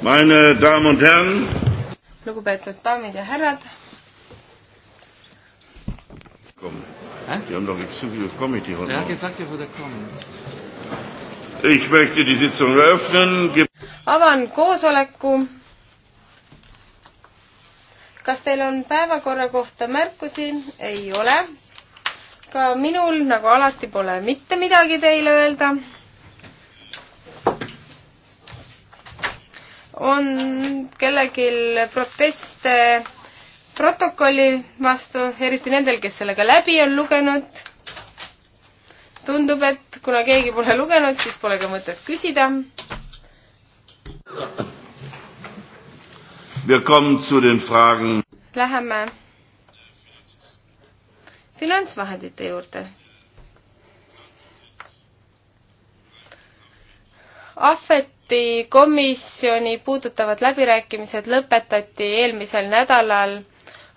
Meine Damen und Herren. Lugupeetud daamid ja härrad. Komm. Hä? Wir haben doch nicht zu viel Committee heute. Er hat gesagt, er würde kommen. Ich möchte die Sitzung eröffnen. Avan koosoleku. Kas teil on päevakorra kohta märkusi? Ei ole. Ka minul, nagu alati, pole mitte midagi teile öelda on kellelgi proteste protokolli vastu, eriti nendel, kes sellega läbi on lugenud. tundub, et kuna keegi pole lugenud, siis pole ka mõtet küsida. Läheme finantsvahendite juurde. ahvet Brexiti komisjoni puudutavad läbirääkimised lõpetati eelmisel nädalal.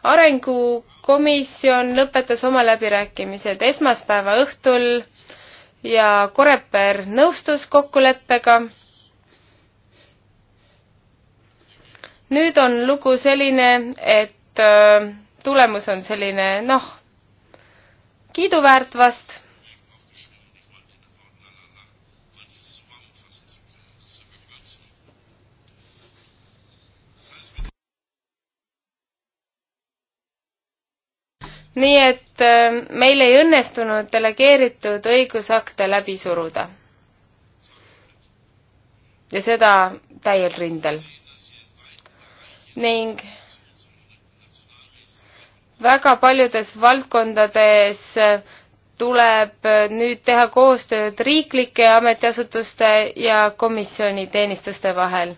arengukomisjon lõpetas oma läbirääkimised esmaspäeva õhtul ja Koreper nõustus kokkuleppega. nüüd on lugu selline, et äh, tulemus on selline noh, kiiduväärt vast nii et äh, meil ei õnnestunud delegeeritud õigusakte läbi suruda. ja seda täiel rindel. ning väga paljudes valdkondades äh, tuleb äh, nüüd teha koostööd riiklike ametiasutuste ja komisjoni teenistuste vahel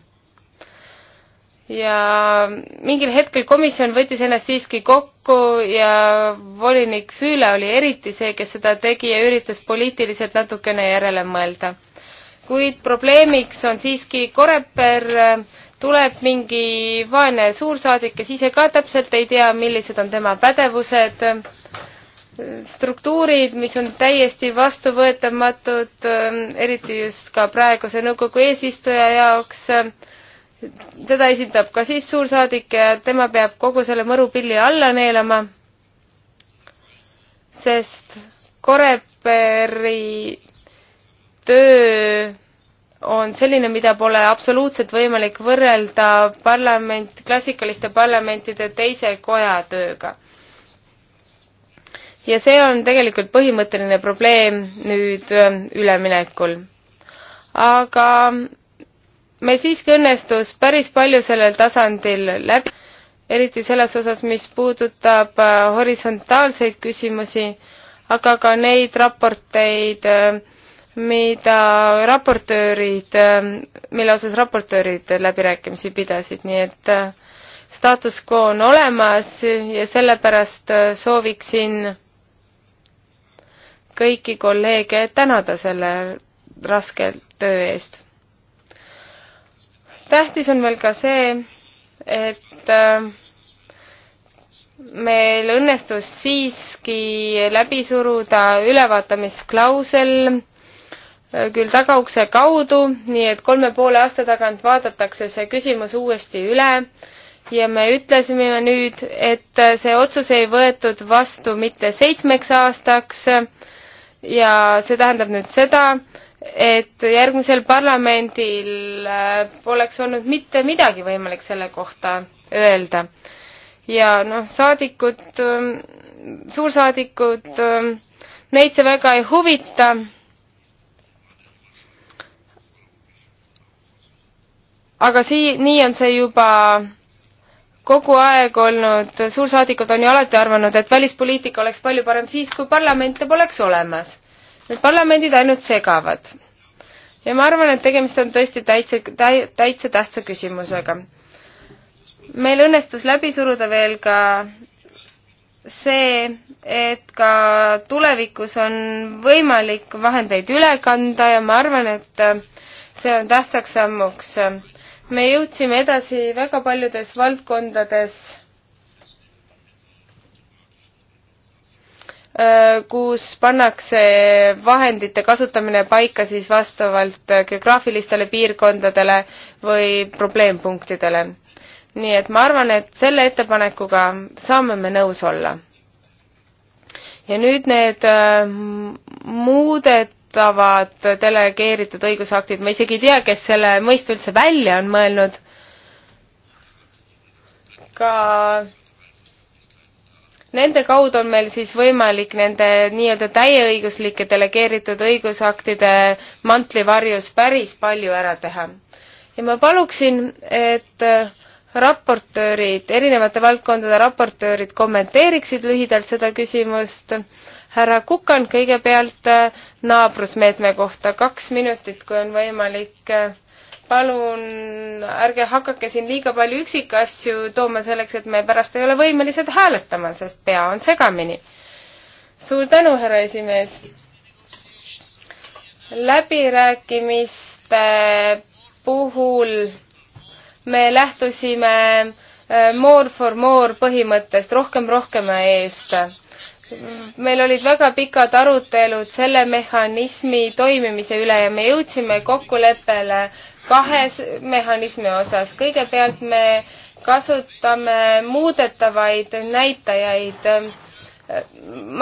ja mingil hetkel komisjon võttis ennast siiski kokku ja volinik Füüle oli eriti see, kes seda tegi ja üritas poliitiliselt natukene järele mõelda. kuid probleemiks on siiski Koreper, tuleb mingi vaene suursaadik, kes ise ka täpselt ei tea, millised on tema pädevused, struktuurid, mis on täiesti vastuvõetamatud, eriti just ka praeguse nõukogu eesistuja jaoks, teda esindab ka siis suursaadik ja tema peab kogu selle mõrupilli alla neelama, sest Koreperi töö on selline, mida pole absoluutselt võimalik võrrelda parlament, klassikaliste parlamentide teise koja tööga. ja see on tegelikult põhimõtteline probleem nüüd üleminekul. aga meil siiski õnnestus päris palju sellel tasandil läbi, eriti selles osas, mis puudutab äh, horisontaalseid küsimusi, aga ka neid raporteid, äh, mida raportöörid, äh, mille osas raportöörid läbirääkimisi pidasid, nii et staatus quo on olemas ja sellepärast sooviksin kõiki kolleege tänada selle raske töö eest tähtis on veel ka see, et äh, meil õnnestus siiski läbi suruda ülevaatamisklausel äh, küll tagaukse kaudu, nii et kolme poole aasta tagant vaadatakse see küsimus uuesti üle ja me ütlesime nüüd, et äh, see otsus ei võetud vastu mitte seitsmeks aastaks ja see tähendab nüüd seda, et järgmisel parlamendil poleks äh, olnud mitte midagi võimalik selle kohta öelda. ja noh, saadikud, ähm, suursaadikud, ähm, neid see väga ei huvita. aga sii-, nii on see juba kogu aeg olnud, suursaadikud on ju alati arvanud, et välispoliitika oleks palju parem siis, kui parlamente poleks olemas Need parlamendid ainult segavad. ja ma arvan, et tegemist on tõesti täitsa täi,, täitsa tähtsa küsimusega. meil õnnestus läbi suruda veel ka see, et ka tulevikus on võimalik vahendeid üle kanda ja ma arvan, et see on tähtsaks sammuks. me jõudsime edasi väga paljudes valdkondades Äh, kus pannakse vahendite kasutamine paika siis vastavalt äh, geograafilistele piirkondadele või probleempunktidele. nii et ma arvan, et selle ettepanekuga saame me nõus olla. ja nüüd need äh, muudetavad delegeeritud õigusaktid, ma isegi ei tea, kes selle mõiste üldse välja on mõelnud, ka Nende kaudu on meil siis võimalik nende nii-öelda täieõiguslike delegeeritud õigusaktide mantlivarjus päris palju ära teha. ja ma paluksin, et äh, raportöörid, erinevate valdkondade raportöörid kommenteeriksid lühidalt seda küsimust. härra Kukan kõigepealt äh, naabrusmeetme kohta kaks minutit, kui on võimalik äh, palun ärge hakake siin liiga palju üksikasju tooma selleks, et me pärast ei ole võimelised hääletama, sest pea on segamini. suur tänu, härra esimees. läbirääkimiste puhul me lähtusime äh, more for more põhimõttest, rohkem rohkema eest meil olid väga pikad arutelud selle mehhanismi toimimise üle ja me jõudsime kokkuleppele kahes mehhanismi osas. kõigepealt me kasutame muudetavaid näitajaid.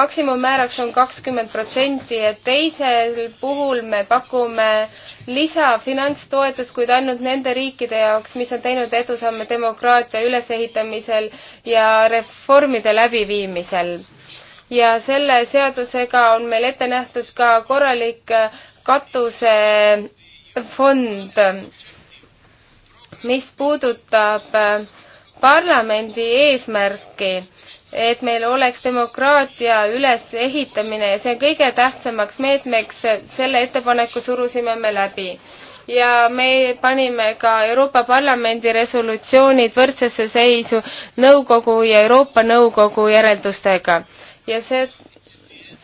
maksimummääraks on kakskümmend protsenti ja teisel puhul me pakume lisafinantstoetust, kuid ainult nende riikide jaoks, mis on teinud edusamme demokraatia ülesehitamisel ja reformide läbiviimisel ja selle seadusega on meil ette nähtud ka korralik katuse fond, mis puudutab äh, parlamendi eesmärki, et meil oleks demokraatia ülesehitamine ja see kõige tähtsamaks meetmeks, selle ettepaneku surusime me läbi. ja me panime ka Euroopa Parlamendi resolutsioonid võrdsesse seisu nõukogu ja Euroopa Nõukogu järeldustega. ja see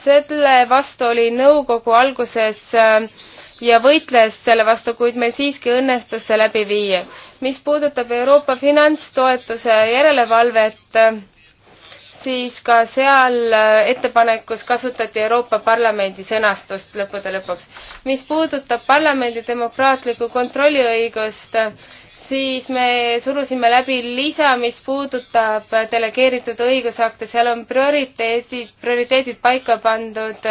selle vastu oli nõukogu alguses äh, ja võitles selle vastu, kuid meil siiski õnnestus see läbi viia. mis puudutab Euroopa finantstoetuse järelevalvet, äh, siis ka seal äh, ettepanekus kasutati Euroopa Parlamendi sõnastust lõppude lõpuks. mis puudutab parlamendi demokraatlikku kontrolliõigust, siis me surusime läbi lisa, mis puudutab delegeeritud õigusakte, seal on prioriteedid, prioriteedid paika pandud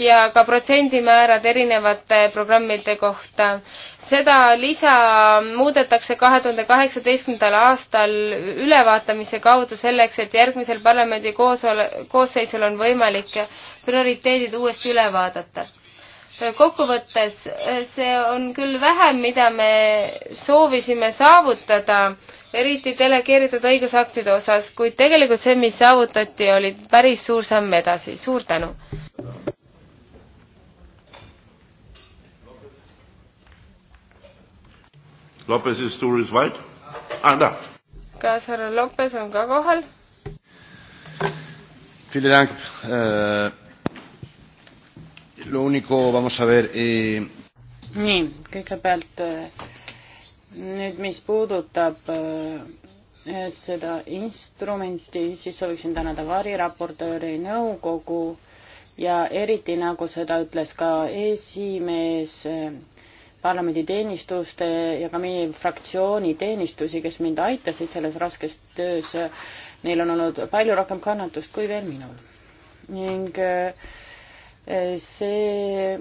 ja ka protsendimäärad erinevate programmide kohta. seda lisa muudetakse kahe tuhande kaheksateistkümnendal aastal ülevaatamise kaudu selleks, et järgmisel parlamendi koosole-, koosseisul on võimalik prioriteedid uuesti üle vaadata kokkuvõttes see on küll vähem, mida me soovisime saavutada, eriti delegeeritud õigusaktide osas, kuid tegelikult see, mis saavutati, oli päris suur samm edasi. suur tänu! Lopez is tour is white. Anda. Kas härra Lopez on ka kohal? Vielen Dank, äh, Eh, nii, kõigepealt eh, nüüd, mis puudutab eh, seda instrumenti, siis sooviksin tänada variraportööri nõukogu ja eriti, nagu seda ütles ka esimees, parlamendi teenistuste ja ka meie fraktsiooni teenistusi, kes mind aitasid selles raskes töös, neil on olnud palju rohkem kannatust kui veel minul. ning äh, see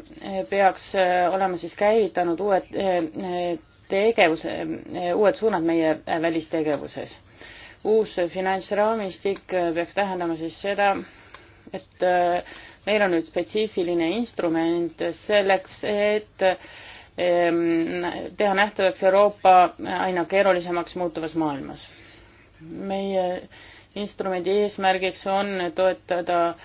peaks olema siis käivitanud uued tegevuse, uued suunad meie välistegevuses. uus finantsraamistik peaks tähendama siis seda, et meil on nüüd spetsiifiline instrument selleks, et teha nähtavaks Euroopa aina keerulisemaks muutuvas maailmas. meie instrumendi eesmärgiks on toetada äh,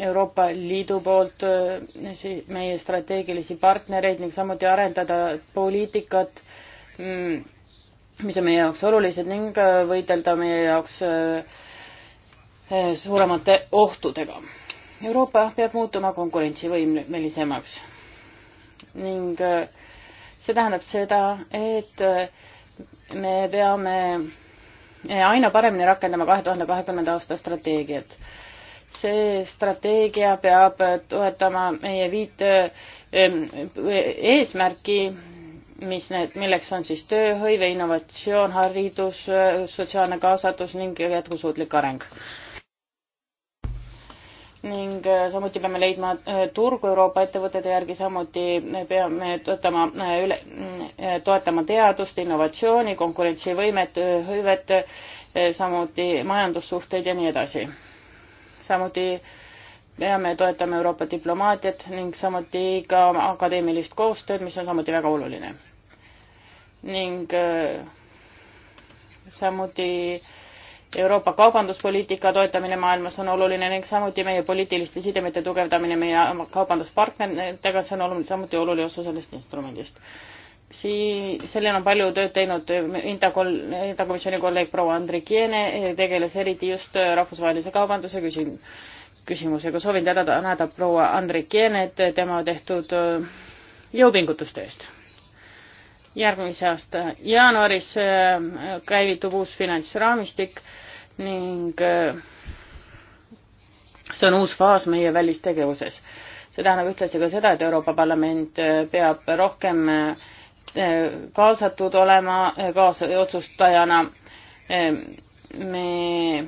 Euroopa Liidu poolt eh, meie strateegilisi partnereid ning samuti arendada poliitikat, mm, mis on meie jaoks olulised ning eh, võidelda meie jaoks eh, suuremate ohtudega. Euroopa peab muutuma konkurentsivõimelisemaks ning see tähendab seda, et me peame aina paremini rakendama kahe tuhande kahekümnenda aasta strateegiat see strateegia peab toetama meie viit ähm, eesmärki, mis need, milleks on siis tööhõive, innovatsioon, haridus, sotsiaalne kaasatus ning jätkusuutlik areng. ning äh, samuti peame leidma äh, turgu Euroopa ettevõtete järgi, samuti peame toetama äh, üle, toetama teadust, innovatsiooni, konkurentsivõimet, hõivet, samuti majandussuhteid ja nii edasi samuti peame toetama Euroopa diplomaatiat ning samuti ka akadeemilist koostööd, mis on samuti väga oluline. ning äh, samuti Euroopa kaubanduspoliitika toetamine maailmas on oluline ning samuti meie poliitiliste sidemete tugevdamine meie kaubanduspartneritega, see on olnud samuti oluline osa sellest instrumendist sii-, sellel on palju tööd teinud Inta kol-, Inta komisjoni kolleeg proua Andrik Jeene, eh, tegeles eriti just eh, rahvusvahelise kaubanduse küsim-, küsimusega. soovin teada tänada proua Andrik Jeenet tema tehtud eh, jõupingutuste eest. järgmise aasta jaanuaris käivitub uus finantsraamistik ning see on uus faas meie välistegevuses. see tähendab ühtlasi ka seda, et Euroopa Parlament peab rohkem kaasatud olema kaasotsustajana. me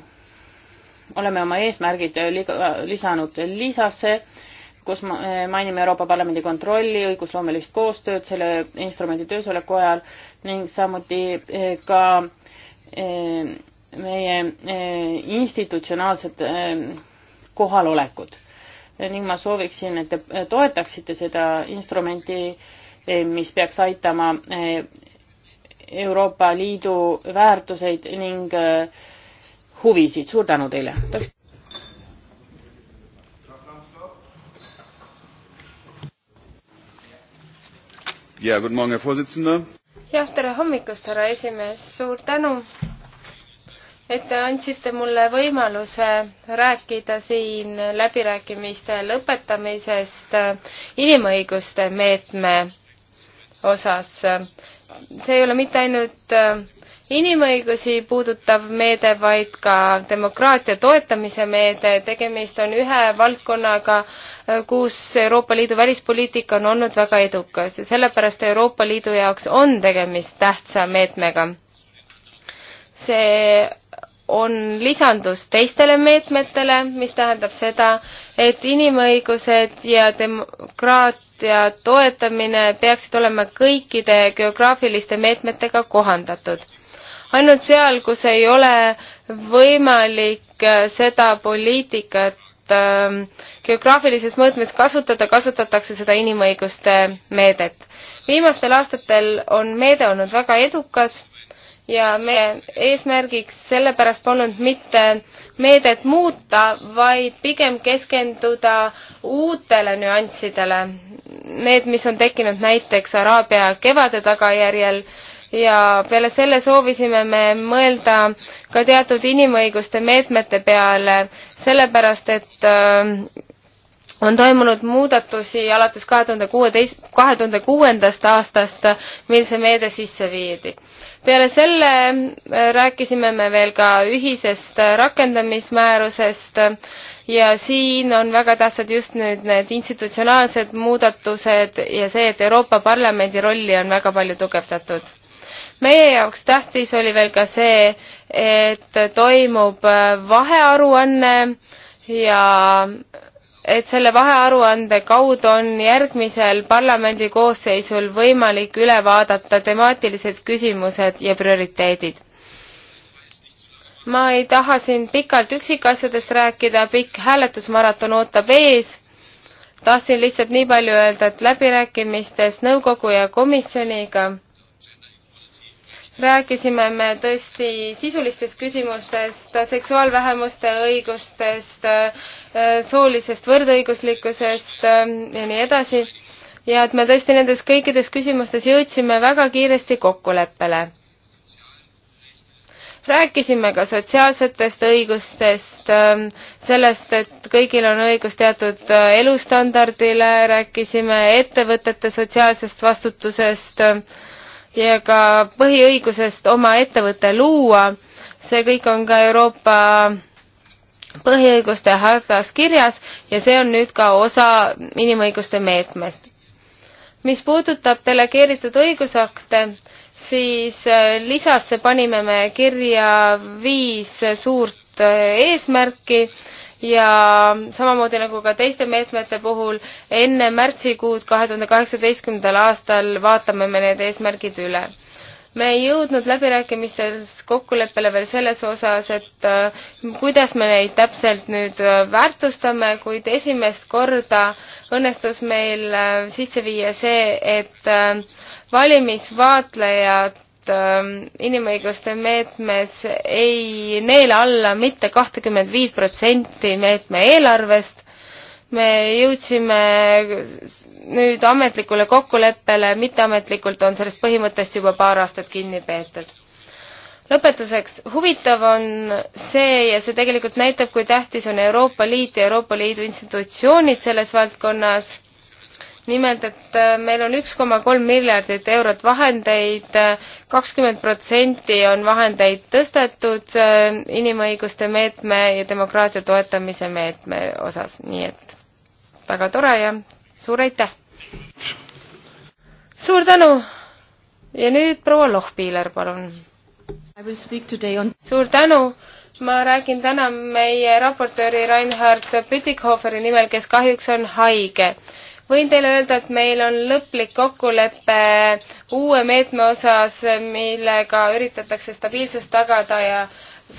oleme oma eesmärgid lisanud lisasse, kus mainime Euroopa Parlamendi kontrolli, õigusloomelist koostööd selle instrumendi töösoleku ajal ning samuti eh, ka eh, meie eh, institutsionaalsed kohalolekud. ning ma sooviksin, et te toetaksite seda instrumenti äh, Eh, mis peaks aitama eh, Euroopa Liidu väärtuseid ning eh, huvisid. suur tänu teile! Ja, guten Morgen, Herr Vorsitzender. jah, tere hommikust, härra esimees, suur tänu, et te andsite mulle võimaluse rääkida siin läbirääkimiste lõpetamisest inimõiguste meetme osas. see ei ole mitte ainult äh, inimõigusi puudutav meede, vaid ka demokraatia toetamise meede, tegemist on ühe valdkonnaga, äh, kus Euroopa Liidu välispoliitika on olnud väga edukas ja sellepärast Euroopa Liidu jaoks on tegemist tähtsa meetmega. see on lisandus teistele meetmetele, mis tähendab seda, et inimõigused ja demokraatia toetamine peaksid olema kõikide geograafiliste meetmetega kohandatud. ainult seal, kus ei ole võimalik seda poliitikat ähm, geograafilises mõõtmes kasutada, kasutatakse seda inimõiguste meedet. viimastel aastatel on meede olnud väga edukas ja meie eesmärgiks sellepärast polnud mitte meedet muuta, vaid pigem keskenduda uutele nüanssidele. Need, mis on tekkinud näiteks Araabia kevade tagajärjel ja peale selle soovisime me mõelda ka teatud inimõiguste meetmete peale, sellepärast et äh, on toimunud muudatusi alates kahe tuhande kuueteist, kahe tuhande kuuendast aastast, mil see meede sisse viidi peale selle äh, rääkisime me veel ka ühisest äh, rakendamismäärusest äh, ja siin on väga tähtsad just nüüd need institutsionaalsed muudatused ja see, et Euroopa Parlamendi rolli on väga palju tugevdatud. meie jaoks tähtis oli veel ka see, et toimub vahearuanne ja et selle vahearuande kaudu on järgmisel parlamendi koosseisul võimalik üle vaadata temaatilised küsimused ja prioriteedid. ma ei taha siin pikalt üksikasjadest rääkida, pikk hääletusmaraton ootab ees. tahtsin lihtsalt nii palju öelda, et läbirääkimistes nõukogu ja komisjoniga rääkisime me tõesti sisulistest küsimustest, seksuaalvähemuste õigustest, soolisest võrdõiguslikkusest ähm, ja nii edasi. ja et me tõesti nendes kõikides küsimustes jõudsime väga kiiresti kokkuleppele. rääkisime ka sotsiaalsetest õigustest, ähm, sellest, et kõigil on õigus teatud äh, elustandardile, rääkisime ettevõtete sotsiaalsest vastutusest ähm, ja ka põhiõigusest oma ettevõte luua. see kõik on ka Euroopa põhiõiguste hartas kirjas ja see on nüüd ka osa inimõiguste meetmest. mis puudutab delegeeritud õigusakte, siis äh, lisasse panime me kirja viis suurt äh, eesmärki ja samamoodi nagu ka teiste meetmete puhul, enne märtsikuud kahe tuhande kaheksateistkümnendal aastal vaatame me need eesmärgid üle. me ei jõudnud läbirääkimistes kokkuleppele veel selles osas, et äh, kuidas me neid täpselt nüüd äh, väärtustame, kuid esimest korda õnnestus meil äh, sisse viia see, et valimisvaatlejad Ähm, inimõiguste meetmes ei neela alla mitte kahtekümmet viit protsenti meetme eelarvest. me jõudsime nüüd ametlikule kokkuleppele, mitteametlikult on sellest põhimõttest juba paar aastat kinni peetud lõpetuseks, huvitav on see ja see tegelikult näitab, kui tähtis on Euroopa Liit ja Euroopa Liidu institutsioonid selles valdkonnas nimelt, et äh, meil on üks koma kolm miljardit eurot vahendeid, äh, kakskümmend protsenti on vahendeid tõstetud äh, inimõiguste meetme ja demokraatia toetamise meetme osas, nii et väga tore ja suur aitäh! suur tänu! ja nüüd proua Lohpiiler, palun! On... suur tänu! ma räägin täna meie raportööri Reinhard Pütikhoferi nimel, kes kahjuks on haige võin teile öelda, et meil on lõplik kokkulepe uue meetme osas, millega üritatakse stabiilsust tagada ja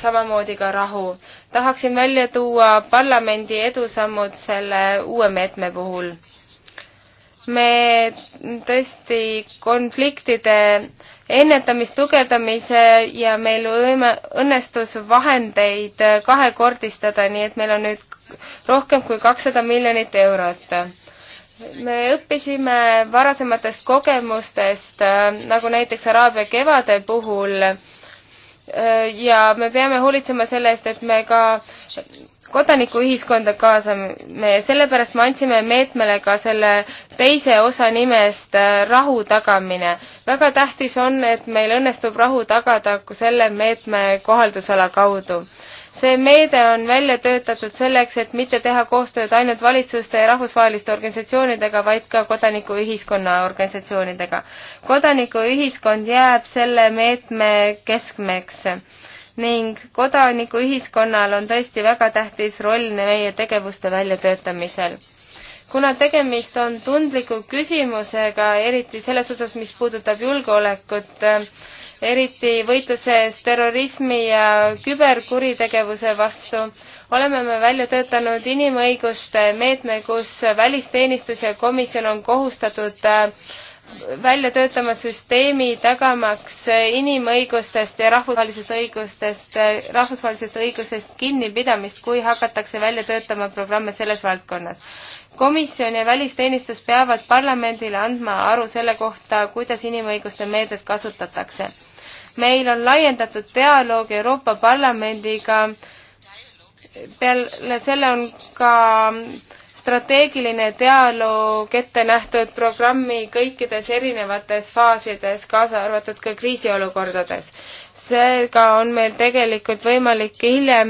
samamoodi ka rahu. tahaksin välja tuua parlamendi edusammud selle uue meetme puhul. me tõesti konfliktide ennetamist, tugevdamise ja meil võime, õnnestus vahendeid kahekordistada, nii et meil on nüüd rohkem kui kakssada miljonit eurot me õppisime varasematest kogemustest, äh, nagu näiteks Araabia kevade puhul, äh, ja me peame hoolitsema selle eest, et me ka kodanikuühiskonda kaasame ja sellepärast me andsime meetmele ka selle teise osa nimest äh, rahu tagamine. väga tähtis on, et meil õnnestub rahu tagada selle meetme kohaldusala kaudu see meede on välja töötatud selleks, et mitte teha koostööd ainult valitsuste ja rahvusvaheliste organisatsioonidega, vaid ka kodanikuühiskonna organisatsioonidega. kodanikuühiskond jääb selle meetme keskmeks ning kodanikuühiskonnal on tõesti väga tähtis roll meie tegevuste väljatöötamisel kuna tegemist on tundliku küsimusega, eriti selles osas, mis puudutab julgeolekut, eriti võitluses terrorismi ja küberkuritegevuse vastu, oleme me välja töötanud inimõiguste meetme, kus välisteenistus ja komisjon on kohustatud äh, välja töötama süsteemi tagamaks inimõigustest ja rahvusvahelisest õigustest, äh, rahvusvahelisest õigusest kinnipidamist, kui hakatakse välja töötama programme selles valdkonnas. komisjon ja välisteenistus peavad parlamendile andma aru selle kohta, kuidas inimõiguste meedet kasutatakse meil on laiendatud dialoog Euroopa Parlamendiga, peale selle on ka strateegiline dialoog ette nähtud programmi kõikides erinevates faasides, kaasa arvatud ka kriisiolukordades. seega on meil tegelikult võimalik hiljem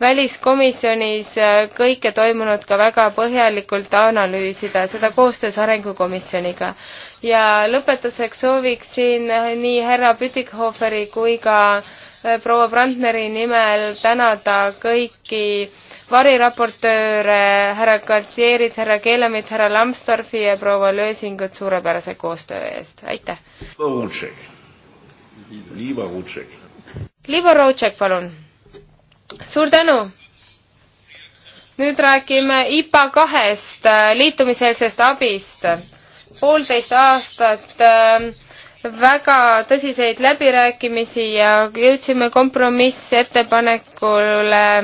väliskomisjonis kõike toimunut ka väga põhjalikult analüüsida, seda koostöös Arengukomisjoniga ja lõpetuseks sooviksin nii härra Pütikhoferi kui ka äh, proua Brandneri nimel tänada kõiki variraportööre, härra Kartierit, härra Keelamit, härra Lambsdorfi ja proua Lösingut suurepärase koostöö eest, aitäh! Liivo Rootšek, palun! suur tänu! nüüd räägime IPA kahest äh, liitumiseelsest abist poolteist aastat ähm, väga tõsiseid läbirääkimisi ja jõudsime kompromissettepanekule äh,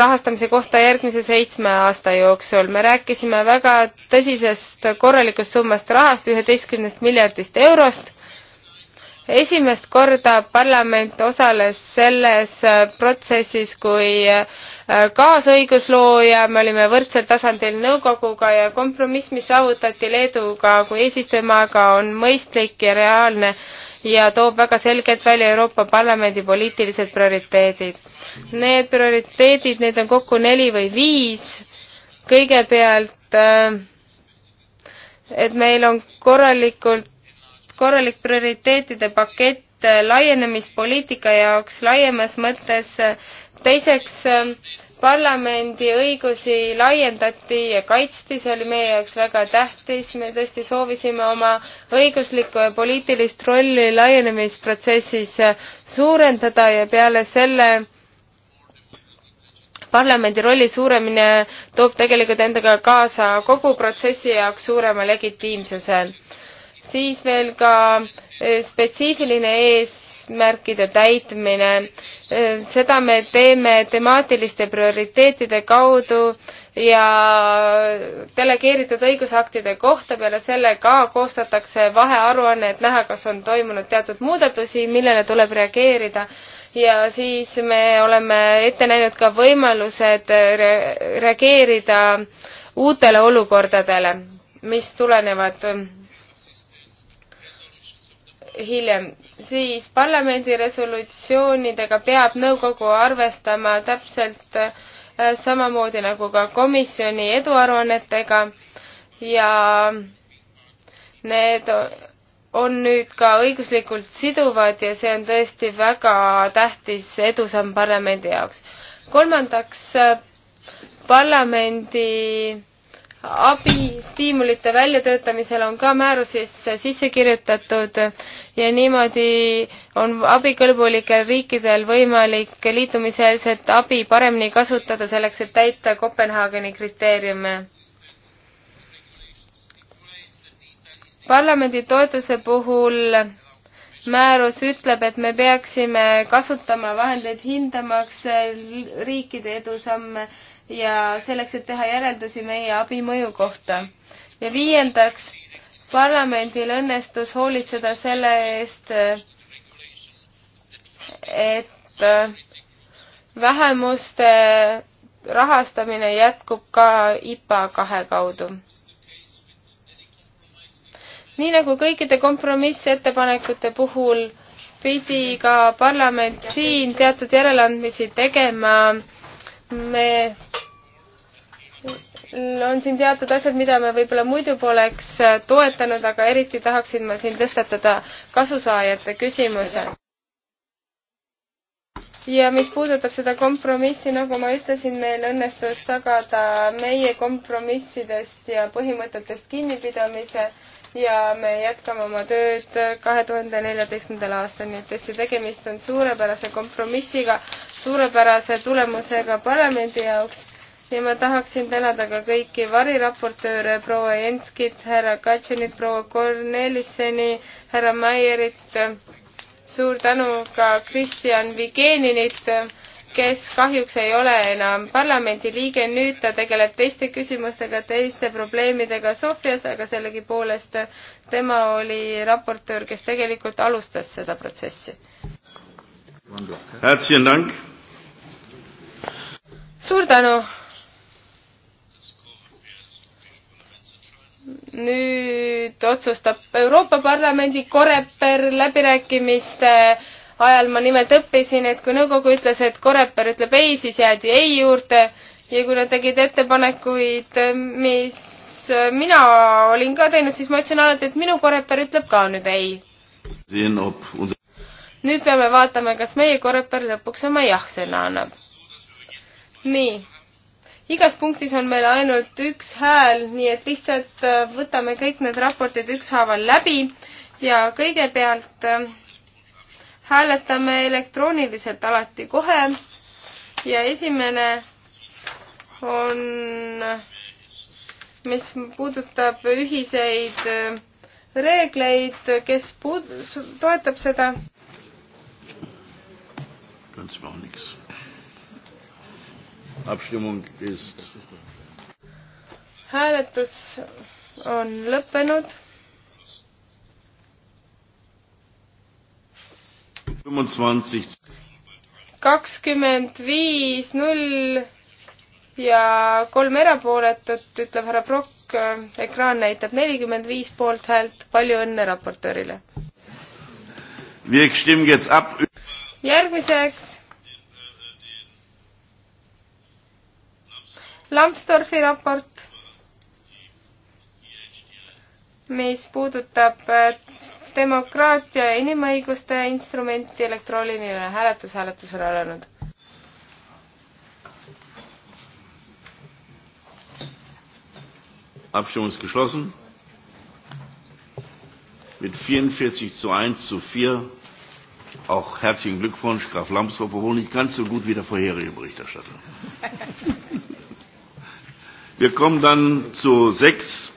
rahastamise kohta järgmise seitsme aasta jooksul. me rääkisime väga tõsisest korralikust summast rahast, üheteistkümnest miljardist eurost. esimest korda parlament osales selles äh, protsessis, kui äh, Äh, kaasõiguslooja, me olime võrdsel tasandil nõukoguga ja kompromiss, mis saavutati Leeduga kui eesistujamaaga, on mõistlik ja reaalne ja toob väga selgelt välja Euroopa Parlamendi poliitilised prioriteedid. Need prioriteedid, neid on kokku neli või viis, kõigepealt äh, et meil on korralikult, korralik prioriteetide pakett äh, laienemispoliitika jaoks laiemas mõttes teiseks, ähm, parlamendi õigusi laiendati ja kaitsti, see oli meie jaoks väga tähtis, me tõesti soovisime oma õiguslikku ja poliitilist rolli laienemisprotsessis äh, suurendada ja peale selle parlamendi rolli suuremine toob tegelikult endaga kaasa kogu protsessi jaoks suurema legitiimsuse. siis veel ka äh, spetsiifiline ees eesmärkide täitmine, äh, seda me teeme temaatiliste prioriteetide kaudu ja delegeeritud õigusaktide kohta peale selle ka koostatakse vahearuanne, et näha, kas on toimunud teatud muudatusi, millele tuleb reageerida ja siis me oleme ette näinud ka võimalused re reageerida uutele olukordadele, mis tulenevad äh, hiljem siis parlamendi resolutsioonidega peab nõukogu arvestama täpselt äh, samamoodi nagu ka komisjoni eduaruannetega ja need on nüüd ka õiguslikult siduvad ja see on tõesti väga tähtis edusamm parlamendi jaoks. kolmandaks, äh, parlamendi abistiimulite väljatöötamisel on ka määrusesse sisse kirjutatud ja niimoodi on abikõlbulikel riikidel võimalik liitumiseelset abi paremini kasutada selleks, et täita Kopenhaageni kriteeriume. parlamendi toetuse puhul määrus ütleb, et me peaksime kasutama vahendeid hindamaks riikide edusamme ja selleks, et teha järeldusi meie abi mõju kohta. ja viiendaks, parlamendil õnnestus hoolitseda selle eest, et äh, vähemuste rahastamine jätkub ka IPA kahe kaudu nii nagu kõikide kompromissettepanekute puhul pidi ka parlament siin teatud järeleandmisi tegema me on siin teatud asjad, mida me võib-olla muidu poleks äh, toetanud, aga eriti tahaksin ma siin tõstatada kasusaajate küsimuse. ja mis puudutab seda kompromissi, nagu ma ütlesin, meil õnnestus tagada meie kompromissidest ja põhimõtetest kinnipidamise ja me jätkame oma tööd kahe tuhande neljateistkümnendal aastal, nii et tõesti tegemist on suurepärase kompromissiga, suurepärase tulemusega parlamendi jaoks ja ma tahaksin tänada ka kõiki variraportööre, proua Jenskit, härra Katšinit, proua Kornelisseni, härra Maierit, suur tänu ka Kristjan Vigeninit kes kahjuks ei ole enam parlamendi liige, nüüd ta tegeleb teiste küsimustega, teiste probleemidega Sofias, aga sellegipoolest tema oli raportöör, kes tegelikult alustas seda protsessi. suur tänu! nüüd otsustab Euroopa Parlamendi Koreper läbirääkimiste äh, ajal ma nimelt õppisin, et kui nõukogu ütles, et Koreper ütleb ei, siis jäädi ei juurde ja kui nad tegid ettepanekuid, mis mina olin ka teinud, siis ma ütlesin alati, et minu Koreper ütleb ka nüüd ei. nüüd peame vaatama, kas meie Koreper lõpuks oma jah-sõna annab. nii igas punktis on meil ainult üks hääl, nii et lihtsalt äh, võtame kõik need raportid ükshaaval läbi ja kõigepealt äh, hääletame elektrooniliselt alati kohe ja esimene on, mis puudutab ühiseid äh, reegleid, kes puud-, toetab seda? hääletus on lõppenud kakskümmend viis, null ja kolm erapooletut, ütleb härra Prokk. ekraan näitab nelikümmend viis poolthäält. palju õnne raportöörile! järgmiseks Lambsdorfi raport, mis puudutab demokraatia ja inimõiguste instrument ja elektrooniline hääletus, hääletus on alanud. Abstimmung ist geschlossen. Mit 44 zu 1 zu 4 auch herzlichen Glückwunsch, Graf Lambsdorff, obwohl nicht ganz so gut wie der vorherige Berichterstatter. Wir kommen dann zu 6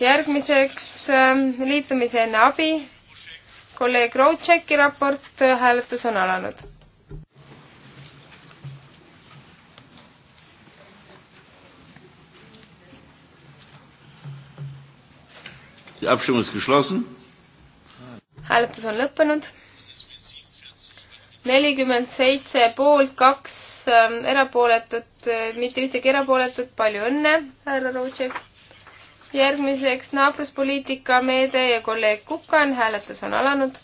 järgmiseks ähm, liitumiseelne abi, kolleeg Rootšeki raport, äh, hääletus on alanud. hääletus on lõppenud. nelikümmend seitse poolt, kaks ähm, erapooletut, äh, mitte ühtegi erapooletut, palju õnne, härra Rootšek järgmiseks naabruspoliitika meede ja kolleeg Kukan, hääletus on alanud.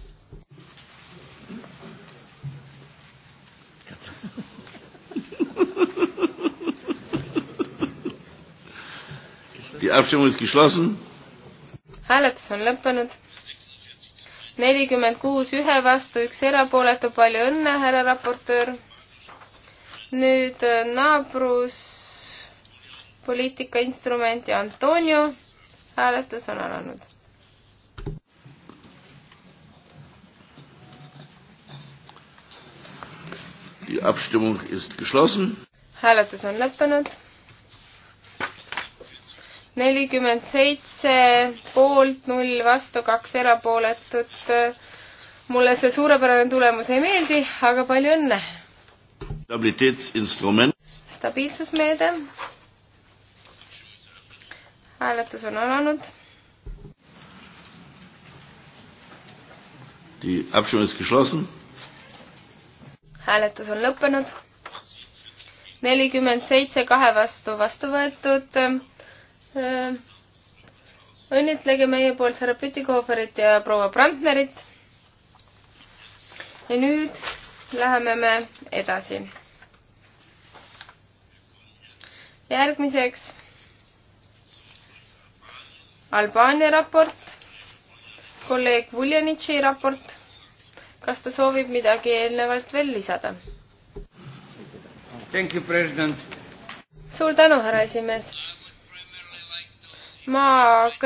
hääletus on lõppenud. nelikümmend kuus ühe vastu, üks erapooletu, palju õnne, härra raportöör. nüüd äh, naabrus poliitika instrument ja Antonio hääletus on alanud. Die Abstimmung ist geschlossen. hääletus on lõppenud. nelikümmend seitse poolt, null vastu, kaks erapooletut. mulle see suurepärane tulemus ei meeldi, aga palju õnne. stabiilsusinstrument. stabiilsusmeede hääletus on alanud. hääletus on lõppenud. nelikümmend seitse kahe vastu vastu võetud. Äh, õnnitlege meie poolt härra Pütikoferit ja proua Brandnerit. ja nüüd läheme me edasi. järgmiseks Albaania raport, kolleeg Vuljanitši raport. kas ta soovib midagi eelnevalt veel lisada? suur tänu, härra esimees. ma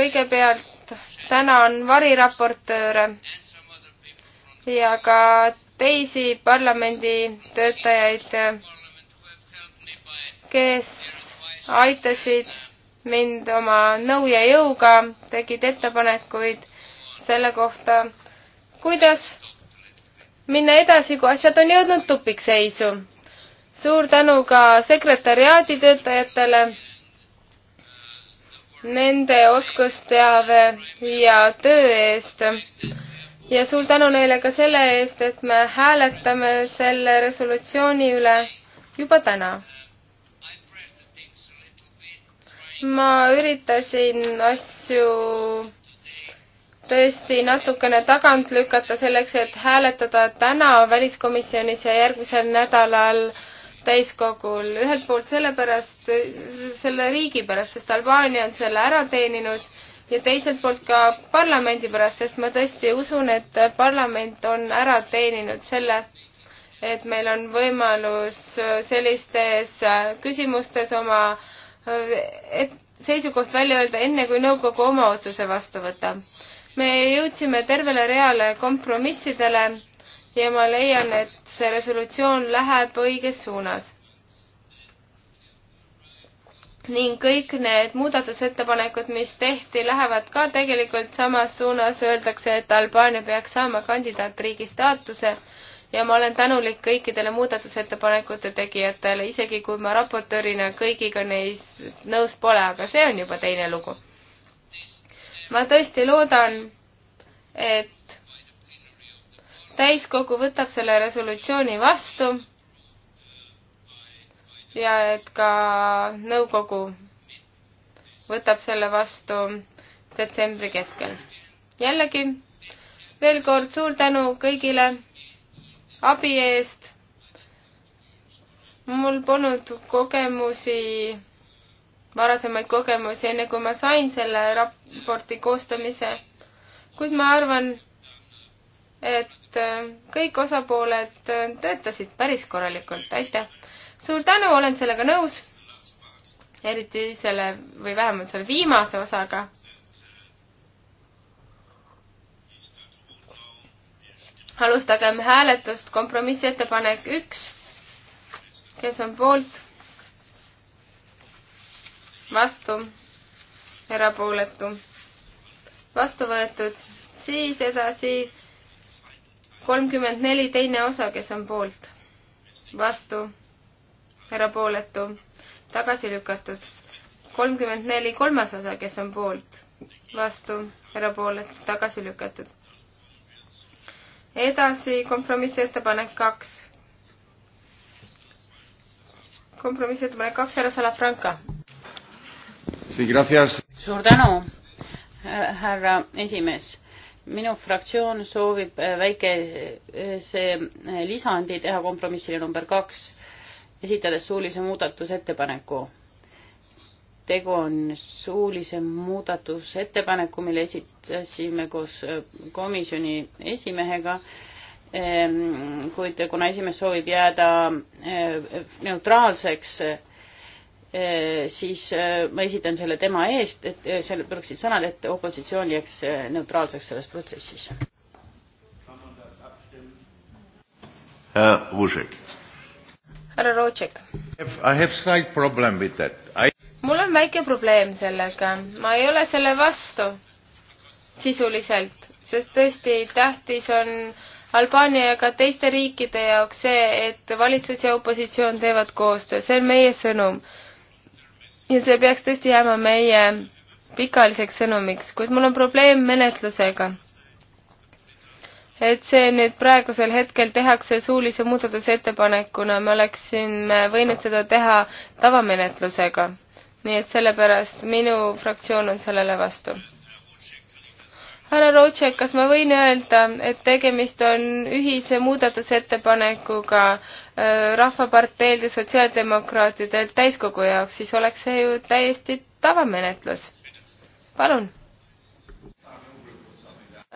kõigepealt tänan variraportööre ja ka teisi parlamendi töötajaid, kes aitasid mind oma nõu ja jõuga, tegid ettepanekuid selle kohta, kuidas minna edasi, kui asjad on jõudnud tupikseisu. suur tänu ka sekretäriaadi töötajatele, nende oskusteave ja töö eest ja suur tänu neile ka selle eest, et me hääletame selle resolutsiooni üle juba täna ma üritasin asju tõesti natukene tagant lükata selleks, et hääletada täna väliskomisjonis ja järgmisel nädalal täiskogul. ühelt poolt sellepärast, selle riigi pärast, sest Albaania on selle ära teeninud ja teiselt poolt ka parlamendi pärast, sest ma tõesti usun, et parlament on ära teeninud selle, et meil on võimalus sellistes küsimustes oma äh, seisukoht välja öelda enne, kui nõukogu oma otsuse vastu võtab. me jõudsime tervele reale kompromissidele ja ma leian, et see resolutsioon läheb õiges suunas. ning kõik need muudatusettepanekud, mis tehti, lähevad ka tegelikult samas suunas, öeldakse, et Albaania peaks saama kandidaatriigi staatuse ja ma olen tänulik kõikidele muudatusettepanekute tegijatele, isegi kui ma raportöörina kõigiga neis nõus pole, aga see on juba teine lugu. ma tõesti loodan, et täiskogu võtab selle resolutsiooni vastu ja et ka nõukogu võtab selle vastu detsembri keskel. jällegi veel kord suur tänu kõigile abi eest. mul polnud kogemusi, varasemaid kogemusi, enne kui ma sain selle raporti koostamise, kuid ma arvan, et äh, kõik osapooled äh, töötasid päris korralikult, aitäh! suur tänu, olen sellega nõus, eriti selle või vähemalt selle viimase osaga alustagem hääletust, kompromissettepanek üks. kes on poolt? vastu, erapooletu, vastu võetud, siis edasi kolmkümmend neli, teine osa, kes on poolt, vastu, erapooletu, tagasi lükatud, kolmkümmend neli, kolmas osa, kes on poolt, vastu, erapooletu, tagasi lükatud, edasi kompromissettepanek kaks. kompromissettepanek kaks, härra Salafranca. suur tänu, härra esimees minu fraktsioon soovib äh, väikese äh, äh, lisandi teha kompromissile number kaks, esitades suulise muudatusettepaneku tegu on suulise muudatusettepaneku, mille esitasime koos äh, komisjoni esimehega, ähm, kuid kuna esimees soovib jääda äh, neutraalseks, äh, siis ma esitan selle tema eest, et seal tuleksid sõnad, et opositsioon jääks neutraalseks selles protsessis. härra Rootšek. I have slight problem with that I mul on väike probleem sellega, ma ei ole selle vastu sisuliselt, sest tõesti tähtis on Albaania ja ka teiste riikide jaoks see, et valitsus ja opositsioon teevad koostöö, see on meie sõnum. ja see peaks tõesti jääma meie pikaajaliseks sõnumiks, kuid mul on probleem menetlusega. et see nüüd praegusel hetkel tehakse suulise muudatusettepanekuna, me oleksime võinud seda teha tavamenetlusega nii et sellepärast minu fraktsioon on sellele vastu. härra Rootšek, kas ma võin öelda, et tegemist on ühise muudatusettepanekuga äh, Rahvaparteilt ja Sotsiaaldemokraatidelt täiskogu jaoks, siis oleks see ju täiesti tavamenetlus. palun.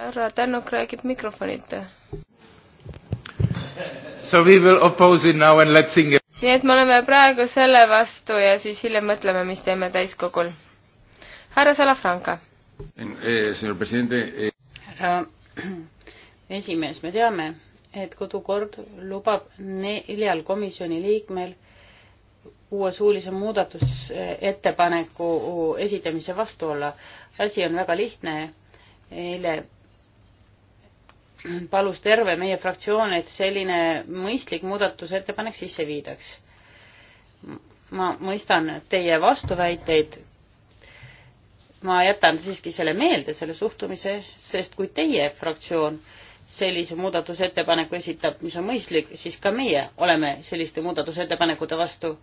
härra Tänuk räägib mikrofonita So we will oppose it now and let's sing it. nii et me oleme praegu selle vastu ja siis hiljem mõtleme, mis teeme täiskogul. härra Salafranca. Eh, eh, härra esimees, me teame, et kodukord lubab neljal komisjoni liikmel uue suulise muudatusettepaneku esitamise vastu olla. asi on väga lihtne. eile palus terve meie fraktsioon, et selline mõistlik muudatusettepanek sisse viidaks. ma mõistan teie vastuväiteid. ma jätan siiski selle meelde, selle suhtumise, sest kui teie fraktsioon sellise muudatusettepaneku esitab, mis on mõistlik, siis ka meie oleme selliste muudatusettepanekute vastu.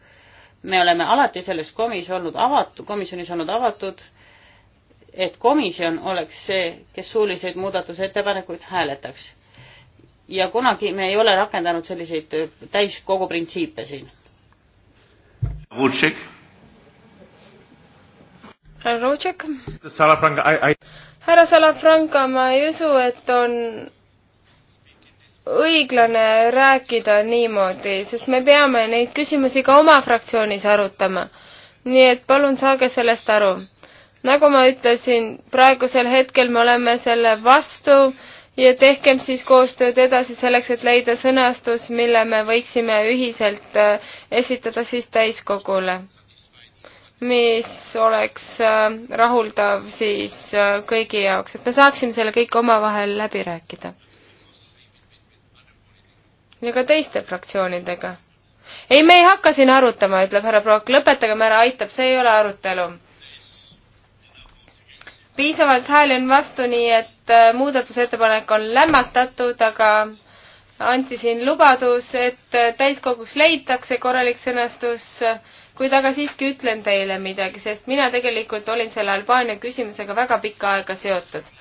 me oleme alati selles komis olnud avatud, komisjonis olnud avatud et komisjon oleks see, kes suuliseid muudatusettepanekuid hääletaks. ja kunagi me ei ole rakendanud selliseid äh, täiskogu printsiipe siin. härra Rutšek? härra Salafranca, ma ei usu, et on õiglane rääkida niimoodi, sest me peame neid küsimusi ka oma fraktsioonis arutama. nii et palun saage sellest aru nagu ma ütlesin, praegusel hetkel me oleme selle vastu ja tehkem siis koostööd edasi selleks, et leida sõnastus, mille me võiksime ühiselt äh, esitada siis täiskogule, mis oleks äh, rahuldav siis äh, kõigi jaoks, et me saaksime selle kõik omavahel läbi rääkida. ja ka teiste fraktsioonidega. ei, me ei hakka siin arutama, ütleb härra Prokk, lõpetagem ära, aitab, see ei ole arutelu piisavalt hääli on vastu, nii et äh, muudatusettepanek on lämmatatud, aga anti siin lubadus, et äh, täiskogus leitakse korralik sõnastus, kuid aga siiski ütlen teile midagi, sest mina tegelikult olin selle Albaania küsimusega väga pikka aega seotud.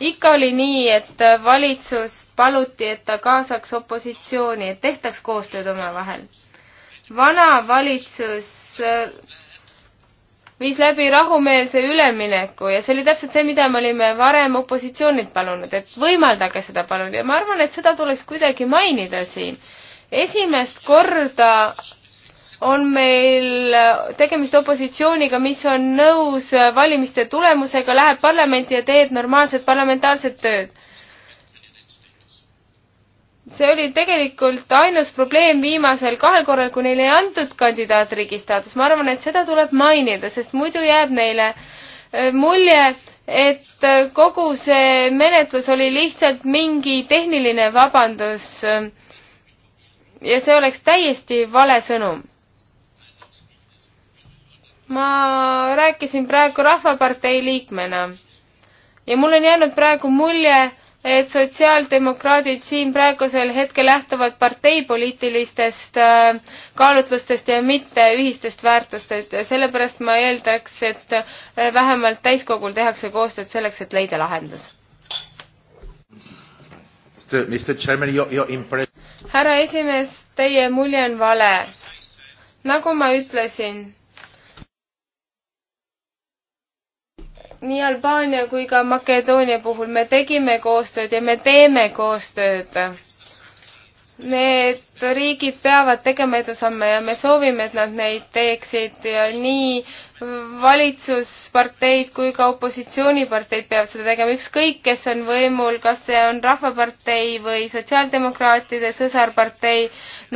ikka oli nii, et äh, valitsus paluti, et ta kaasaks opositsiooni, et tehtaks koostööd omavahel. vana valitsus viis läbi rahumeelse ülemineku ja see oli täpselt see, mida me olime varem opositsioonilt palunud, et võimaldage seda palun ja ma arvan, et seda tuleks kuidagi mainida siin. esimest korda on meil tegemist opositsiooniga, mis on nõus valimiste tulemusega, läheb parlamenti ja teeb normaalset parlamentaarset tööd see oli tegelikult ainus probleem viimasel kahel korral, kui neile ei antud kandidaatriigi staatus. ma arvan, et seda tuleb mainida, sest muidu jääb neile äh, mulje, et äh, kogu see menetlus oli lihtsalt mingi tehniline vabandus. Äh, ja see oleks täiesti vale sõnum. ma rääkisin praegu Rahvapartei liikmena ja mul on jäänud praegu mulje, et sotsiaaldemokraadid siin praegusel hetkel lähtuvad parteipoliitilistest äh, kaalutlustest ja mitte ühistest väärtustest ja sellepärast ma eeldaks, et äh, vähemalt täiskogul tehakse koostööd selleks, et leida lahendus. härra esimees, teie mulje on vale. nagu ma ütlesin nii Albaania kui ka Makedoonia puhul me tegime koostööd ja me teeme koostööd. Need riigid peavad tegema edusamme ja me soovime, et nad neid teeksid ja nii valitsusparteid kui ka opositsiooniparteid peavad seda tegema, ükskõik kes on võimul, kas see on Rahvapartei või Sotsiaaldemokraatide sõsarpartei,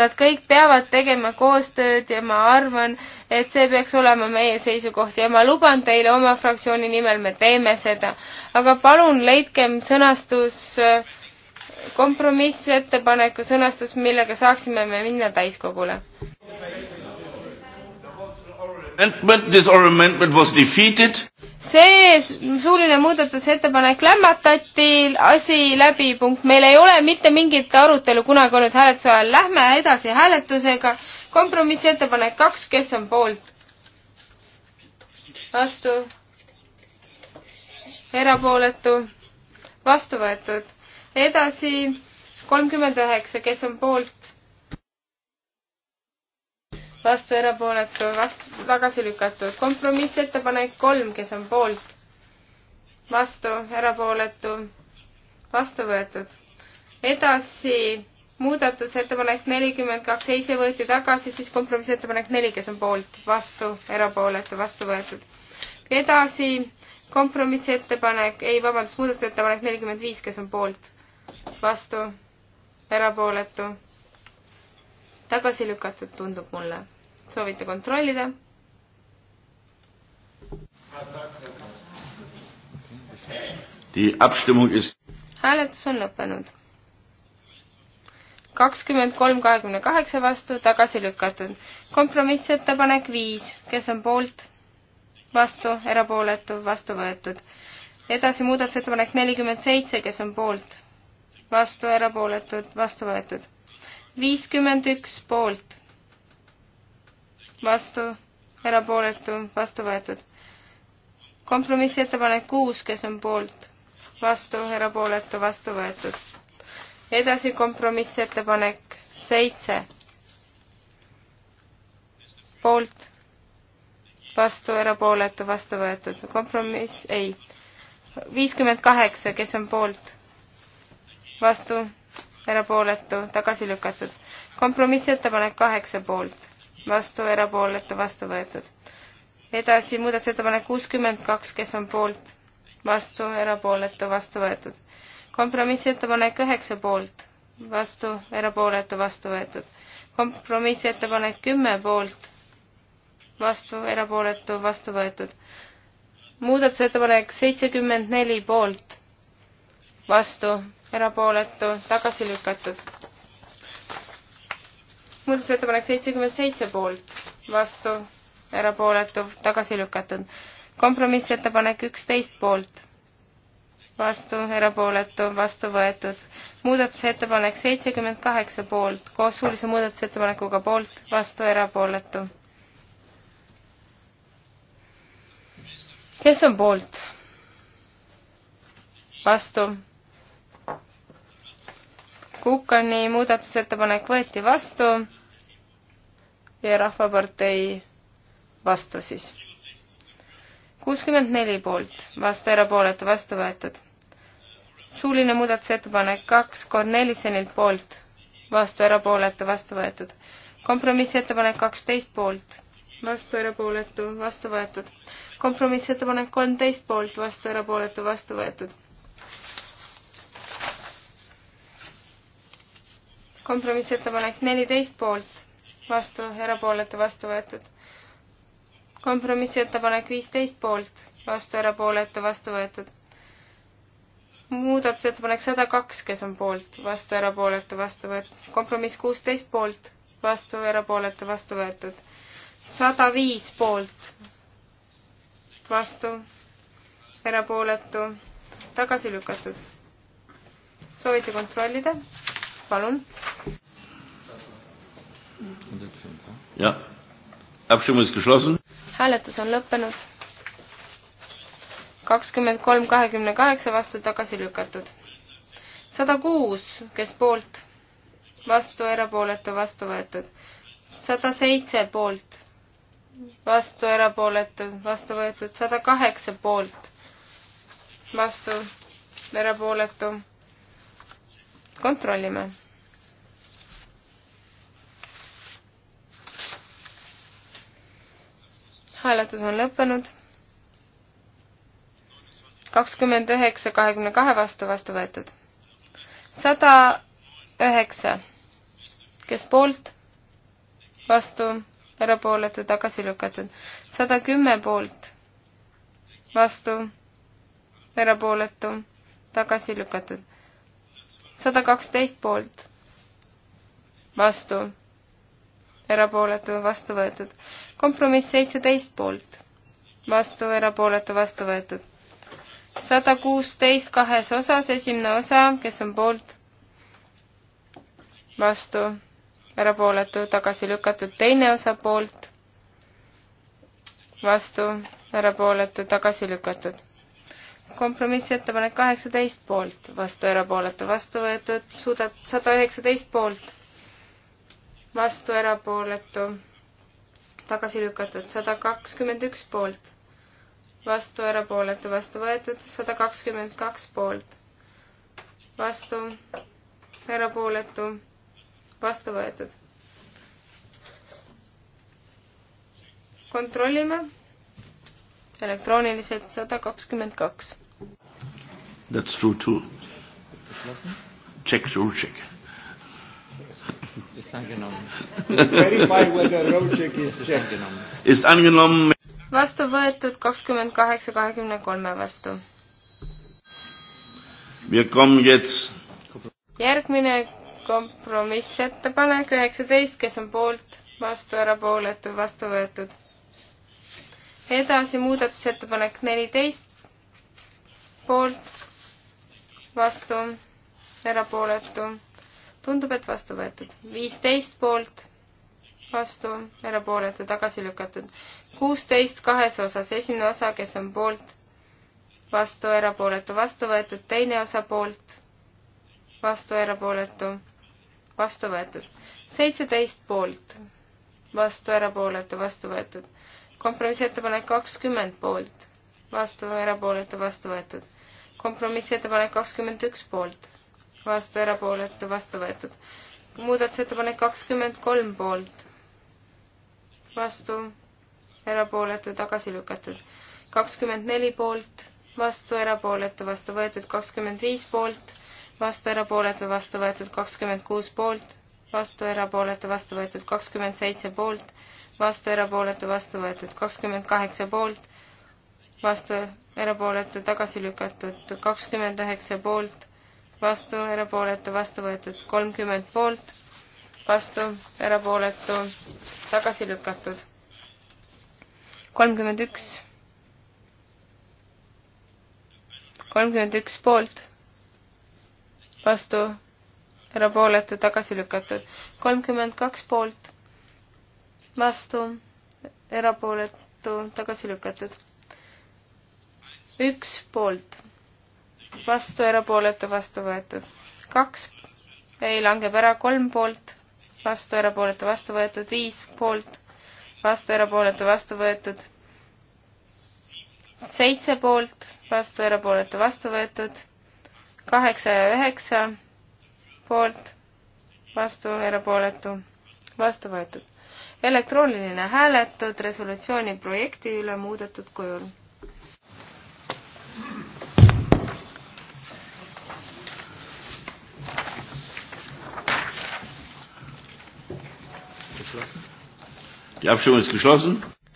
nad kõik peavad tegema koostööd ja ma arvan, et see peaks olema meie seisukoht ja ma luban teile oma fraktsiooni nimel, me teeme seda. aga palun leidkem sõnastus, kompromissettepaneku sõnastus, millega saaksime me minna täiskogule amendment, this oral amendment was defeated. see suuline muudatusettepanek lämmatati, asi läbi, punkt. meil ei ole mitte mingit arutelu kunagi olnud hääletuse ajal, lähme edasi hääletusega. kompromissettepanek kaks, kes on poolt? vastu? erapooletu? vastu võetud. edasi kolmkümmend üheksa, kes on poolt? vastu erapooletu, vastu, tagasi lükatud. kompromissettepanek kolm, kes on poolt, vastu erapooletu, vastu võetud. edasi muudatusettepanek nelikümmend kaks, ei, see võeti tagasi, siis kompromissettepanek neli, kes on poolt, vastu, erapooletu, vastu võetud. edasi kompromissettepanek, ei, vabandust, muudatusettepanek nelikümmend viis, kes on poolt, vastu, erapooletu tagasi lükatud, tundub mulle. soovite kontrollida? hääletus on lõppenud. kakskümmend kolm kahekümne kaheksa vastu, tagasi lükatud. kompromissettepanek viis, kes on poolt? vastu, erapooletu, vastu võetud. edasi muudatusettepanek nelikümmend seitse, kes on poolt? vastu, erapooletud, vastu võetud viiskümmend üks poolt, vastu, erapooletu, vastu võetud. kompromissettepanek kuus, kes on poolt, vastu, erapooletu, vastu võetud. edasi kompromissettepanek seitse, poolt, vastu, erapooletu, vastu võetud. kompromiss, ei, viiskümmend kaheksa, kes on poolt, vastu erapooletu, tagasi lükatud. kompromissettepanek kaheksa poolt, vastu, erapooletu, vastu võetud. edasi muudatusettepanek kuuskümmend kaks, kes on poolt, vastu, erapooletu, vastu võetud. kompromissettepanek üheksa poolt, vastu, erapooletu, vastu võetud. kompromissettepanek kümme poolt, vastu, erapooletu, vastu võetud. muudatusettepanek seitsekümmend neli poolt, vastu, erapooletu, tagasi lükatud. muudatusettepanek seitsekümmend seitse poolt, vastu, erapooletu, tagasi lükatud. kompromissettepanek üksteist poolt, vastu, erapooletu, vastu võetud. muudatusettepanek seitsekümmend kaheksa poolt, koos suulise muudatusettepanekuga poolt, vastu, erapooletu. kes on poolt? vastu Kukani muudatusettepanek võeti vastu ja Rahvapartei vastu siis. kuuskümmend neli poolt, vastu erapooletu, vastu võetud. suuline muudatusettepanek kaks Kornelissonilt poolt, vastu erapooletu, vastu võetud. kompromissettepanek kaksteist poolt, vastu erapooletu, vastu võetud. kompromissettepanek kolmteist poolt, vastu erapooletu, vastu võetud kompromissettepanek neliteist poolt, vastu, erapooletu, vastu võetud. kompromissettepanek viisteist poolt, vastu, erapooletu, vastu võetud. muudatusettepanek sada kaks, kes on poolt, vastu, erapooletu, vastu võetud. kompromiss kuusteist poolt, vastu, erapooletu, vastu võetud. sada viis poolt, vastu, erapooletu, tagasi lükatud. soovite kontrollida? palun jah, hääletus on lõppenud. kakskümmend kolm kahekümne kaheksa vastu tagasi lükatud. sada kuus, kes poolt, vastu, erapooletu, vastu võetud. sada seitse poolt, vastu, erapooletu, vastu võetud. sada kaheksa poolt, vastu, erapooletu. kontrollime hääletus on lõppenud. kakskümmend üheksa, kahekümne kahe vastu, vastu võetud. sada üheksa, kes poolt, vastu, erapooletu, tagasi lükatud. sada kümme poolt, vastu, erapooletu, tagasi lükatud. sada kaksteist poolt, vastu erapooletu, vastu võetud. kompromiss seitseteist poolt, vastu, erapooletu, vastu võetud. sada kuusteist kahes osas, esimene osa, kes on poolt, vastu, erapooletu, tagasi lükatud, teine osa poolt, vastu, erapooletu, tagasi lükatud kompromissettepanek kaheksateist poolt, vastu erapooletu, vastu võetud suuda sada üheksateist poolt, vastu erapooletu, tagasi lükatud, sada kakskümmend üks poolt, vastu erapooletu, vastu võetud, sada kakskümmend kaks poolt, vastu erapooletu, vastu võetud. kontrollime elektrooniliselt sada kakskümmend kaks. That's true too. Check, sure check Ist angenommen. Verify whether road check is checked. Ist angenommen. vastu võetud kakskümmend kaheksa, kahekümne kolme vastu. järgmine kompromissettepanek üheksateist, kes on poolt, vastu, erapooletu, vastu võetud. edasi muudatusettepanek neliteist, poolt, vastu, erapooletu tundub, et vastu võetud. viisteist poolt, vastu, erapooletu, tagasi lükatud. kuusteist kahes osas, esimene osa, kes on poolt, vastu, erapooletu, vastu võetud, teine osa poolt, vastu, erapooletu, vastu võetud. seitseteist poolt, vastu, erapooletu, vastu võetud. kompromissettepanek kakskümmend poolt, vastu, erapooletu, vastu võetud. kompromissettepanek kakskümmend üks poolt vastu, erapooletu, vastu võetud. muudatusettepanek kakskümmend kolm poolt, vastu, erapooletu, tagasi lükatud. kakskümmend neli poolt, vastu, erapooletu, vastu võetud, kakskümmend viis poolt, vastu, erapooletu, vastu võetud, kakskümmend kuus poolt, vastu, erapooletu, vastu võetud, kakskümmend seitse poolt, vastu, erapooletu, vastu võetud, kakskümmend kaheksa poolt, vastu, erapooletu, tagasi lükatud, kakskümmend üheksa poolt, vastu, erapooletu, vastu võetud kolmkümmend poolt, vastu, erapooletu, tagasi lükatud. kolmkümmend üks. kolmkümmend üks poolt, vastu, erapooletu, tagasi lükatud. kolmkümmend kaks poolt, vastu, erapooletu, tagasi lükatud. üks poolt vastu, erapooletu, vastu võetud. kaks ei langeb ära, kolm poolt, vastu, erapooletu, vastu võetud, viis poolt, vastu, erapooletu, vastu võetud, seitse poolt, vastu, erapooletu, vastu võetud, kaheksa ja üheksa poolt, vastu, erapooletu, vastu võetud elektrooniline hääletud resolutsiooni projekti üle muudetud kujul.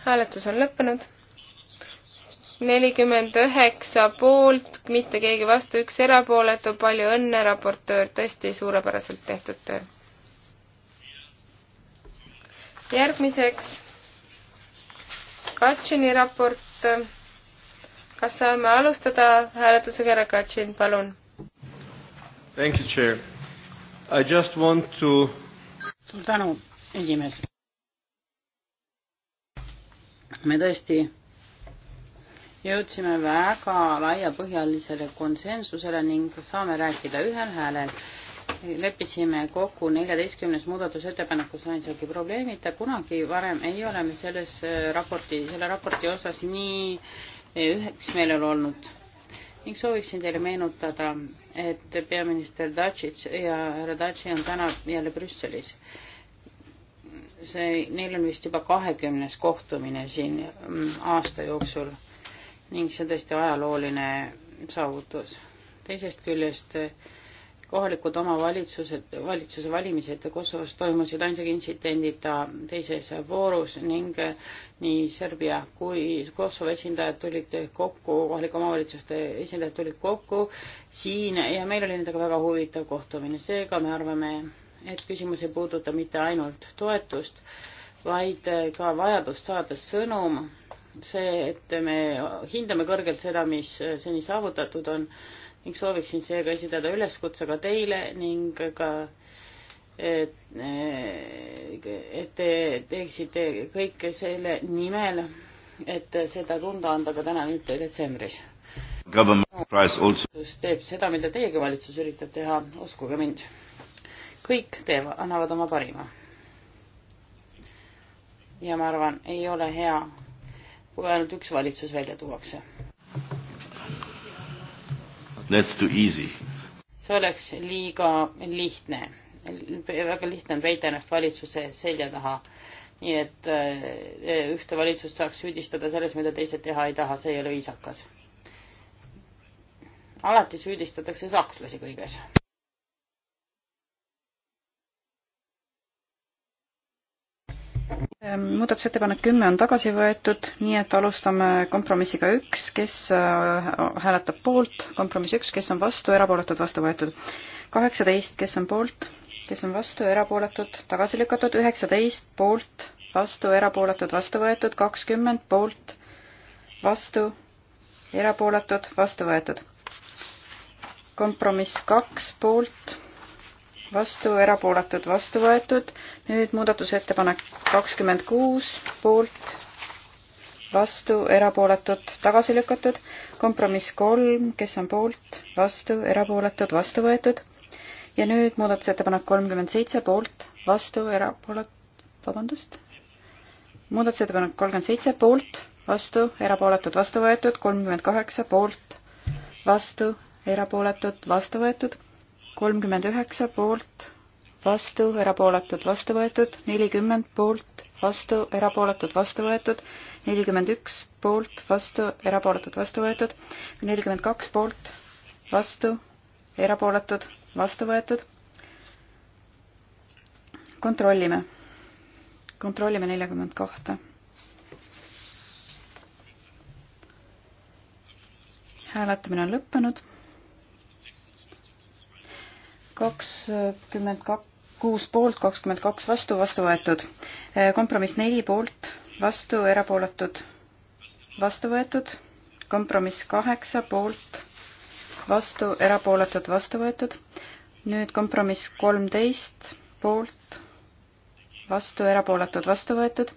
hääletus on lõppenud. nelikümmend üheksa poolt, mitte keegi vastu, üks erapooletu, palju õnne, raportöör, tõesti suurepäraselt tehtud töö. järgmiseks Katšini raport. kas saame alustada hääletusega, härra Katšin, palun? Thank you, chair. I just want to suur tänu, esimees me tõesti jõudsime väga laiapõhjalisele konsensusele ning saame rääkida ühel häälel. leppisime kokku neljateistkümnes muudatusettepanekus ainsagi probleemita, kunagi varem ei ole me selles äh, raporti, selle raporti osas nii äh, üheksmeelel olnud ning sooviksin teile meenutada, et peaminister Dacic ja härra Daci on täna jälle Brüsselis see, neil on vist juba kahekümnes kohtumine siin mm, aasta jooksul ning see on tõesti ajalooline saavutus. teisest küljest kohalikud omavalitsused, valitsuse valimised Kosovos toimusid ainsagi intsidendita teises voorus ning nii Serbia kui Kosovo esindajad tulid kokku, kohalike omavalitsuste esindajad tulid kokku siin ja meil oli nendega väga huvitav kohtumine, seega me arvame, et küsimus ei puuduta mitte ainult toetust, vaid ka vajadust saada sõnum, see, et me hindame kõrgelt seda, mis seni saavutatud on ning sooviksin seega esitada üleskutse ka teile ning ka et, et te teeksite kõike selle nimel, et seda tunda anda ka täna nüüd detsembris. just teeb seda, mida teiegi valitsus üritab teha, uskuge mind kõik teevad, annavad oma parima. ja ma arvan, ei ole hea, kui ainult üks valitsus välja tuuakse. That's too easy. see oleks liiga lihtne. väga lihtne on peita ennast valitsuse selja taha. nii et eh, ühte valitsust saaks süüdistada selles, mida teised teha ei taha, see ei ole viisakas. alati süüdistatakse sakslasi kõiges Ehm, muudatusettepanek kümme on tagasi võetud, nii et alustame kompromissiga üks, kes äh, hääletab poolt, kompromiss üks, kes on vastu, erapooletud, vastu võetud. kaheksateist, kes on poolt, kes on vastu, erapooletud, tagasi lükatud, üheksateist, poolt, vastu, erapooletud, vastu võetud, kakskümmend, poolt, vastu, erapooletud, vastu võetud. kompromiss kaks, poolt vastu, erapooletud, vastu võetud. nüüd muudatusettepanek kakskümmend kuus, poolt, vastu, erapooletud, tagasi lükatud. kompromiss kolm, kes on poolt, vastu, erapooletud, vastu võetud. ja nüüd muudatusettepanek kolmkümmend seitse, poolt, vastu, erapoolet-, vabandust. muudatusettepanek kolmkümmend seitse, poolt, vastu, erapooletud, vastu võetud, kolmkümmend kaheksa, poolt, vastu, erapooletud, vastu võetud kolmkümmend üheksa poolt, vastu, erapooletud, vastu võetud, nelikümmend poolt, vastu, erapooletud, vastu võetud, nelikümmend üks poolt, vastu, erapooletud, vastu võetud, nelikümmend kaks poolt, vastu, erapooletud, vastu võetud. kontrollime, kontrollime neljakümmend kahte. hääletamine on lõppenud kakskümmend kak-, kuus poolt, kakskümmend kaks vastu, vastu võetud. kompromiss neli poolt, vastu, erapooletud, vastu võetud. kompromiss kaheksa poolt, vastu, erapooletud, vastu võetud. nüüd kompromiss kolmteist poolt, vastu, erapooletud, vastu võetud.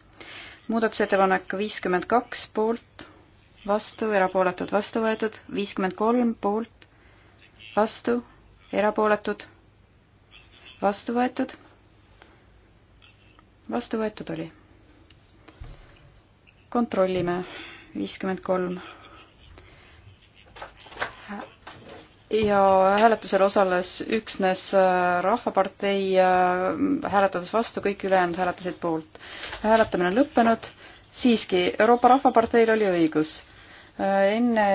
muudatusettepanek viiskümmend kaks poolt, vastu, erapooletud, vastu võetud. viiskümmend kolm poolt, vastu, erapooletud, vastu võetud, vastu võetud oli. kontrollime, viiskümmend kolm. ja hääletusel osales üksnes äh, Rahvapartei, äh, hääletades vastu, kõik ülejäänud hääletasid poolt. hääletamine on lõppenud, siiski Euroopa Rahvaparteil oli õigus äh, enne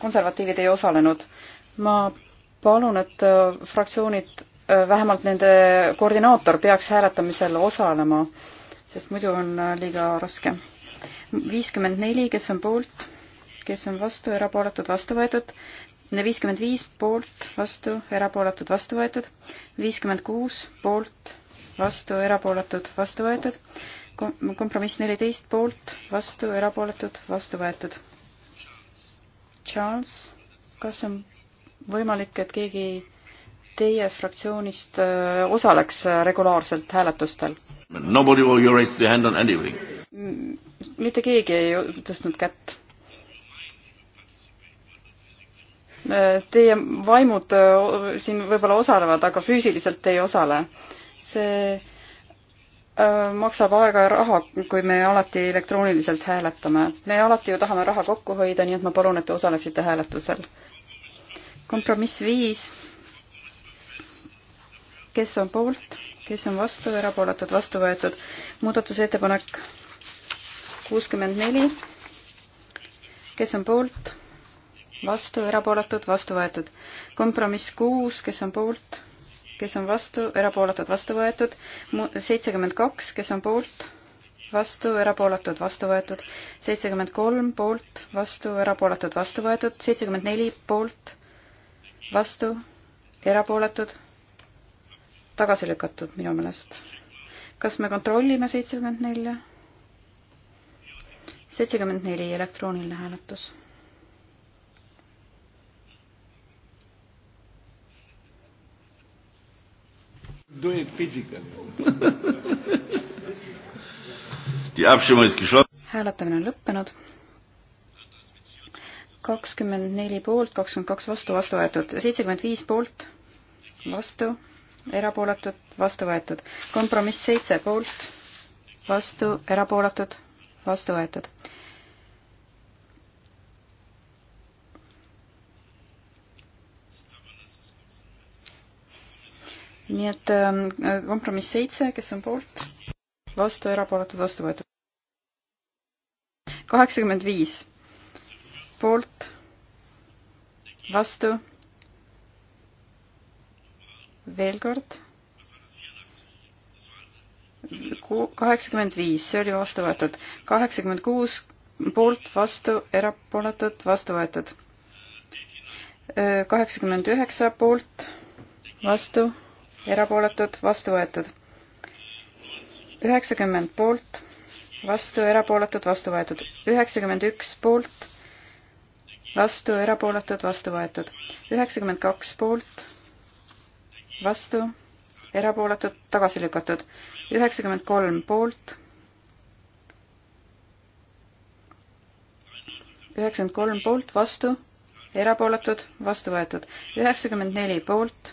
konservatiivid ei osalenud. ma palun, et äh, fraktsioonid, äh, vähemalt nende koordinaator peaks hääletamisel osalema, sest muidu on äh, liiga raske. viiskümmend neli, kes on poolt, kes on vastu, erapooletud, vastu võetud. viiskümmend viis poolt, vastu, erapooletud, vastu võetud. viiskümmend kuus poolt, vastu, erapooletud, vastu võetud. kompromiss neliteist poolt, vastu, erapooletud, vastu võetud. Charles, kas on võimalik, et keegi teie fraktsioonist äh, osaleks äh, regulaarselt hääletustel? mitte keegi ei tõstnud kätt. Äh, teie vaimud siin võib-olla osalevad, aga füüsiliselt ei osale. see maksab aega ja raha, kui me alati elektrooniliselt hääletame. me alati ju tahame raha kokku hoida, nii et ma palun, et te osaleksite hääletusel kompromiss viis, kes on poolt, kes on vastu, erapooletud, vastu võetud. muudatusettepanek kuuskümmend neli, kes on poolt, vastu, erapooletud, vastu võetud. kompromiss kuus, kes on poolt, kes on vastu, erapooletud, vastu võetud. seitsekümmend kaks, kes on poolt vastu, erapooletud, vastu võetud, seitsekümmend kolm poolt, vastu, erapooletud, vastu võetud, seitsekümmend neli poolt, vastu, erapooletud, tagasi lükatud minu meelest. kas me kontrollime seitsekümmend nelja? seitsekümmend neli elektrooniline hääletus. Do it physically hääletamine on lõppenud kakskümmend neli poolt, kakskümmend kaks vastu, vastu võetud, seitsekümmend viis poolt, vastu, erapooletud, vastu võetud. kompromiss seitse poolt, vastu, erapooletud, vastu võetud. nii et ähm, kompromiss seitse, kes on poolt, vastu, erapooletud, vastu võetud. kaheksakümmend viis poolt, vastu. veel kord. kaheksakümmend viis, see oli vastu võetud. kaheksakümmend kuus poolt, vastu, erapooletud, vastu võetud. kaheksakümmend üheksa poolt, vastu, erapooletud, vastu võetud. üheksakümmend poolt, vastu, erapooletud, vastu võetud. üheksakümmend üks poolt vastu, erapooletud, vastu võetud. üheksakümmend kaks poolt, vastu, erapooletud, tagasi lükatud. üheksakümmend kolm poolt, üheksakümmend kolm poolt, vastu, erapooletud, vastu võetud. üheksakümmend neli poolt,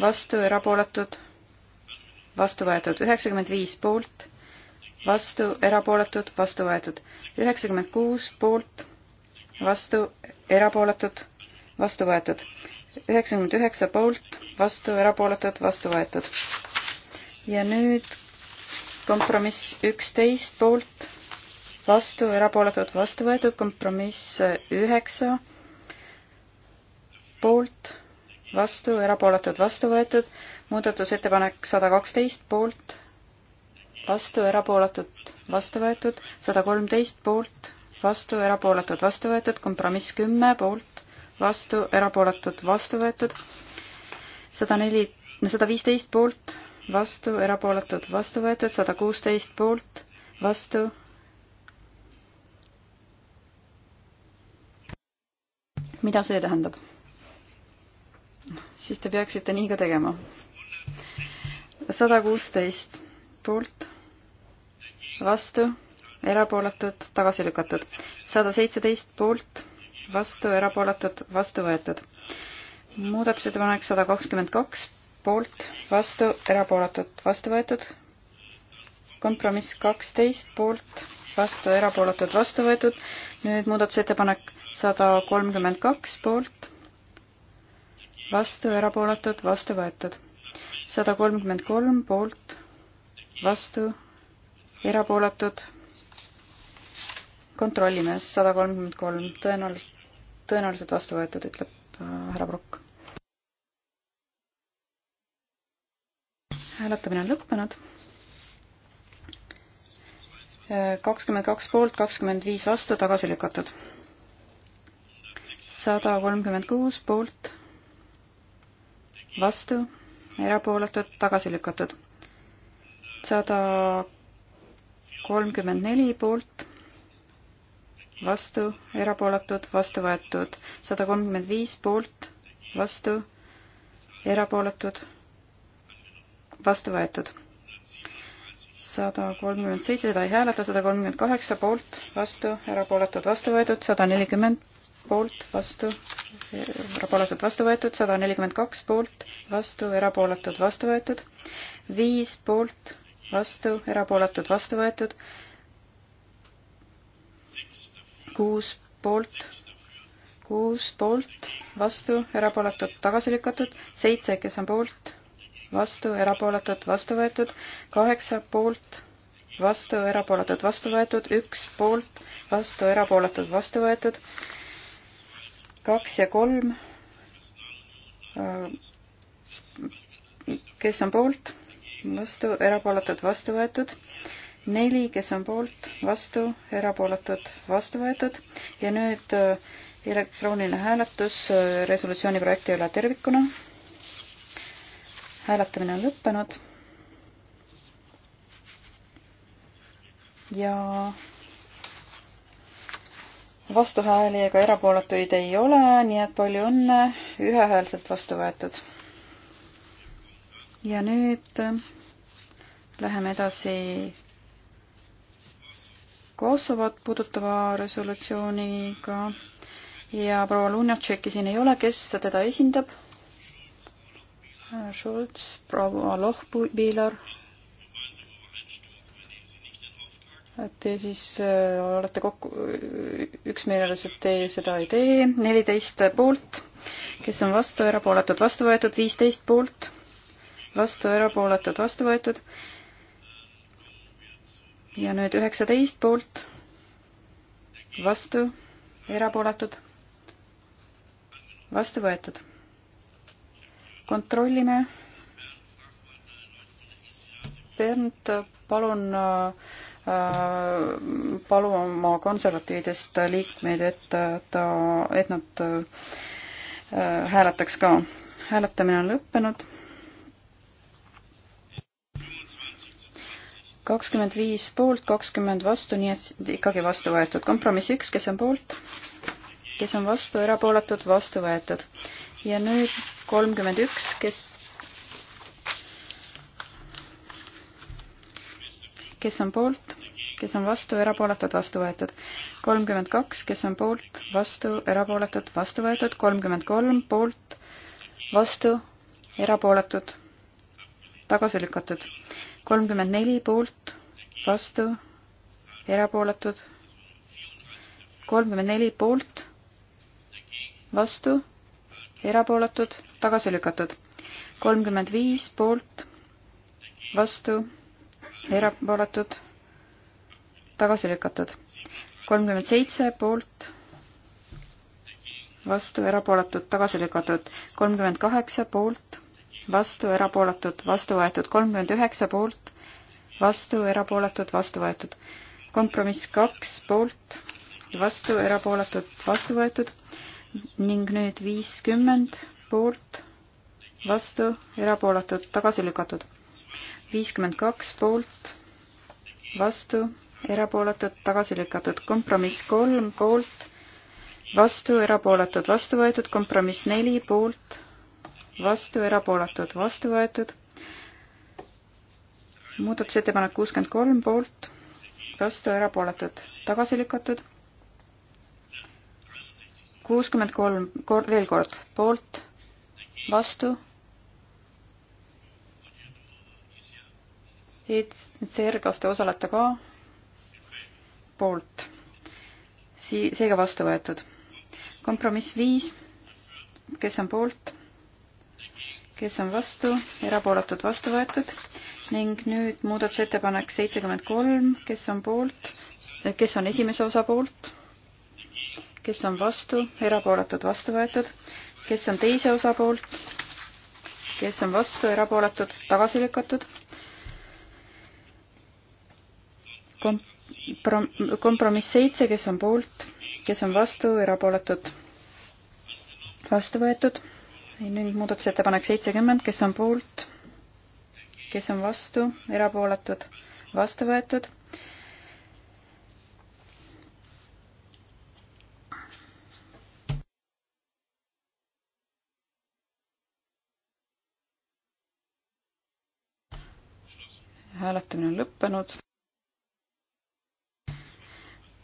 vastu, erapooletud, vastu võetud. üheksakümmend viis poolt, vastu, erapooletud, vastu võetud. üheksakümmend kuus poolt vastu, erapooletud, vastu võetud. üheksakümmend üheksa poolt, vastu, erapooletud, vastu võetud. ja nüüd kompromiss üksteist poolt, vastu, erapooletud, vastu võetud, kompromiss üheksa poolt, vastu, erapooletud, vastu võetud, muudatusettepanek sada kaksteist poolt, vastu, erapooletud, vastu võetud, sada kolmteist poolt vastu, erapooletud, vastu võetud, kompromiss kümme poolt, vastu, erapooletud, vastu võetud, sada neli, sada viisteist poolt, vastu, erapooletud, vastu võetud, sada kuusteist poolt, vastu, mida see tähendab? siis te peaksite nii ka tegema. sada kuusteist poolt, vastu erapooletud, tagasi lükatud. sada seitseteist poolt, vastu, erapooletud, vastu võetud. muudatusettepanek sada kakskümmend kaks, poolt, vastu, erapooletud, vastu võetud. kompromiss kaksteist, poolt, vastu, erapooletud, vastu võetud. nüüd muudatusettepanek sada kolmkümmend kaks, poolt, vastu, erapooletud, vastu võetud. sada kolmkümmend kolm, poolt, vastu, erapooletud kontrollime, sada kolmkümmend kolm, tõenäoliselt, tõenäoliselt vastu võetud, ütleb äh, härra Prokk. hääletamine on lõppenud. Äh, kakskümmend kaks poolt, kakskümmend viis vastu, tagasi lükatud. sada kolmkümmend kuus poolt, vastu, erapooletud, tagasi lükatud. sada kolmkümmend neli poolt, vastu, erapooletud, vastu võetud. sada kolmkümmend viis poolt, vastu, erapooletud, vastu võetud. sada kolmkümmend seitse, seda ei hääleta, sada kolmkümmend kaheksa poolt, vastu, erapooletud, vastu võetud, sada nelikümmend poolt, vastu, erapooletud, vastu võetud, sada nelikümmend kaks poolt, vastu, erapooletud, vastu võetud, viis poolt, vastu, erapooletud, vastu võetud, kuus poolt, kuus poolt, vastu, erapooletud, tagasi lükatud, seitse, kes on poolt, vastu, erapooletud, vastu võetud, kaheksa poolt, vastu, erapooletud, vastu võetud, üks poolt, vastu, erapooletud, vastu võetud, kaks ja kolm, äh, kes on poolt, vastu, erapooletud, vastu võetud, neli, kes on poolt, vastu, erapooletud, vastu võetud ja nüüd äh, elektrooniline hääletus äh, resolutsiooni projekti üle tervikuna. hääletamine on lõppenud. ja vastuhääli ega erapooletuid ei ole, nii et palju õnne, ühehäälselt vastu võetud. ja nüüd äh, läheme edasi Kosovot puudutava resolutsiooniga ja proua Lunatšeki siin ei ole, kes teda esindab? Schulz, proua Lohbiilar. et te siis äh, olete kokku äh, üksmeeles, et te seda ei tee, neliteist poolt, kes on vastu, erapooletud, vastu võetud, viisteist poolt, vastu, erapooletud, vastu võetud ja nüüd üheksateist poolt, vastu, erapooletud, vastu võetud. kontrollime. Bernd, palun äh, paluma oma konservatiividest liikmeid, et ta, et nad äh, hääletaks ka. hääletamine on lõppenud kakskümmend viis poolt, kakskümmend vastu, nii et ikkagi vastu võetud. kompromiss üks, kes on poolt, kes on vastu, erapooletud, vastu võetud. ja nüüd kolmkümmend üks, kes kes on poolt, kes on vastu, erapooletud, vastu võetud. kolmkümmend kaks, kes on poolt, vastu, erapooletud, vastu võetud. kolmkümmend kolm, poolt, vastu, erapooletud, tagasi lükatud kolmkümmend neli poolt, vastu, erapooletud. kolmkümmend neli poolt, vastu, erapooletud, tagasi lükatud. kolmkümmend viis poolt, vastu, erapooletud, tagasi lükatud. kolmkümmend seitse poolt, vastu, erapooletud, tagasi lükatud. kolmkümmend kaheksa poolt vastu, erapooletud, vastu võetud, kolmkümmend üheksa poolt, vastu, erapooletud, vastu võetud. kompromiss kaks poolt, vastu, erapooletud, vastu võetud ning nüüd viiskümmend poolt, vastu, erapooletud, tagasi lükatud. viiskümmend kaks poolt, vastu, erapooletud, tagasi lükatud. kompromiss kolm poolt, vastu, erapooletud, vastu võetud, kompromiss neli poolt vastu, erapooletud, vastu võetud. muudatusettepanek kuuskümmend kolm poolt, vastu, erapooletud, tagasi lükatud. kuuskümmend kolm, veel kord, poolt, vastu. ECR, kas te osalete ka? poolt. sii-, seega vastu võetud. kompromiss viis, kes on poolt? kes on vastu, erapooletud vastu võetud ning nüüd muudatusettepanek seitsekümmend kolm, kes on poolt, eh, kes on esimese osa poolt, kes on vastu, erapooletud vastu võetud, kes on teise osa poolt, kes on vastu, erapooletud tagasi lükatud. komprom-, kompromiss seitse, kes on poolt, kes on vastu, erapooletud vastu võetud nüüd muudatusettepanek seitsekümmend, kes on poolt, kes on vastu, erapooletud, vastu võetud. hääletamine on lõppenud.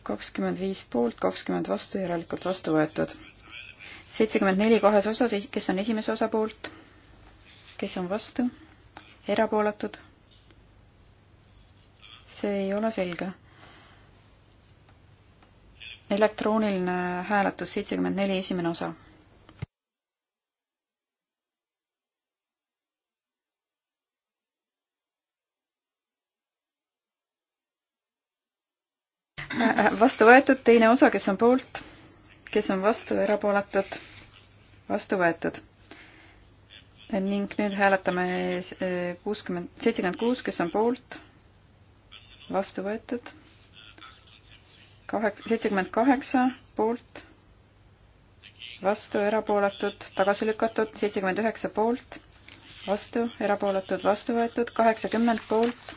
kakskümmend viis poolt, kakskümmend vastu, järelikult vastu võetud seitsekümmend neli kahes osas, kes on esimese osa poolt, kes on vastu, erapooletud. see ei ole selge. elektrooniline hääletus seitsekümmend neli, esimene osa. Äh, äh, vastu võetud, teine osa, kes on poolt kes on vastu, erapooletud, vastu võetud. ning nüüd hääletame eh, kuuskümmend, seitsekümmend kuus, kes on poolt, vastu võetud. kaheksa, seitsekümmend kaheksa poolt, vastu, erapooletud, tagasi lükatud, seitsekümmend üheksa poolt, vastu, erapooletud, vastu võetud, kaheksakümmend poolt,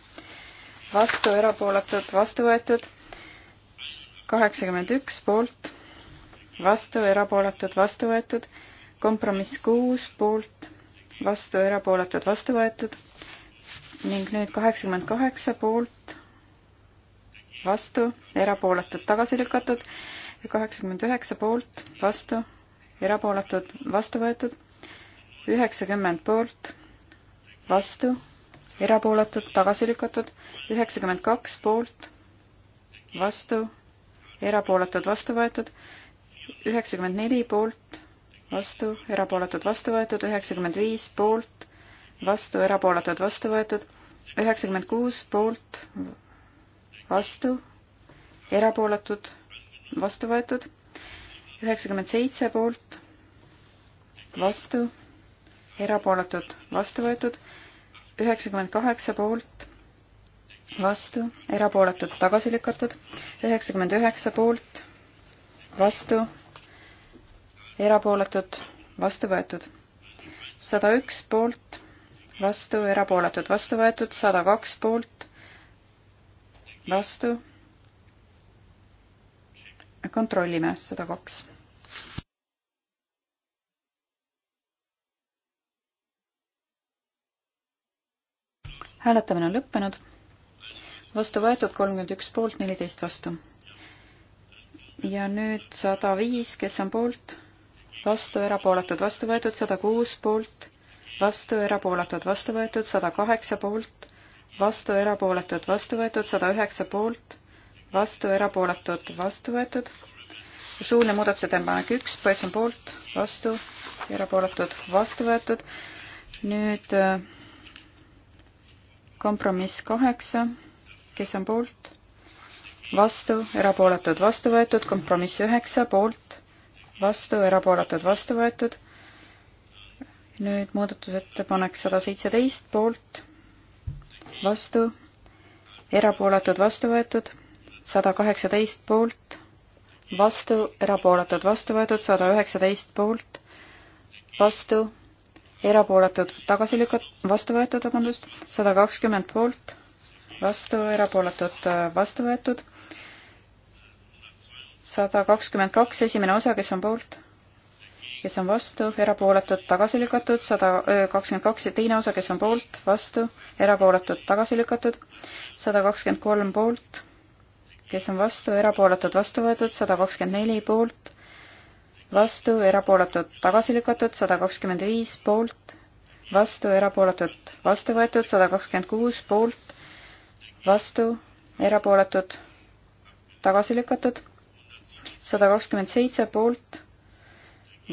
vastu, erapooletud, vastu võetud, kaheksakümmend üks poolt vastu, erapooletud, vastu võetud. kompromiss kuus poolt, vastu, erapooletud, vastu võetud. ning nüüd kaheksakümmend kaheksa poolt, vastu, erapooletud, tagasi lükatud. kaheksakümmend üheksa poolt, vastu, erapooletud, vastu võetud. üheksakümmend poolt, vastu, erapooletud, tagasi lükatud. üheksakümmend kaks poolt, vastu, erapooletud, vastu võetud üheksakümmend neli poolt, vastu, erapooletud, vastu võetud, üheksakümmend viis poolt, vastu, erapooletud, vastu võetud, üheksakümmend kuus poolt, vastu, erapooletud, vastu võetud, üheksakümmend seitse poolt, vastu, erapooletud, vastu võetud, üheksakümmend kaheksa poolt, vastu, erapooletud, tagasi lükatud, üheksakümmend üheksa poolt, vastu, erapooletud, vastu võetud. sada üks poolt, vastu, erapooletud, vastu võetud, sada kaks poolt, vastu. kontrollime, sada kaks. hääletamine on lõppenud. vastu võetud kolmkümmend üks poolt, neliteist vastu. ja nüüd sada viis, kes on poolt vastu, erapooletud, vastu võetud, sada kuus poolt, vastu, erapooletud, vastu võetud, sada kaheksa poolt, vastu, erapooletud, vastu võetud, sada üheksa poolt, vastu, erapooletud, vastu võetud. suuline muudatusettepanek üks, poiss on poolt, vastu, erapooletud, vastu võetud. nüüd äh, kompromiss kaheksa, kes on poolt, vastu, erapooletud, vastu võetud, kompromiss üheksa, poolt, vastu, erapooletud, vastu võetud. nüüd muudatusettepanek sada seitseteist poolt, vastu, erapooletud, vastu võetud, sada kaheksateist poolt, vastu, erapooletud, vastu võetud, sada üheksateist poolt, vastu, erapooletud, tagasi lükat-, vastu võetud, vabandust, sada kakskümmend poolt, vastu, erapooletud, vastu võetud sada kakskümmend kaks, esimene osa, kes on poolt? kes on vastu, erapooletud, tagasi lükatud, sada kakskümmend kaks ja teine osa, kes on poolt, vastu, erapooletud, tagasi lükatud, sada kakskümmend kolm poolt, kes on vastu, erapooletud, vastu võetud, sada kakskümmend neli poolt, vastu, erapooletud, tagasi lükatud, sada kakskümmend viis poolt, vastu, erapooletud, vastu võetud, sada kakskümmend kuus poolt, vastu, erapooletud, tagasi lükatud sada kakskümmend seitse poolt,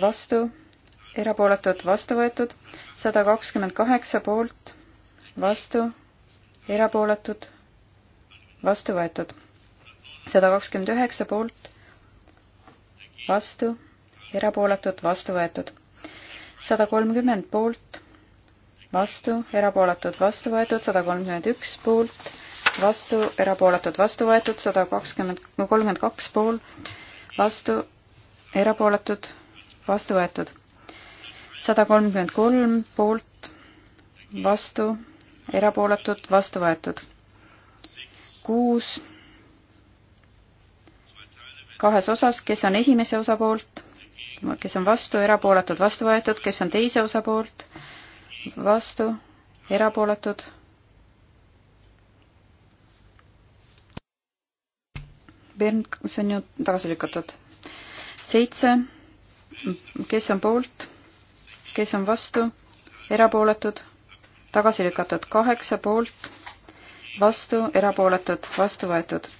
vastu, erapooletud, vastu võetud, sada kakskümmend kaheksa poolt, vastu, erapooletud, vastu võetud, sada kakskümmend üheksa poolt, vastu, erapooletud, vastu võetud, sada kolmkümmend poolt, vastu, erapooletud, vastu võetud, sada kolmkümmend üks poolt, vastu, erapooletud, vastu võetud, sada kakskümmend, kolmkümmend kaks poolt, vastu, erapooletud, vastu võetud. sada kolmkümmend kolm poolt, vastu, erapooletud, vastu võetud. kuus kahes osas, kes on esimese osa poolt, kes on vastu, erapooletud, vastu võetud, kes on teise osa poolt, vastu, erapooletud Bernd, see on ju tagasi lükatud. seitse, kes on poolt, kes on vastu, erapooletud, tagasi lükatud, kaheksa poolt, vastu, erapooletud, vastu võetud.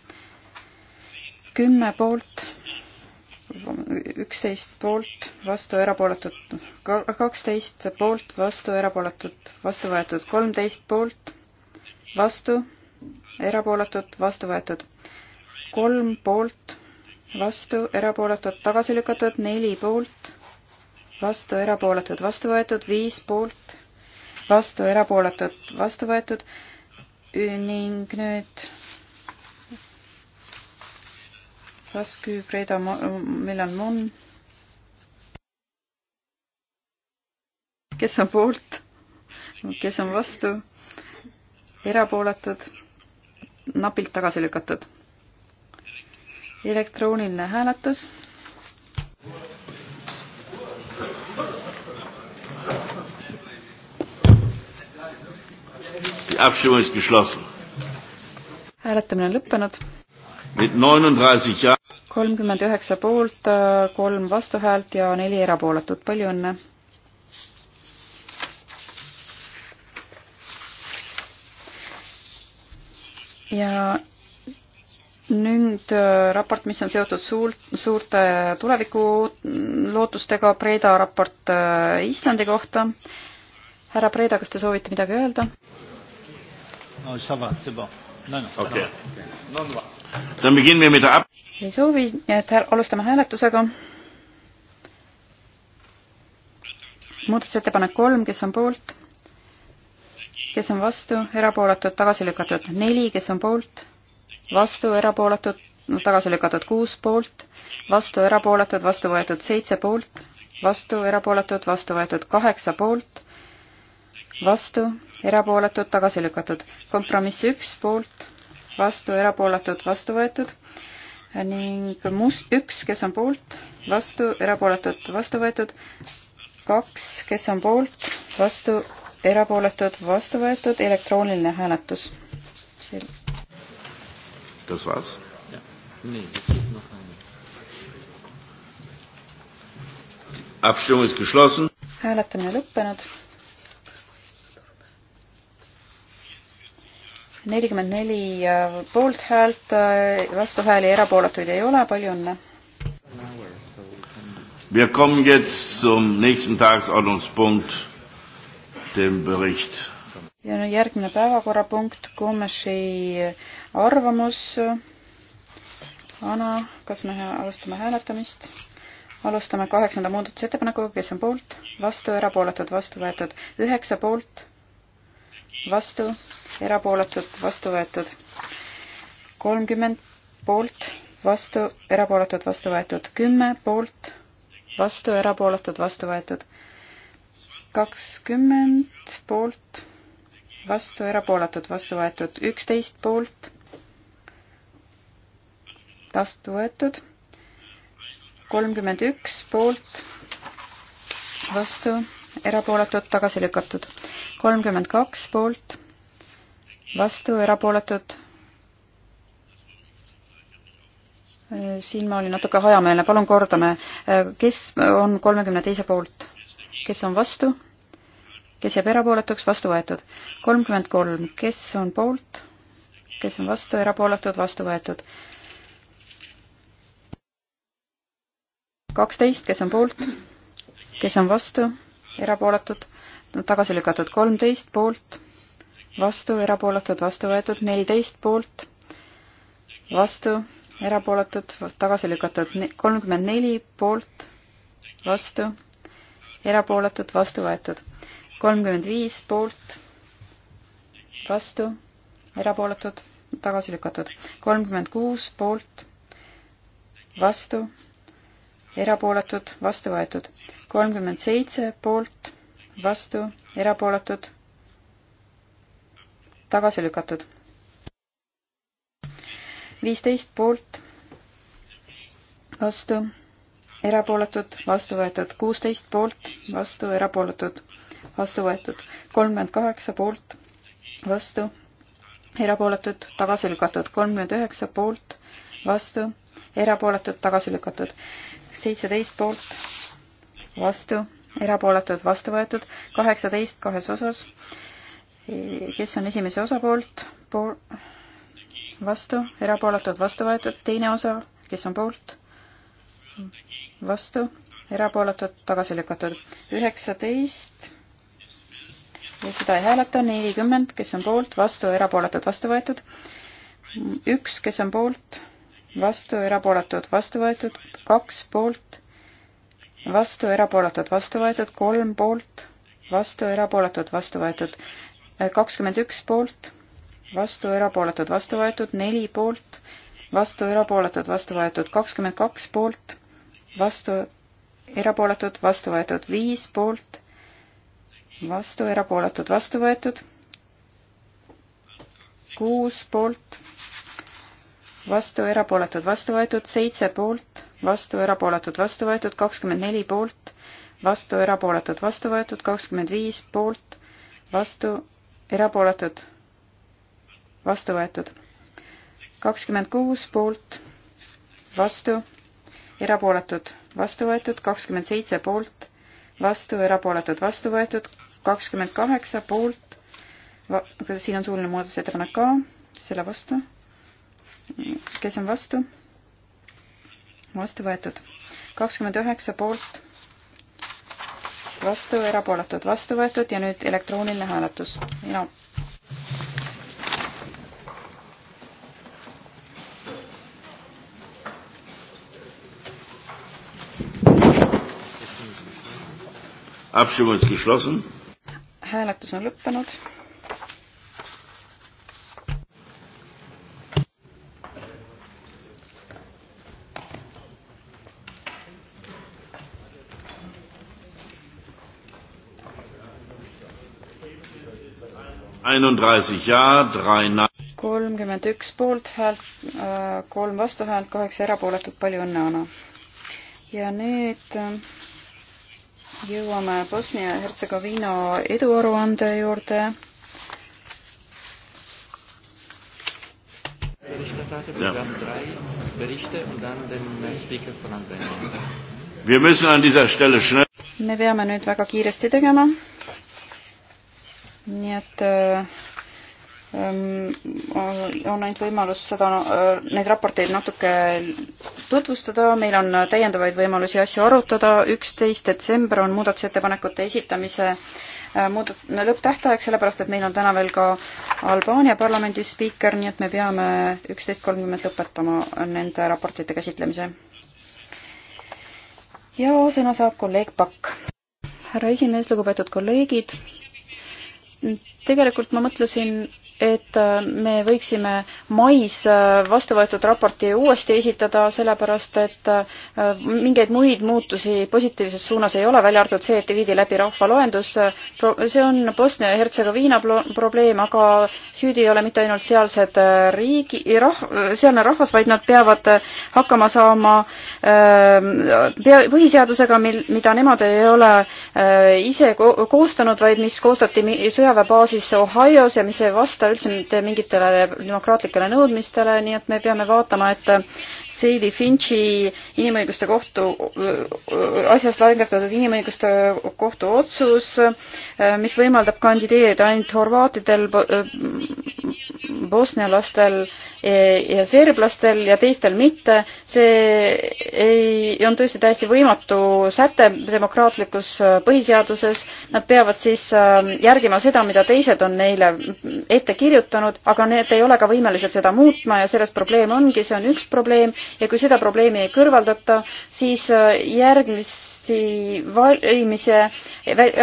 kümme poolt, üksteist poolt, vastu, erapooletud, kaksteist poolt, vastu, erapooletud, vastu võetud, kolmteist poolt, vastu, erapooletud, vastu võetud kolm poolt, vastu, erapooletud, tagasi lükatud, neli poolt, vastu, erapooletud, vastu võetud, viis poolt, vastu, erapooletud, vastu võetud ning nüüd Raskü, Breda, Milan Mon. kes on poolt, kes on vastu, erapooletud, napilt tagasi lükatud elektrooniline hääletus. hääletamine on lõppenud. kolmkümmend üheksa poolt, kolm vastuhäält ja neli erapooletut. palju õnne! ja nüüd äh, raport, mis on seotud suurt, suurte tulevikulootustega, Preda raport äh, Islandi kohta. härra Preda, kas te soovite midagi öelda? ei soovi, nii et alustame hääletusega. muudatusettepanek kolm, kes on poolt? kes on vastu, erapooletud, tagasi lükatud, neli, kes on poolt? vastu, erapooletud, tagasi lükatud kuus poolt, vastu, erapooletud, vastu võetud seitse poolt, vastu, erapooletud, vastu võetud kaheksa poolt, vastu, erapooletud, tagasi lükatud. kompromiss üks poolt, vastu, erapooletud, vastu võetud ning must üks, kes on poolt, vastu, erapooletud, vastu võetud, kaks, kes on poolt, vastu, erapooletud, vastu võetud, elektrooniline hääletus. selge Das war's? Ja. Nee, es gibt noch eine. Abstimmung ist geschlossen. Hääletamine lõppenud. nelikümmend neli äh, poolthäält, äh, vastuhääli, erapooletuid ei ole, palju õnne. Wir kommen jetzt zum nächsten Tagesordnungspunkt, dem Bericht ja nüüd järgmine päevakorrapunkt, Komeši arvamus. Ana, kas me alustame hääletamist? alustame kaheksanda muudatusettepanekuga, kes on poolt, vastu, erapooletud, vastu võetud, üheksa poolt, vastu, erapooletud, vastu võetud, kolmkümmend poolt, vastu, erapooletud, vastu võetud, kümme poolt, vastu, erapooletud, vastu võetud, kakskümmend poolt vastu, erapooletud, vastu võetud üksteist poolt, vastu võetud kolmkümmend üks poolt, vastu, erapooletud, tagasi lükatud. kolmkümmend kaks poolt, vastu, erapooletud. siin ma olin natuke hajameelne, palun kordame, kes on kolmekümne teise poolt, kes on vastu, kes jääb erapooletuks, vastu võetud. kolmkümmend kolm, kes on poolt, kes on vastu, erapooletud, vastu võetud. kaksteist, kes on poolt, kes on vastu, erapooletud, tagasi lükatud. kolmteist poolt, vastu, erapooletud, vastu võetud. neliteist poolt, vastu, erapooletud, tagasi lükatud. kolmkümmend neli poolt, vastu, erapooletud, vastu võetud kolmkümmend viis poolt, vastu, erapooletud, tagasi lükatud. kolmkümmend kuus poolt, vastu, erapooletud, vastu võetud. kolmkümmend seitse poolt, vastu, erapooletud, tagasi lükatud. viisteist poolt, vastu, erapooletud, vastu võetud. kuusteist poolt, vastu, erapooletud vastu võetud. kolmkümmend kaheksa poolt, vastu, erapooletud, tagasi lükatud. kolmkümmend üheksa poolt, vastu, erapooletud, tagasi lükatud. seitseteist poolt, vastu, erapooletud, vastu võetud. kaheksateist kahes osas. kes on esimese osa poolt, pool, vastu, erapooletud, vastu võetud. teine osa, kes on poolt, vastu, erapooletud, tagasi lükatud. üheksateist seda ei hääleta, nelikümmend, kes on poolt, vastu, erapooletud, vastu võetud. üks, kes on poolt, vastu, erapooletud, vastu võetud, kaks poolt, vastu, erapooletud, vastu võetud, kolm poolt, vastu, erapooletud, vastu võetud, kakskümmend üks poolt, vastu, erapooletud, vastu võetud, neli poolt, vastu, erapooletud, vastu võetud, kakskümmend kaks poolt, vastu, erapooletud, vastu võetud, viis poolt vastu, erapooletud, vastu võetud. kuus poolt, vastu, erapooletud, vastu võetud, seitse poolt, vastu, erapooletud, vastu võetud, kakskümmend neli poolt, vastu, erapooletud, vastu võetud, kakskümmend viis poolt, vastu, erapooletud, vastu võetud. kakskümmend kuus poolt, vastu, erapooletud, vastu võetud, kakskümmend seitse poolt, vastu, erapooletud, vastu võetud, kakskümmend kaheksa poolt, kas siin on suuline muudatusettepanek ka, selle vastu. kes on vastu? vastu võetud. kakskümmend üheksa poolt, vastu, erapooletud, vastu võetud ja nüüd elektrooniline hääletus. mina. Abstimmung ist geschlossen hääletus on lõppenud. kolmkümmend üks poolthäält, äh, kolm vastuhäält, kaheksa erapooletut, palju õnne, Anu! ja nüüd äh, jõuame Bosnia ja Hertsegoviina eduaruande juurde. Äh, me peame nüüd väga kiiresti tegema. nii et äh, Ehm, on ainult võimalus seda, äh, neid raporteid natuke tutvustada, meil on täiendavaid võimalusi asju arutada, üksteist detsember on muudatusettepanekute esitamise äh, muudat-, lõpptähtaeg, sellepärast et meil on täna veel ka Albaania parlamendi spiiker, nii et me peame üksteist kolmkümmend lõpetama nende raportite käsitlemise. ja sõna saab kolleeg Pakk. härra esimees, lugupeetud kolleegid, tegelikult ma mõtlesin et äh, me võiksime mais äh, vastu võetud raporti uuesti esitada, sellepärast et äh, mingeid muid muutusi positiivses suunas ei ole, välja arvatud see, et viidi läbi rahvaloendus. see on Bosnia-Hertsegoviina probleem, aga süüdi ei ole mitte ainult sealsed riigi, rah-, sealne rahvas, vaid nad peavad hakkama saama ähm, pea, põhiseadusega, mil, mida nemad ei ole ise ko koostanud, vaid mis koostati sõjaväebaasis Ohios ja mis ei vasta vasta üldse mitte mingitele demokraatlikele nõudmistele, nii et me peame vaatama, et Seili Finchi inimõiguste kohtu, asjas langetatud inimõiguste kohtu otsus, mis võimaldab kandideerida ainult horvaatidel, bosnialastel ja serblastel ja teistel mitte, see ei, on tõesti täiesti võimatu säte demokraatlikus põhiseaduses. Nad peavad siis ähm, järgima seda, mida teised on neile ette kirjutanud, aga need ei ole ka võimelised seda muutma ja selles probleem ongi, see on üks probleem ja kui seda probleemi ei kõrvaldata, siis äh, järgmisi valimise,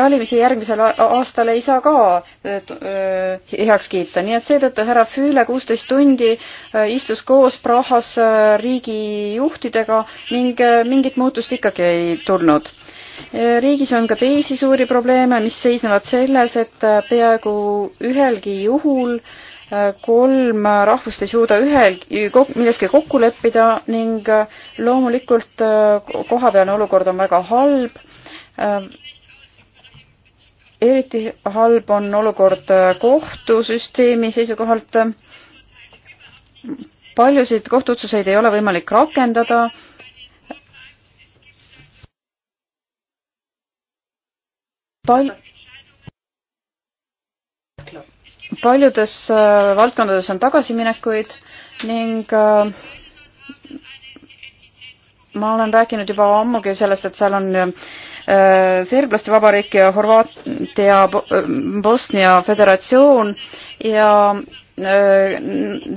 valimisi järgmisel aastal ei saa ka äh, äh, heaks kiita, nii et seetõttu härra Füüle kuusteist tundi istus koos Prahas riigijuhtidega ning mingit muutust ikkagi ei tulnud riigis on ka teisi suuri probleeme, mis seisnevad selles, et peaaegu ühelgi juhul äh, kolm rahvust ei suuda ühel, milleski kokku leppida ning äh, loomulikult äh, kohapealne olukord on väga halb. Äh, eriti halb on olukord kohtusüsteemi seisukohalt. paljusid kohtuotsuseid ei ole võimalik rakendada pal-, paljudes äh, valdkondades on tagasiminekuid ning äh, ma olen rääkinud juba ammugi sellest, et seal on äh, serblaste vabariik ja Horvaatia, Bosnia föderatsioon ja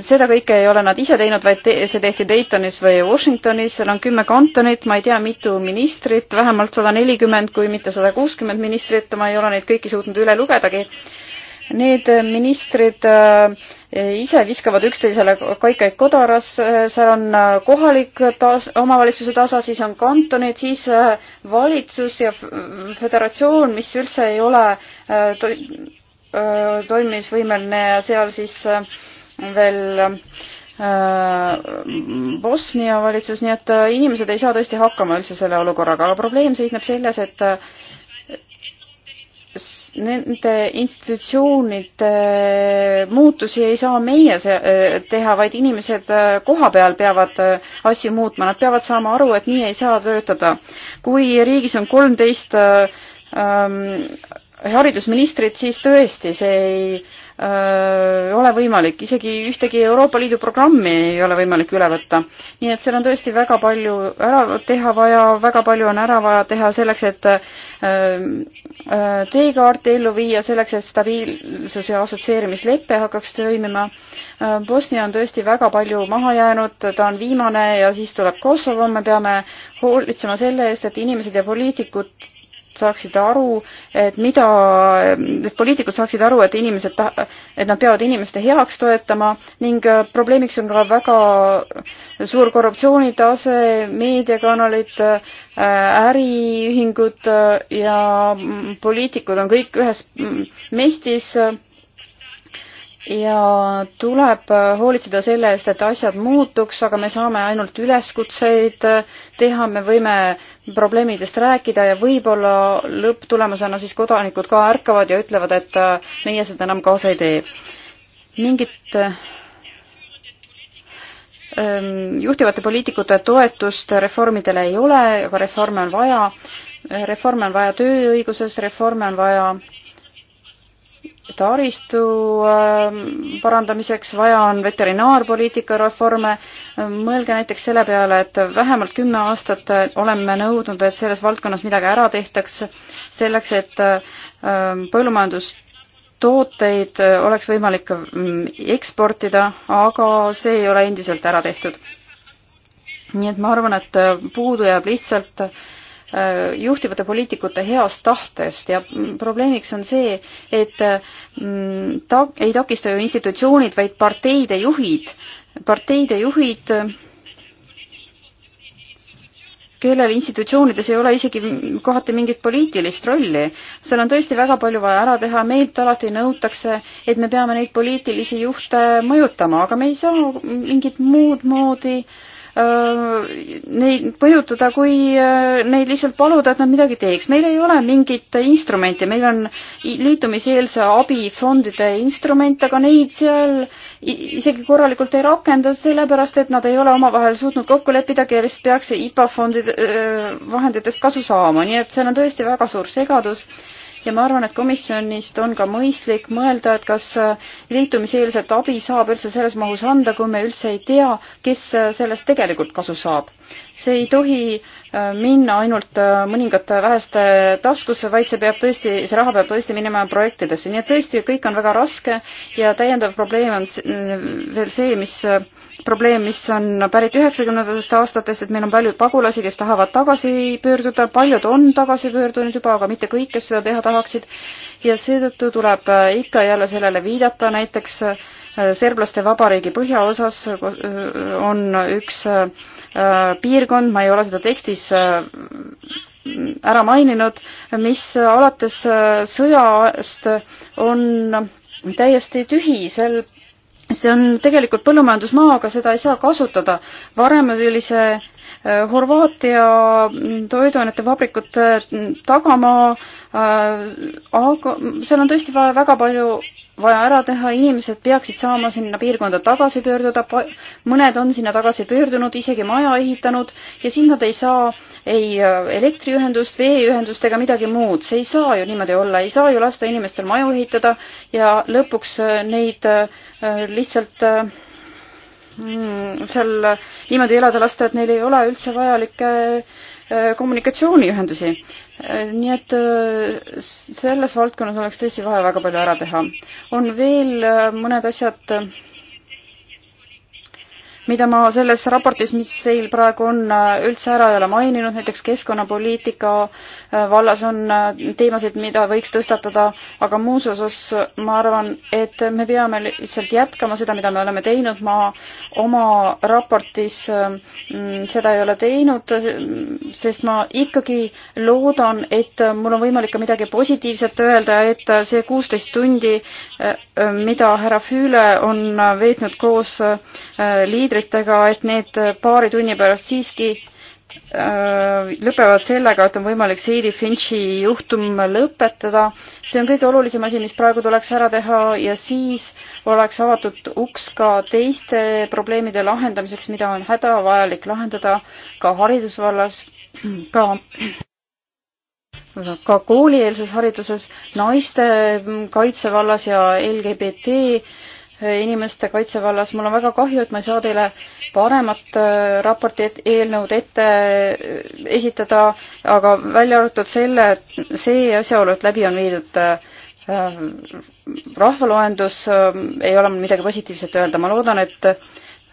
seda kõike ei ole nad ise teinud, vaid te see tehti Daytonis või Washingtonis, seal on kümme kantonit, ma ei tea, mitu ministrit, vähemalt sada nelikümmend, kui mitte sada kuuskümmend ministrit, ma ei ole neid kõiki suutnud üle lugedagi Need ministrid äh, ise viskavad üksteisele kaikaid kodarasse, äh, seal on äh, kohalik tas-, omavalitsuse tasa, siis on kantonid, siis valitsus ja föderatsioon, mis üldse ei ole to-, toimimisvõimeline ja seal siis veel Bosnia valitsus, nii et inimesed ei saa tõesti hakkama üldse selle olukorraga, aga probleem seisneb selles, et nende institutsioonide muutusi ei saa meie äh, teha, vaid inimesed äh, kohapeal peavad äh, asju muutma, nad peavad saama aru, et nii ei saa töötada. kui riigis on kolmteist ähm, haridusministrit, siis tõesti, see ei äh, Äh, ole võimalik, isegi ühtegi Euroopa Liidu programmi ei ole võimalik üle võtta. nii et seal on tõesti väga palju ära teha vaja, väga palju on ära vaja teha selleks, et äh, äh, teekaarti ellu viia, selleks, et stabiilsus ja assotsieerimislepe hakkaks toimima. Bosnia on tõesti väga palju maha jäänud, ta on viimane ja siis tuleb Kosovo, me peame hoolitsema selle eest, et inimesed ja poliitikud saaksid aru, et mida, et poliitikud saaksid aru, et inimesed, et nad peavad inimeste heaks toetama ning äh, probleemiks on ka väga suur korruptsioonitase, meediakanalid, äh, äriühingud äh, ja mm, poliitikud on kõik ühes mm, mestis ja tuleb hoolitseda selle eest, et asjad muutuks, aga me saame ainult üleskutseid teha, me võime probleemidest rääkida ja võib-olla lõpptulemusena siis kodanikud ka ärkavad ja ütlevad, et äh, meie seda enam kaasa ei tee. mingit ähm, juhtivate poliitikute toetust reformidele ei ole, aga reforme on vaja. reforme on vaja tööõiguses, reforme on vaja taristu ähm, parandamiseks, vaja on veterinaarpoliitika reforme. mõelge näiteks selle peale, et vähemalt kümme aastat oleme nõudnud, et selles valdkonnas midagi ära tehtaks, selleks et ähm, põllumajandustooteid oleks võimalik mm, eksportida, aga see ei ole endiselt ära tehtud. nii et ma arvan, et puudu jääb lihtsalt äh, Äh, juhtivate poliitikute heast tahtest ja probleemiks on see, et ta ei takista ju institutsioonid, vaid parteide juhid, parteide juhid, kellel institutsioonides ei ole isegi kohati mingit poliitilist rolli. seal on tõesti väga palju vaja ära teha, meilt alati nõutakse, et me peame neid poliitilisi juhte mõjutama, aga me ei saa mingit muud moodi äh, neid mõjutada, kui neid lihtsalt paluda, et nad midagi teeks. meil ei ole mingit instrumenti, meil on liitumiseelse abifondide instrument, aga neid seal isegi korralikult ei rakenda, sellepärast et nad ei ole omavahel suutnud kokku leppida, kes peaks IPA fondide vahenditest kasu saama, nii et seal on tõesti väga suur segadus ja ma arvan, et komisjonist on ka mõistlik mõelda, et kas äh, liitumiseelset abi saab üldse selles mahus anda, kui me üldse ei tea, kes äh, sellest tegelikult kasu saab. see ei tohi äh, minna ainult äh, mõningate väheste taskusse, vaid see peab tõesti, see raha peab tõesti minema projektidesse, nii et tõesti, kõik on väga raske ja täiendav probleem on veel see, mis probleem, mis on pärit üheksakümnendatest aastatest, et meil on palju pagulasi, kes tahavad tagasi pöörduda, paljud on tagasi pöördunud juba, aga mitte kõik, kes seda teha tahaksid. ja seetõttu tuleb äh, ikka ja jälle sellele viidata, näiteks äh, serblaste vabariigi põhjaosas on üks Äh, piirkond, ma ei ole seda tekstis äh, ära maininud, mis alates äh, sõjast on täiesti tühi, sel, see on tegelikult põllumajandusmaa, aga seda ei saa kasutada. varem oli see Horvaatia toiduainetevabrikud äh, tagamaa, äh, aga seal on tõesti vaja väga palju vaja ära teha, inimesed peaksid saama sinna piirkonda tagasi pöörduda, mõned on sinna tagasi pöördunud, isegi maja ehitanud ja siis nad ei saa ei äh, elektriühendust, veeühendust ega midagi muud, see ei saa ju niimoodi olla, ei saa ju lasta inimestel maju ehitada ja lõpuks neid lihtsalt Mm, seal niimoodi elada lasta, et neil ei ole üldse vajalikke äh, kommunikatsiooniühendusi. Äh, nii et äh, selles valdkonnas oleks tõesti vaja väga palju ära teha. on veel mõned asjad, mida ma selles raportis, mis teil praegu on, üldse ära ei ole maininud, näiteks keskkonnapoliitika äh, vallas on äh, teemasid, mida võiks tõstatada, aga muus osas ma arvan, et me peame lihtsalt jätkama seda, mida me oleme teinud, ma oma raportis äh, mm, seda ei ole teinud, sest ma ikkagi loodan, et mul on võimalik ka midagi positiivset öelda, et see kuusteist tundi Äh, äh, mida härra Füüle on veetnud koos äh, liidritega, et need paari tunni pärast siiski lõpevad sellega, et on võimalik Seidi Finchi juhtum lõpetada. see on kõige olulisem asi, mis praegu tuleks ära teha ja siis oleks avatud uks ka teiste probleemide lahendamiseks, mida on hädavajalik lahendada ka haridusvallas, ka ka koolieelses hariduses, naiste kaitsevallas ja LGBT inimeste kaitsevallas. mul on väga kahju, et ma ei saa teile paremat äh, raporti et, eelnõud ette äh, esitada, aga välja arvatud selle, see asjaolu, et läbi on viidud äh, rahvaloendus, ei ole mul midagi positiivset öelda. ma loodan, et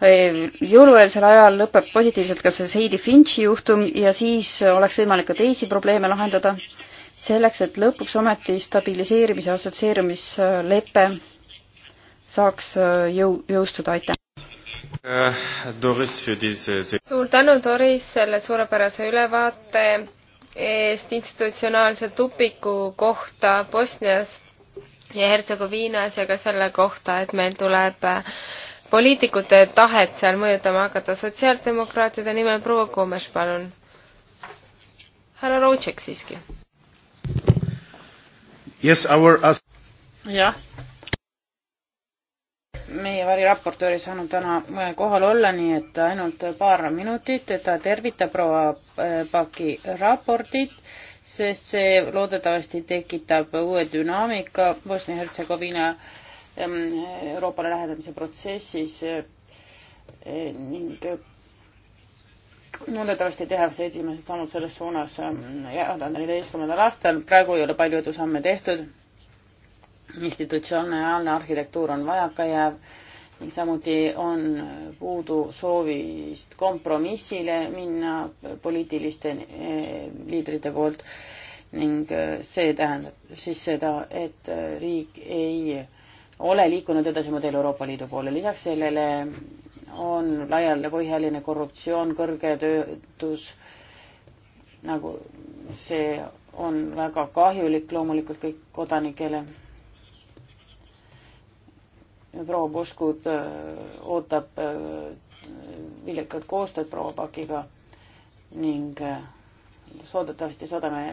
Ehm, jõulueelsel ajal lõpeb positiivselt ka see Seidi Finchi juhtum ja siis oleks võimalik ka teisi probleeme lahendada. selleks, et lõpuks ometi stabiliseerimise assotsieerumislepe saaks äh, jõu, jõustuda, aitäh! Äh, Doris, suur tänu, Doris, selle suurepärase ülevaate eest institutsionaalse tupiku kohta Bosnias ja Hertsegoviinas ja ka selle kohta, et meil tuleb äh, poliitikute tahet seal mõjutama hakata. sotsiaaldemokraatide nimel proua Koomes, palun. härra Rootšek siiski. Yes, our... jah, meie variraportöör ei saanud täna äh, kohal olla, nii et ainult paar minutit, ta tervitab proua äh, Paki raportit, sest see loodetavasti tekitab uue dünaamika Bosnia-Hertsegoviina äh, Ähm, Euroopale lähenemise protsessis äh, ning äh, loodetavasti tehakse esimesed sammud selles suunas neljateistkümnendal ähm, aastal, praegu ei ole palju edusamme tehtud, institutsionaalne arhitektuur on vajakajääv ning samuti on puudu soovist kompromissile minna poliitiliste äh, liidrite poolt ning see tähendab siis seda, et riik ei ole liikunud edasi mudel Euroopa Liidu poole. lisaks sellele on laialipõhjaline korruptsioon, kõrge töötus, nagu see on väga kahjulik loomulikult kõik kodanikele. proua Puskud äh, ootab äh, viljakat koostööd proua Pakiga ning äh, loodetavasti suudame,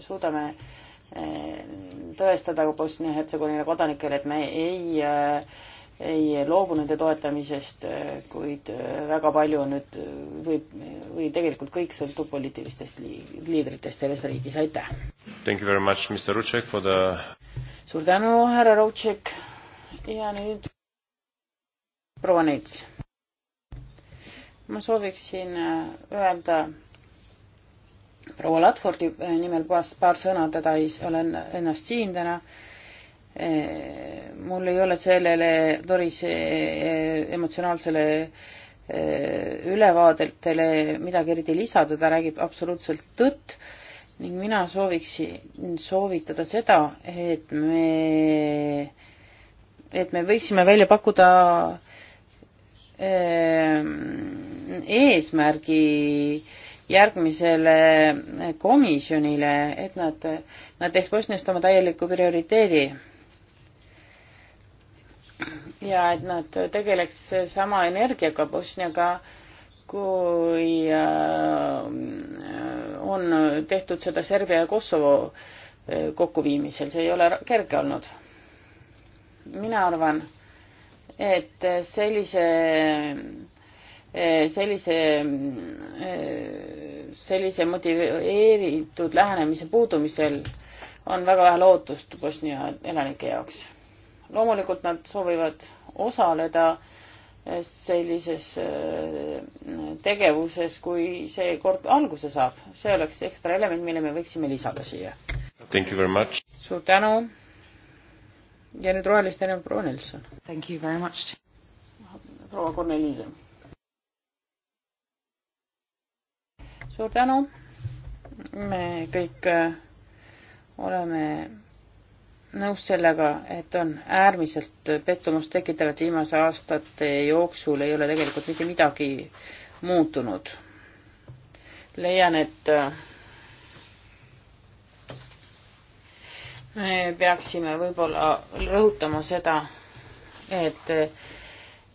suudame tõestada Bosnia-Hertsegoviina kodanikele, et me ei, ei loobu nende toetamisest, kuid väga palju on nüüd või, või tegelikult kõik sõltub poliitilistest liidritest selles riigis, aitäh! The... suur tänu, härra Rutšek ja nüüd proua Neits. ma sooviksin öelda proua Ladfordi eh, nimel paar sõna, teda ei, olen ennast siin täna. Eh, mul ei ole sellele Doris eh, emotsionaalsele ülevaadetele midagi eriti lisada, ta räägib absoluutselt tõtt ning mina sooviksin soovitada seda, et me, et me võiksime välja pakkuda eesmärgi äh, järgmisele komisjonile, et nad, nad teeks Bosniast oma täieliku prioriteedi. ja et nad tegeleks sama energiaga Bosniaga, kui äh, on tehtud seda Serbia ja Kosovo äh, kokkuviimisel, see ei ole kerge olnud. mina arvan, et sellise äh, sellise sellise motiveeritud lähenemise puudumisel on väga vähe lootust Bosnia elanike jaoks. loomulikult nad soovivad osaleda sellises äh, tegevuses, kui see kord alguse saab. see oleks ekstra element, mille me võiksime lisada siia. suur tänu. ja nüüd roheliste nimel proua Nelson. proua Korneliisen suur tänu. me kõik äh, oleme nõus sellega, et on äärmiselt pettumust tekitav, et viimase aastate jooksul ei ole tegelikult mitte midagi muutunud. leian, et äh, me peaksime võib-olla rõhutama seda, et,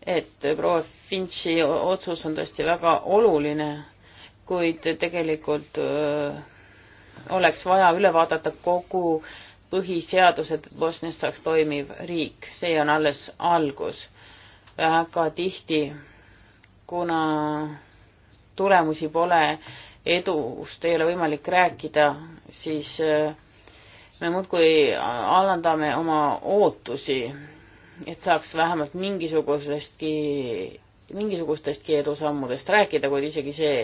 et proua Finchi otsus on tõesti väga oluline kuid tegelikult öö, oleks vaja üle vaadata kogu põhiseadus, et Bosniast saaks toimiv riik, see on alles algus. väga tihti, kuna tulemusi pole, edust ei ole võimalik rääkida, siis me muudkui alandame oma ootusi, et saaks vähemalt mingisugusestki, mingisugustestki edusammudest rääkida, kuid isegi see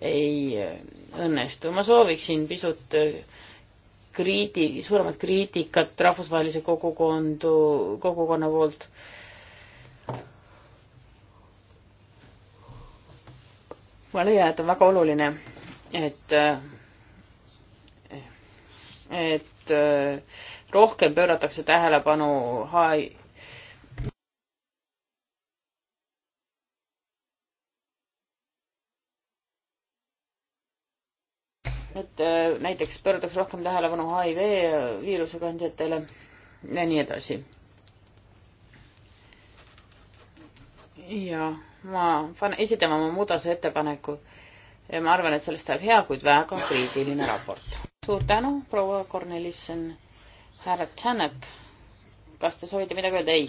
ei äh, õnnestu. ma sooviksin pisut äh, kriiti-, suuremat kriitikat rahvusvahelise kogukondu, kogukonna poolt. ma leian, et on väga oluline, et, äh, et rohkem pööratakse tähelepanu hai-, Äh, näiteks pööratakse rohkem tähelepanu HIV viirusekandjatele ja nii edasi. ja ma panen, esitan oma muudatusettepaneku ja ma arvan, et sellest läheb hea, kuid väga kriitiline raport. suur tänu, proua Kornelissen, härra Tänak. kas te soovite midagi öelda? ei.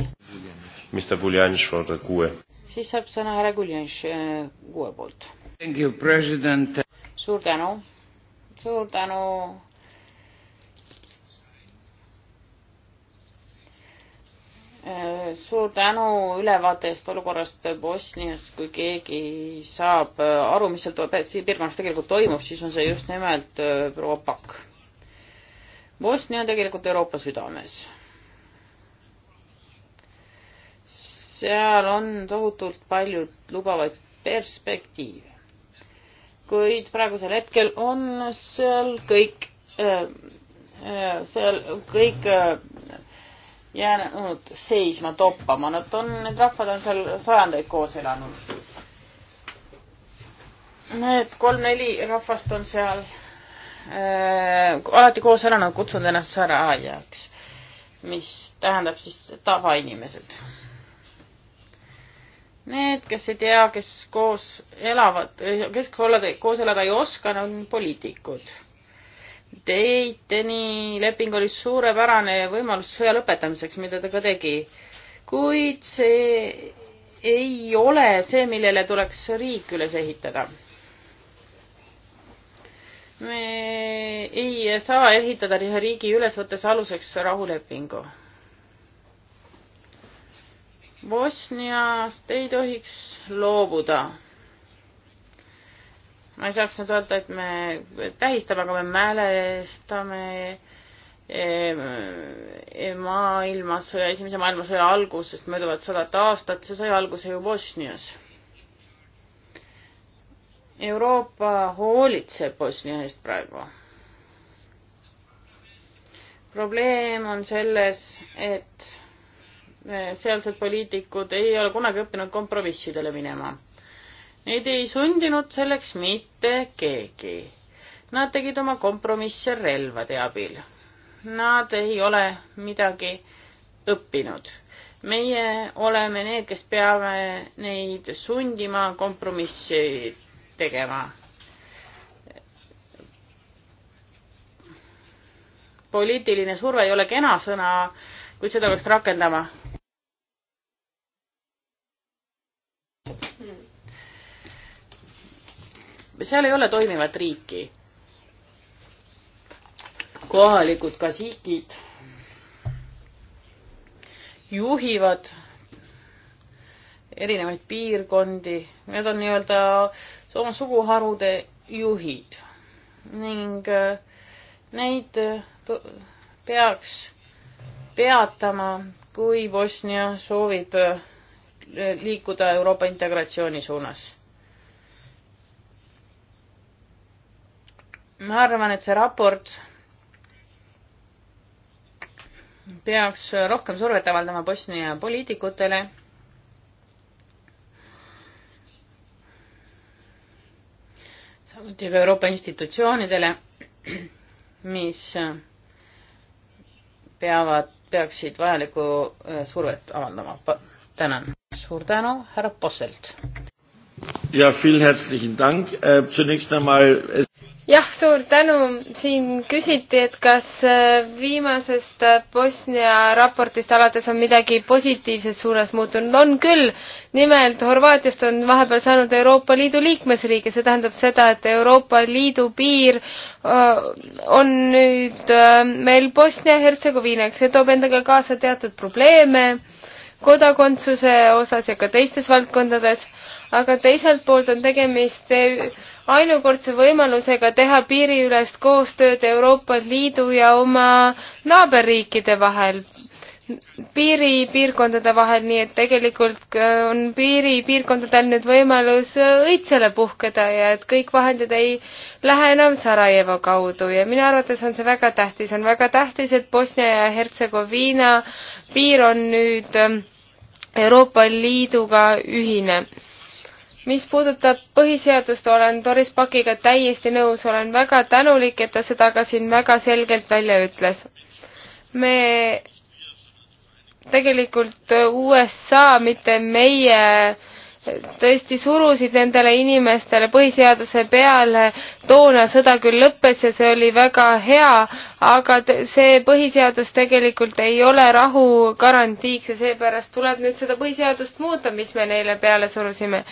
mis ta Guljanš on, kuue? E. siis saab sõna härra Guljanš kuue äh, poolt. suur tänu suur tänu. Äh, suur tänu ülevaate eest olukorrast Bosnias, kui keegi saab äh, aru, mis seal piirkonnas tegelikult toimub, siis on see just nimelt äh, proua Pakk. Bosnia on tegelikult Euroopa südames. seal on tohutult palju lubavaid perspektiive kuid praegusel hetkel on seal kõik, äh, äh, seal kõik äh, jäänud seisma toppama, nad on, need rahvad on seal sajandeid koos elanud. Need kolm-neli rahvast on seal äh, alati koos elanud, kutsunud ennast sarajaks, mis tähendab siis tavainimesed Need, kes ei tea, kes koos elavad, kes koos elada ei oska, need on poliitikud. Daytoni leping oli suurepärane võimalus sõja lõpetamiseks, mida ta ka tegi. kuid see ei ole see, millele tuleks riik üles ehitada. me ei saa ehitada riigi üles, võttes aluseks rahulepingu Bosniast ei tohiks loobuda. ma ei saaks nüüd öelda, et me tähistame, aga me mälestame eh, eh, maailmasõja, esimese maailmasõja algusest mööduvat sadat aastat, see sai alguse ju Bosnias. Euroopa hoolitseb Bosnia eest praegu. probleem on selles, et sealsed poliitikud ei ole kunagi õppinud kompromissidele minema. Neid ei sundinud selleks mitte keegi. Nad tegid oma kompromisse relvade abil. Nad ei ole midagi õppinud. meie oleme need, kes peame neid sundima kompromissi tegema. poliitiline surve ei ole kena sõna, kuid seda peaks rakendama seal ei ole toimivat riiki. kohalikud kasiikid juhivad erinevaid piirkondi, need on nii-öelda oma suguharude juhid ning äh, neid äh, peaks peatama, kui Bosnia soovib äh, liikuda Euroopa integratsiooni suunas. ma arvan, et see raport peaks rohkem survet avaldama Bosnia poliitikutele. samuti ka Euroopa institutsioonidele, mis peavad, peaksid vajalikku äh, survet avaldama. tänan. suur tänu, härra Posselt. ja, vielen herzlichen Dank äh,. Zunächst einmal äh, jah, suur tänu. siin küsiti, et kas äh, viimasest äh, Bosnia raportist alates on midagi positiivses suunas muutunud. on küll. nimelt Horvaatiast on vahepeal saanud Euroopa Liidu liikmesriik ja see tähendab seda, et Euroopa Liidu piir äh, on nüüd meil Bosnia-Hertsegoviina, eks see toob endaga kaasa teatud probleeme kodakondsuse osas ja ka teistes valdkondades, aga teiselt poolt on tegemist ainukordse võimalusega teha piiriülest koostööd Euroopa Liidu ja oma naaberriikide vahel, piiripiirkondade vahel, nii et tegelikult äh, on piiripiirkondadel nüüd võimalus äh, õitsele puhkeda ja et kõik vahendid ei lähe enam Sarajevo kaudu ja minu arvates on see väga tähtis, on väga tähtis, et Bosnia ja Hertsegoviina piir on nüüd ähm, Euroopa Liiduga ühine mis puudutab põhiseadust, olen Doris Pakiga täiesti nõus, olen väga tänulik, et ta seda ka siin väga selgelt välja ütles. me tegelikult USA, mitte meie tõesti surusid nendele inimestele põhiseaduse peale. toona sõda küll lõppes ja see oli väga hea, aga see põhiseadus tegelikult ei ole rahu garantiiks ja seepärast tuleb nüüd seda põhiseadust muuta, mis me neile peale surusime.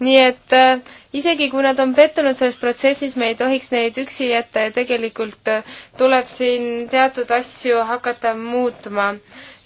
nii et äh, isegi kui nad on pettunud selles protsessis, me ei tohiks neid üksi jätta ja tegelikult äh, tuleb siin teatud asju hakata muutma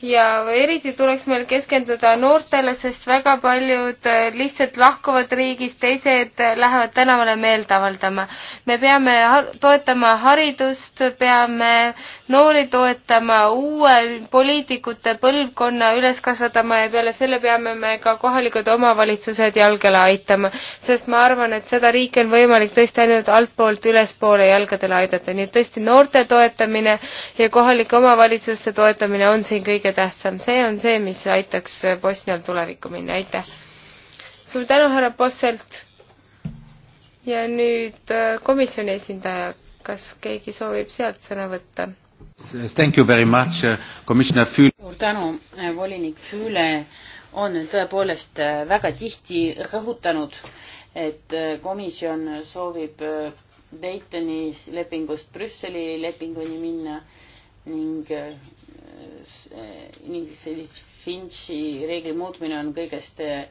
ja eriti tuleks meil keskenduda noortele, sest väga paljud äh, lihtsalt lahkuvad riigist, teised äh, lähevad tänavale meelt avaldama. me peame har toetama haridust, peame noori toetama, uue poliitikute põlvkonna üles kasvatama ja peale selle peame me ka kohalikud omavalitsused jalgele aitama, sest ma arvan, et seda riiki on võimalik tõesti ainult altpoolt ülespoole jalgadele aidata, nii et tõesti noorte toetamine ja kohalike omavalitsuste toetamine on siin kõige kõige tähtsam, see on see, mis aitaks Bosnial tulevikku minna, aitäh! suur tänu, härra Posselt! ja nüüd äh, komisjoni esindaja, kas keegi soovib sealt sõna võtta? Thank you very much, äh, Commissioner Füüle. suur tänu, äh, volinik Füüle on tõepoolest väga tihti rõhutanud, et komisjon soovib Daytoni lepingust Brüsseli lepinguni minna ning äh, äh, ning sellist Finchi reegli muutmine on kõigest äh,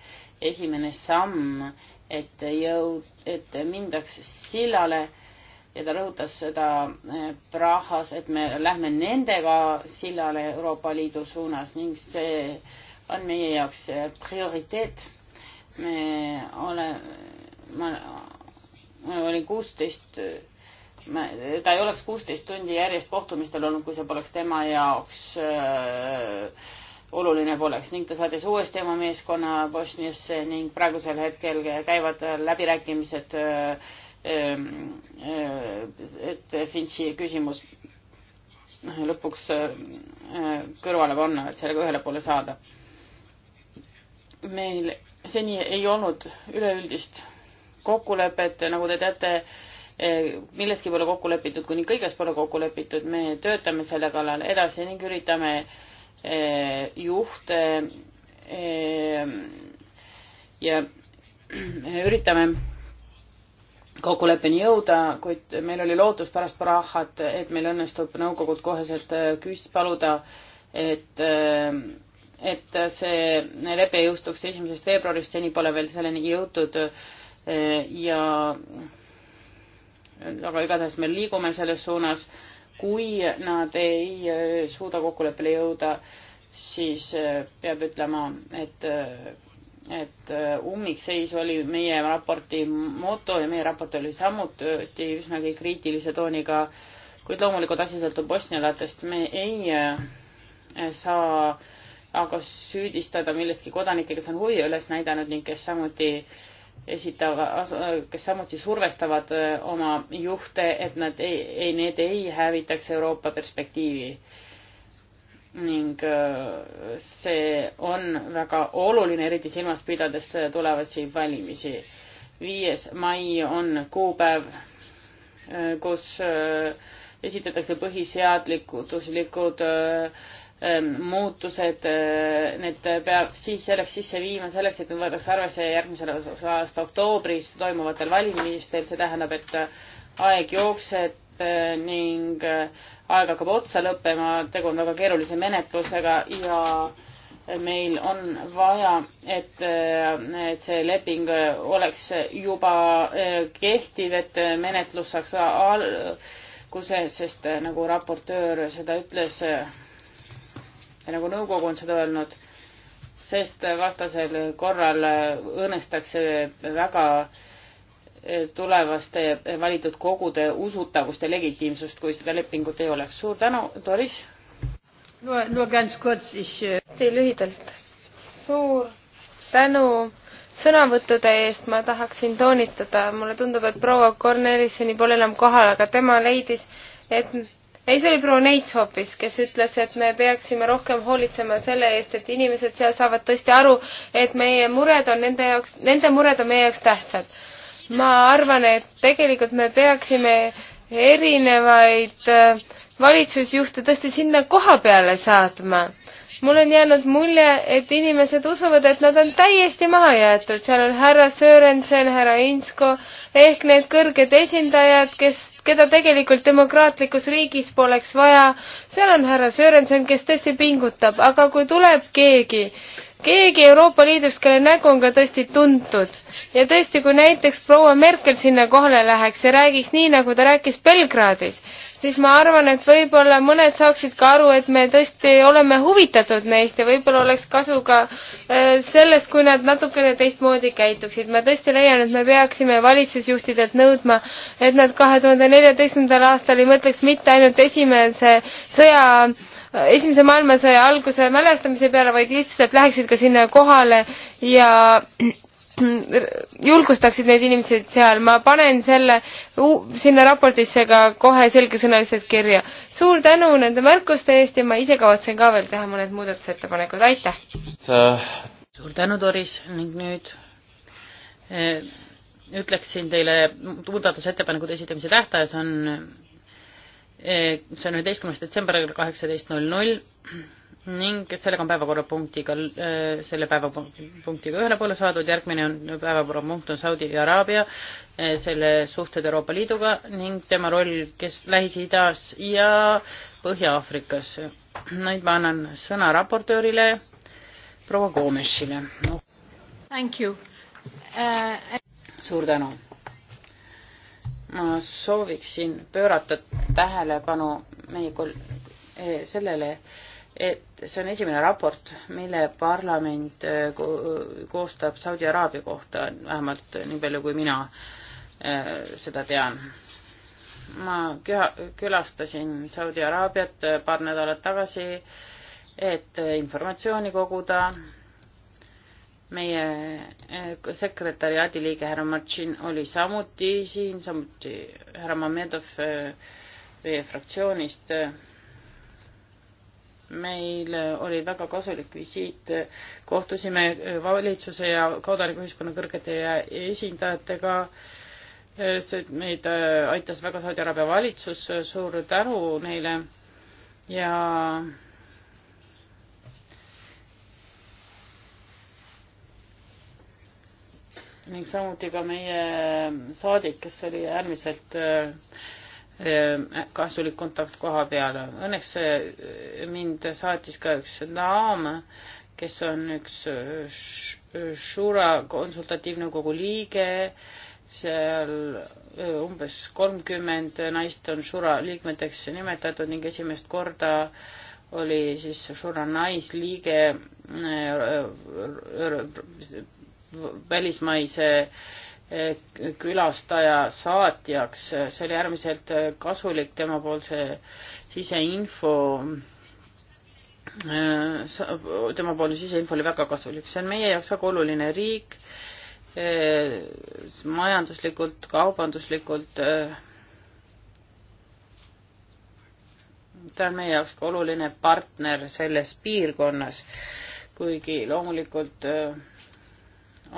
esimene samm, et jõud, et mindaks sillale ja ta rõhutas seda Prahas, et me lähme nendega sillale Euroopa Liidu suunas ning see on meie jaoks prioriteet. me oleme, ma olin kuusteist ta ei oleks kuusteist tundi järjest kohtumistel olnud, kui see poleks tema jaoks öö, äh, oluline poleks ning ta saatis uuesti oma meeskonna Bosniasse ning praegusel hetkel käivad läbirääkimised, äh, ähm, äh, et Finchi küsimus lõpuks kõrvale panna, et sellega ühele poole saada. meil seni ei olnud üleüldist kokkulepet, nagu te teate Eh, milleski pole kokku lepitud, kuni kõiges pole kokku lepitud, me töötame selle kallal edasi ning üritame eh, juhte eh, ja üritame kokkuleppeni jõuda, kuid meil oli lootus pärast Prahat, et meil õnnestub nõukogult koheselt küs-, paluda, et, et see lepe jõustuks esimesest veebruarist, seni pole veel selleni jõutud ja aga igatahes me liigume selles suunas. kui nad ei äh, suuda kokkuleppele jõuda, siis äh, peab ütlema, et, äh, et ummikseis oli meie raporti moto ja meie raport oli samuti üsnagi kriitilise tooniga, kuid loomulikult asi sõltub bosnialatest, me ei saa aga süüdistada millestki kodanikke, kes on huvi üles näidanud ning kes samuti äh, esitavad, kes samuti survestavad oma juhte, et nad ei, ei, need ei hävitaks Euroopa perspektiivi. ning see on väga oluline, eriti silmas pidades tulevasi valimisi. viies mai on kuupäev, kus esitatakse põhiseaduslikud Ähm, muutused, äh, need peab siis selleks sisse viima, selleks, et need võetakse arvesse järgmisel aasta oktoobris toimuvatel valimistel, see tähendab, et äh, aeg jookseb äh, ning aeg hakkab otsa lõppema, tegu on väga keerulise menetlusega ja meil on vaja, et, et see leping oleks juba kehtiv, et menetlus saaks alguse, sest nagu raportöör seda ütles, nagu nõukogu on seda öelnud, sest vastasel korral õõnestaks see väga tulevaste valitud kogude usutavust ja legitiimsust, kui seda lepingut ei oleks. suur tänu, Doris! hästi äh, lühidalt. suur tänu sõnavõttude eest, ma tahaksin toonitada, mulle tundub, et proua Korneliseni pole enam kohal, aga tema leidis, et ei, see oli proua Neits hoopis, kes ütles, et me peaksime rohkem hoolitsema selle eest, et inimesed seal saavad tõesti aru, et meie mured on nende jaoks, nende mured on meie jaoks tähtsad. ma arvan, et tegelikult me peaksime erinevaid äh, valitsusjuhte tõesti sinna koha peale saatma. mul on jäänud mulje, et inimesed usuvad, et nad on täiesti maha jäetud, seal on härra Sörensen, härra Insko ehk need kõrged esindajad, kes, keda tegelikult demokraatlikus riigis poleks vaja. seal on härra Sörensen, kes tõesti pingutab, aga kui tuleb keegi, keegi Euroopa Liidust, kelle nägu on ka tõesti tuntud. ja tõesti, kui näiteks proua Merkel sinna kohale läheks ja räägiks nii, nagu ta rääkis Belgradis, siis ma arvan, et võib-olla mõned saaksid ka aru, et me tõesti oleme huvitatud neist ja võib-olla oleks kasu ka äh, sellest, kui nad natukene teistmoodi käituksid. ma tõesti leian, et me peaksime valitsusjuhtidelt nõudma, et nad kahe tuhande neljateistkümnendal aastal ei mõtleks mitte ainult esimese sõja esimese maailmasõja alguse mälestamise peale, vaid lihtsalt läheksid ka sinna kohale ja julgustaksid neid inimesi seal. ma panen selle sinna raportisse ka kohe selgesõnaliselt kirja. suur tänu nende märkuste eest ja ma ise kavatsen ka veel teha mõned muudatusettepanekud, aitäh! suur tänu, Doris, ning nüüd eh, ütleksin teile muudatusettepanekute esitamise tähtajas on Eh, see on üheteistkümnes detsember kell kaheksateist null null ning sellega on päevakorrapunktiga, eh, selle päevapunktiga ühele poole saadud, järgmine on päevakorrapunkt on Saudi Araabia, eh, selle suhted Euroopa Liiduga ning tema roll, kes Lähis-Idas ja Põhja-Aafrikas. nüüd ma annan sõna raportöörile, proua Koomešile no.. Thank you uh,. suur tänu ma sooviksin pöörata tähelepanu meie kol-, e, sellele, et see on esimene raport, mille parlament e, koostab Saudi Araabia kohta, vähemalt nii palju, kui mina e, seda tean. ma külastasin Saudi Araabiat paar nädalat tagasi, et informatsiooni koguda meie eh, sekretäriaadi liige härra Martšin oli samuti siin, samuti härra Mamedov eh, meie fraktsioonist. meil oli väga kasulik visiit, kohtusime eh, valitsuse ja kodanikuühiskonna kõrgete esindajatega. see meid aitas väga Saudi Araabia valitsus, suur tänu neile ja ning samuti ka meie saadik, kes oli äärmiselt äh, kasulik kontakt koha peal. Õnneks mind saatis ka üks daam, kes on üks äh, Shura konsultatiivnõukogu liige, seal äh, umbes kolmkümmend naist on Shura liikmeteks nimetatud ning esimest korda oli siis Shura naisliige välismaise eh, külastaja saatjaks, see oli äärmiselt eh, kasulik temapoolse siseinfo, eh, temapoolne siseinfo oli väga kasulik, see on meie jaoks väga oluline riik, majanduslikult, kaubanduslikult, ta on meie jaoks ka oluline partner selles piirkonnas, kuigi loomulikult äh,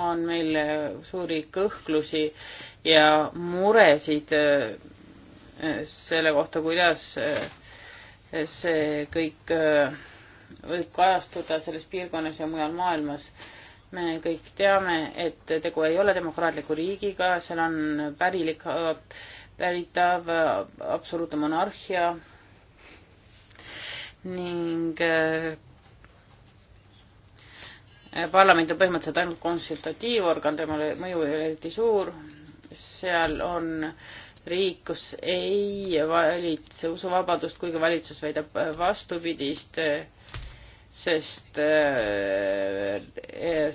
on meil äh, suuri kõhklusi ja muresid äh, selle kohta, kuidas äh, see kõik võib kajastuda selles piirkonnas ja mujal maailmas. me kõik teame, et tegu ei ole demokraatliku riigiga, seal on pärilik, päritav absoluutne monarhia ning parlament on põhimõtteliselt ainult konsultatiivorgan, temale mõju ei ole eriti suur, seal on riik, kus ei valitse usuvabadust, kuigi valitsus väidab vastupidist, sest,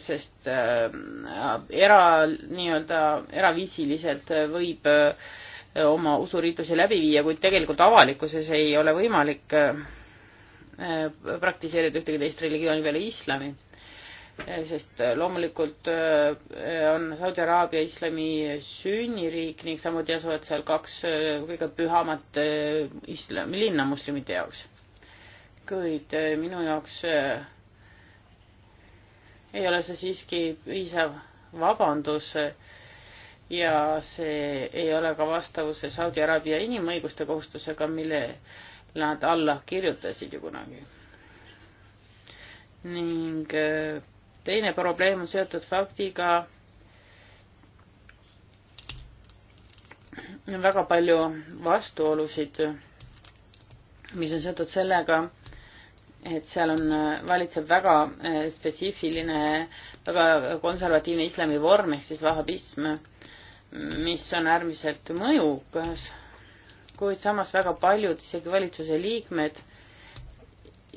sest äh, era, nii-öelda eraviisiliselt võib äh, oma usuriitusi läbi viia, kuid tegelikult avalikkuses ei ole võimalik äh, praktiseerida ühtegi teist religiooni peale islami sest loomulikult äh, on Saudi Araabia islami sünniriik ning samuti asuvad seal kaks äh, kõige pühamat äh, islami linna moslemite jaoks. kuid minu jaoks ei ole see siiski piisav vabandus ja see ei ole ka vastavuses Saudi Araabia inimõiguste kohustusega, mille nad alla kirjutasid ju kunagi. ning teine probleem on seotud faktiga, on väga palju vastuolusid, mis on seotud sellega, et seal on, valitseb väga eh, spetsiifiline, väga konservatiivne islami vorm ehk siis vahabism, mis on äärmiselt mõjukas, kuid samas väga paljud, isegi valitsuse liikmed,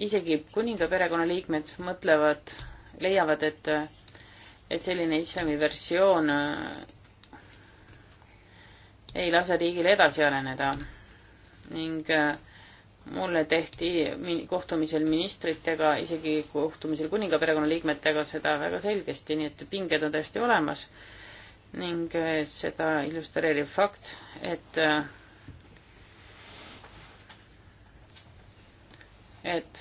isegi kuninga perekonnaliikmed mõtlevad leiavad, et, et selline islami versioon äh, ei lase riigil edasi areneda ning äh, mulle tehti kohtumisel ministritega, isegi kohtumisel kuningaperekonna liikmetega seda väga selgesti, nii et pinged on täiesti olemas ning äh, seda illustreerib fakt, et et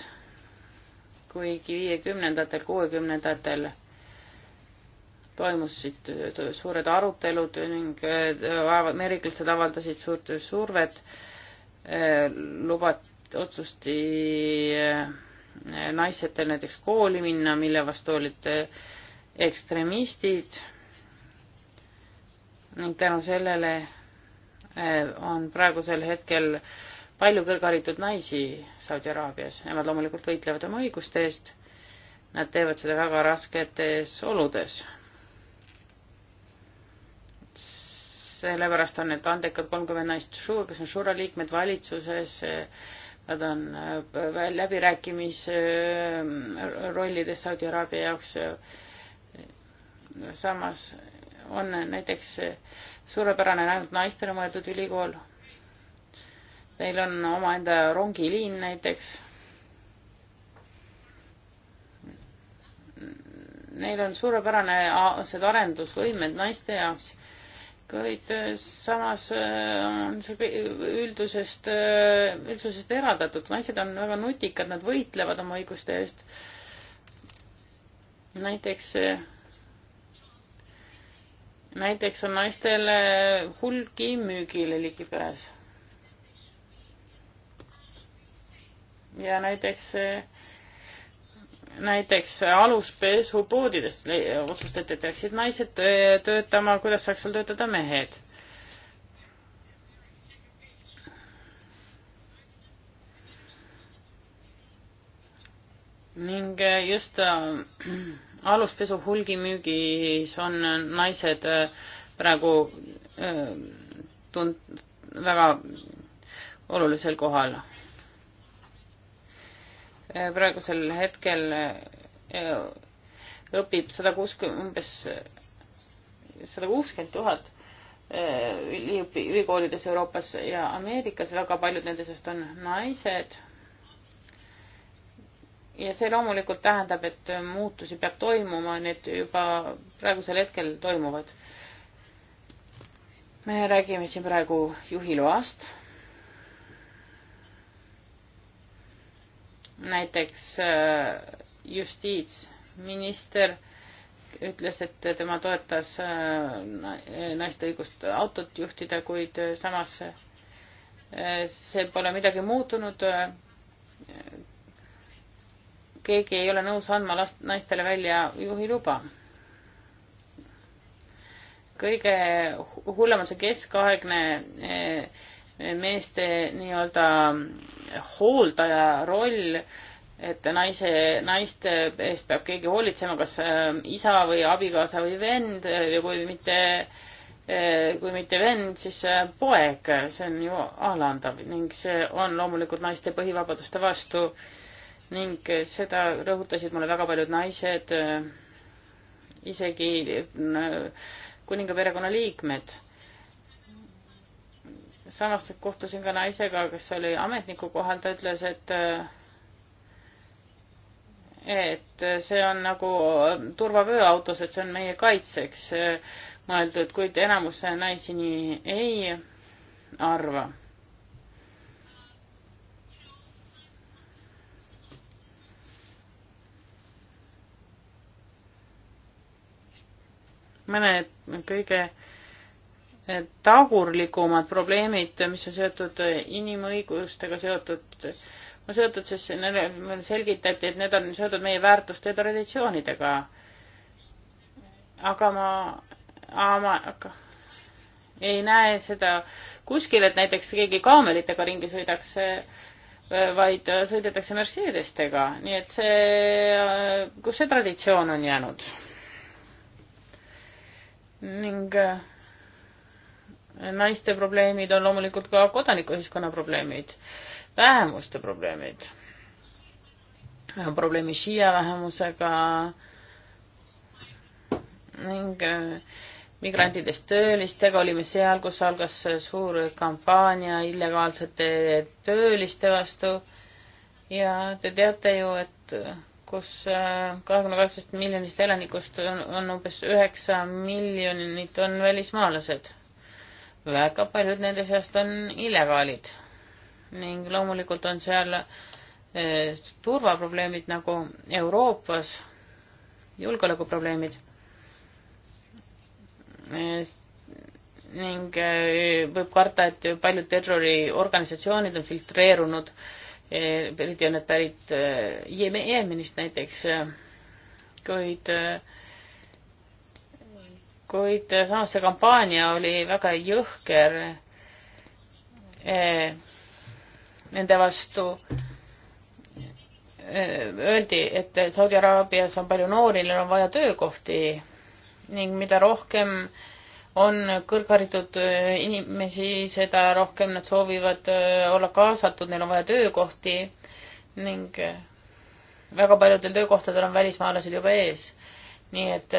kuigi viiekümnendatel, kuuekümnendatel toimusid äh, suured arutelud ning äh, ameeriklased avaldasid suurt survet, äh, lubat-, otsusti naisjatel näiteks kooli minna, mille vastu olid ekstremistid ning tänu sellele on praegusel hetkel äh, palju kõrgharitud naisi Saudi Araabias, nemad loomulikult võitlevad oma õiguste eest, nad teevad seda väga rasketes oludes. sellepärast on need andekad kolmkümmend naist, kes on suure liikmed valitsuses, nad on äh, läbirääkimisrollides äh, Saudi Araabia jaoks. samas on näiteks suurepärane ainult naistele mõeldud ülikool Neil on omaenda rongiliin näiteks. Neil on suurepärane aastased arendusvõimed naiste jaoks, kuid äh, samas äh, on see üldusest, äh, üldsusest eraldatud. naised on väga nutikad, nad võitlevad oma õiguste eest. näiteks näiteks on naistele hulgimüügile ligipääs. ja näiteks näiteks aluspesupoodides otsustati, et peaksid naised töötama, kuidas saaks seal töötada mehed. ning just äh, aluspesu hulgimüügis on naised äh, praegu äh, tund-, väga olulisel kohal Eh, praegusel hetkel eh, õpib sada kuuskümmend, umbes eh, sada kuuskümmend tuhat ülikoolides Euroopas ja Ameerikas, väga paljud nendest on naised. ja see loomulikult tähendab, et muutusi peab toimuma, need juba praegusel hetkel toimuvad. me räägime siin praegu juhiloast näiteks äh, justiitsminister ütles, et tema toetas äh, naiste õigust autot juhtida, kuid äh, samas see pole midagi muutunud. keegi ei ole nõus andma last, naistele välja juhiluba. kõige hullem on see keskaegne eh, meeste nii-öelda hooldaja roll, et naise, naiste eest peab keegi hoolitsema, kas äh, isa või abikaasa või vend ja kui mitte, äh, kui mitte vend, siis äh, poeg, see on ju alandav ning see on loomulikult naiste põhivabaduste vastu ning seda rõhutasid mulle väga paljud naised, isegi kuninga perekonna liikmed samas kohtusin ka naisega, kes oli ametniku kohal, ta ütles, et et see on nagu turvavöö autos, et see on meie kaitseks mõeldud, kuid enamus naisi nii ei arva. mõned kõige tagurlikumad probleemid, mis on seotud inimõigustega seotud, no seotud siis, meile selgitati, et need on seotud meie väärtuste ja traditsioonidega. aga ma, ma aga, ei näe seda kuskil, et näiteks keegi kaamelitega ringi sõidaks, vaid sõidetakse Mercedestega, nii et see, kus see traditsioon on jäänud? ning naiste probleemid on loomulikult ka kodanikuühiskonna probleemid, vähemuste probleemid. probleemi šiia vähemusega ning äh, migrantidest töölistega olime seal, kus algas suur kampaania illegaalsete tööliste vastu ja te teate ju, et äh, kus äh, kahekümne kaheksast miljonist elanikust on, on umbes üheksa miljonit on välismaalased väga paljud nende seast on illegaalid ning loomulikult on seal eh, turvaprobleemid nagu Euroopas, julgeolekuprobleemid eh, ning eh, võib karta, et paljud terroriorganisatsioonid on filtreerunud, eriti on need pärit Jeemenist näiteks, kuid äh, kuid samas see kampaania oli väga jõhker eh, nende vastu. Eh, öeldi, et Saudi Araabias on palju noori, neil on vaja töökohti ning mida rohkem on kõrgharitud eh, inimesi, seda rohkem nad soovivad olla kaasatud, neil on vaja töökohti ning väga paljudel töökohtadel on välismaalased juba ees. nii et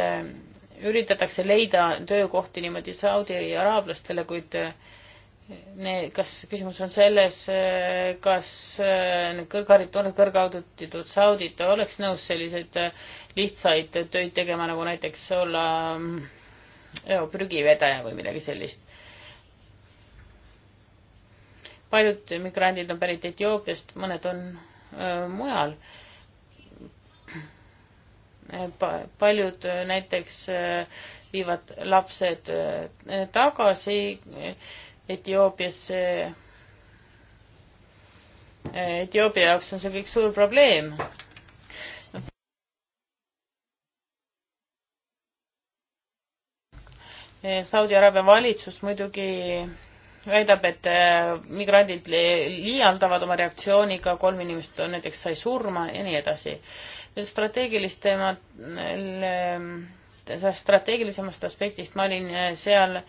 üritatakse leida töökohti niimoodi Saudi araablastele, kuid äh, ne-, kas küsimus on selles, äh, kas äh, need kõrgharid-, kõrgaudititud saudid oleks nõus selliseid lihtsaid töid tegema, nagu näiteks olla joo, mm, prügivedaja või midagi sellist? paljud migrandid on pärit Etioopiast, mõned on öö, mujal paljud äh, näiteks äh, viivad lapsed äh, tagasi Etioopiasse. Etioopia jaoks on see kõik suur probleem. Saudi Araabia valitsus muidugi väidab, et äh, migrandid liialdavad oma reaktsiooniga, kolm inimest näiteks sai surma ja nii edasi. nüüd strateegilist teemat, äh, strateegilisemast aspektist ma olin äh, seal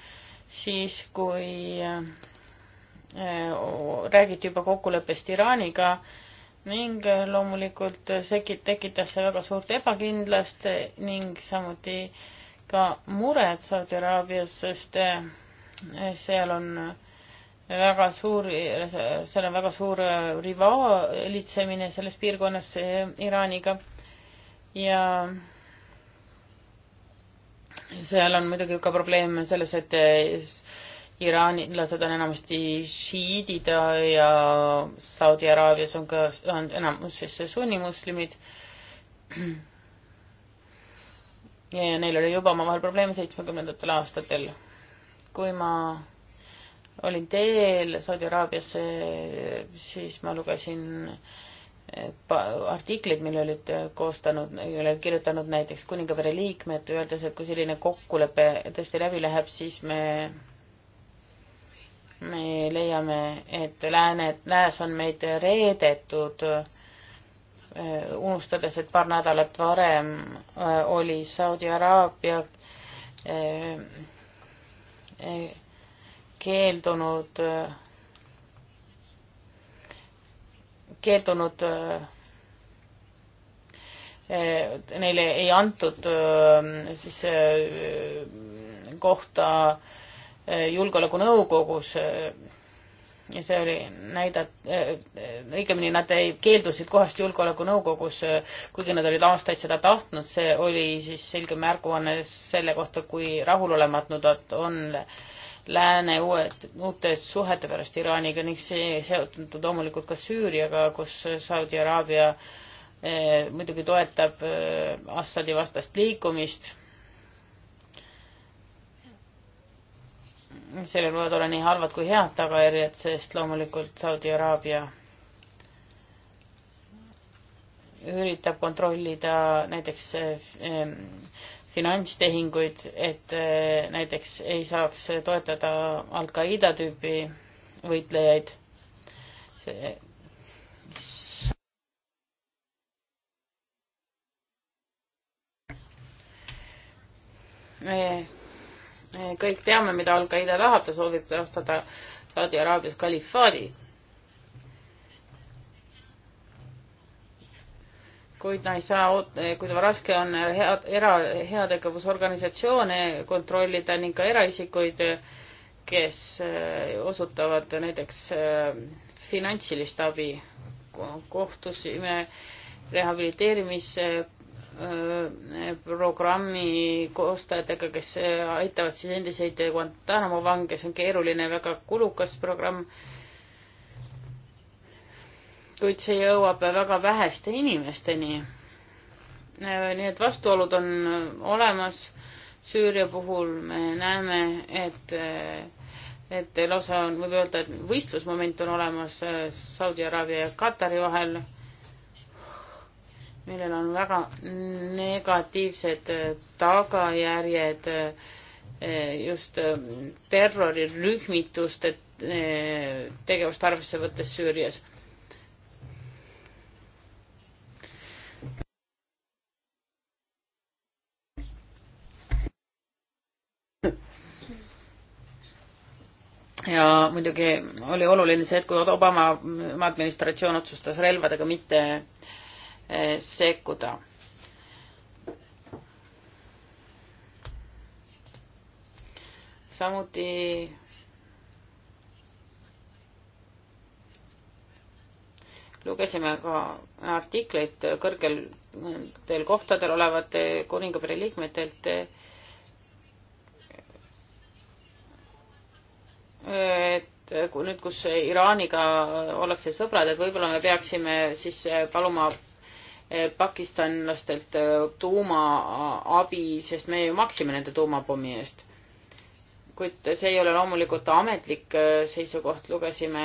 siis, kui räägiti juba kokkuleppest Iraaniga ning loomulikult seki-, tekitas see väga suurt ebakindlust ning samuti ka mured Saudi Araabias, sest seal on äh, väga suur, seal on väga suur äh, rivaalitsemine selles piirkonnas äh, Iraaniga ja seal on muidugi ka probleem selles, et äh, iraanlased on enamasti šiidid ja Saudi Araabias on ka, on enamus siis sunnimuslimid. ja neil oli juba omavahel probleeme seitsmekümnendatel aastatel. kui ma olin teel Saudi Araabiasse, siis ma lugesin eh, artikleid, mille olid eh, koostanud, mille olid kirjutanud näiteks kuningapere liikmed, öeldes, et kui selline kokkulepe tõesti läbi läheb, siis me, me leiame, et lääne, lääs on meid reedetud, eh, unustades, et paar nädalat varem oli Saudi Araabia eh, eh, keeldunud, keeldunud, neile ei antud siis kohta julgeolekunõukogus ja see oli näidat-, õigemini nad ei, keeldusid kohast Julgeolekunõukogus, kuigi nad olid aastaid seda tahtnud, see oli siis selge märguanne selle kohta, kui rahulolematu nad on lääne uued, uute suhete pärast Iraaniga ning see seotud loomulikult ka Süüriaga, kus Saudi Araabia eh, muidugi toetab eh, Assadi vastast liikumist. sellel võivad olla nii halvad kui head tagajärjed, sest loomulikult Saudi Araabia üritab kontrollida näiteks eh, finantstehinguid, et äh, näiteks ei saaks toetada Al-Qaeda tüüpi võitlejaid. me kõik teame, mida Al-Qaeda tahab, ta soovib taastada Saudi Araabias kalifaadi kuid ta ei saa, kui raske on head, era, heategevusorganisatsioone kontrollida ning ka eraisikuid, kes äh, osutavad näiteks äh, finantsilist abi. kohtusime rehabiliteerimisprogrammi äh, koostajatega, kes aitavad siis endiseid Guantanamo vange, see on keeruline, väga kulukas programm kuid see jõuab väga väheste inimesteni. Äh, nii et vastuolud on äh, olemas. Süüria puhul me näeme, et, äh, et lausa on, võib öelda, et võistlusmoment on olemas Saudi Araabia ja Katari vahel, millel on väga negatiivsed tagajärjed just terrorirühmituste tegevust arvesse võttes Süürias ja muidugi oli oluline see, et kui Obama administratsioon otsustas relvadega mitte eh, sekkuda. samuti lugesime ka artikleid kõrgetel kohtadel olevate kuningapere liikmetelt eh, et kui nüüd, kus Iraaniga ollakse sõbrad, et võib-olla me peaksime siis eh, paluma eh, pakistanlastelt eh, tuumaabi, sest me ju maksime nende tuumapommi eest. kuid see ei ole loomulikult ametlik seisukoht, lugesime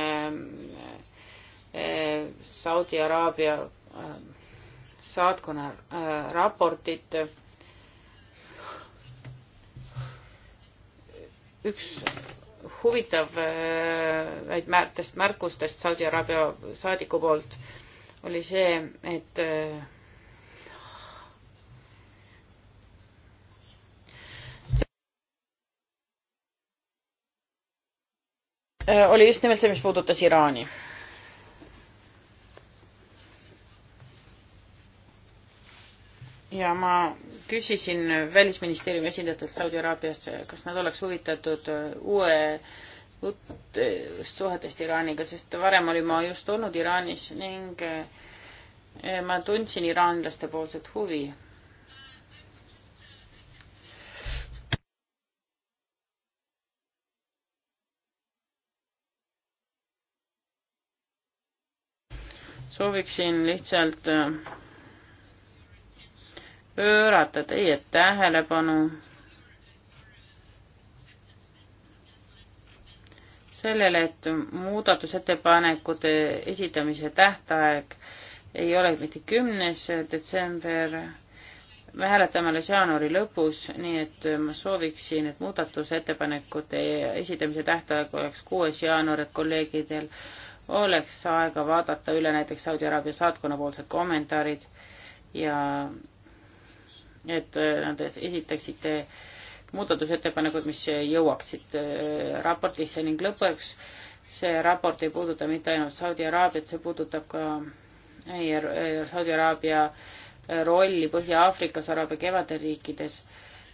Saudi Araabia saatkonna raportit. üks huvitavaid äh, määrtest märkustest Saudi Araabia saadiku poolt oli see, et äh, äh, oli just nimelt see, mis puudutas Iraani. ja ma küsisin Välisministeeriumi esindajatelt Saudi Araabias, kas nad oleks huvitatud äh, uue uut suhetest Iraaniga, sest varem olin ma just olnud Iraanis ning äh, ma tundsin iraanlaste poolset huvi. sooviksin lihtsalt äh, pöörata teie tähelepanu sellele, et muudatusettepanekute esitamise tähtaeg ei ole mitte kümnes detsember, me hääletame alles jaanuari lõpus, nii et ma sooviksin, et muudatusettepanekute esitamise tähtaeg oleks kuues jaanuar, et kolleegidel oleks aega vaadata üle näiteks Saudi Araabia saatkonna poolsed kommentaarid ja et äh, nad esitaksid äh, muudatusettepanekud, mis jõuaksid äh, raportisse ning lõpuks see raport ei puuduta mitte ainult Saudi Araabiat, see puudutab ka Saudi Araabia rolli Põhja-Aafrikas, Araabia kevade riikides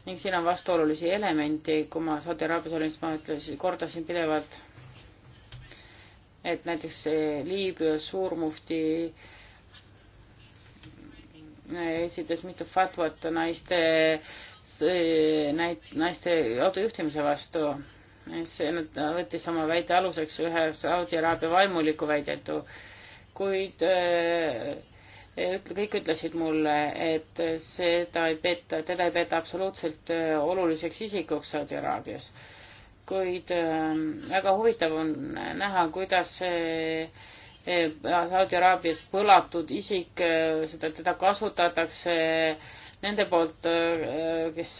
ning siin on vastuolulisi elemente, kui ma Saudi Araabias olin, siis ma ütlesin, kordasin pidevalt, et näiteks Liibüa suurmufti äh, esitas mitu fatvat naiste, naiste autojuhtimise vastu. see, nad võttis oma väite aluseks ühe Saudi Araabia vaimuliku väidetu, kuid äh, kõik ütlesid mulle, et seda ei peeta, teda ei peeta absoluutselt äh, oluliseks isikuks Saudi Araabias. kuid äh, väga huvitav on näha, kuidas see Eh, Saudi Araabias põlatud isik, eh, seda, teda kasutatakse nende poolt, eh, kes,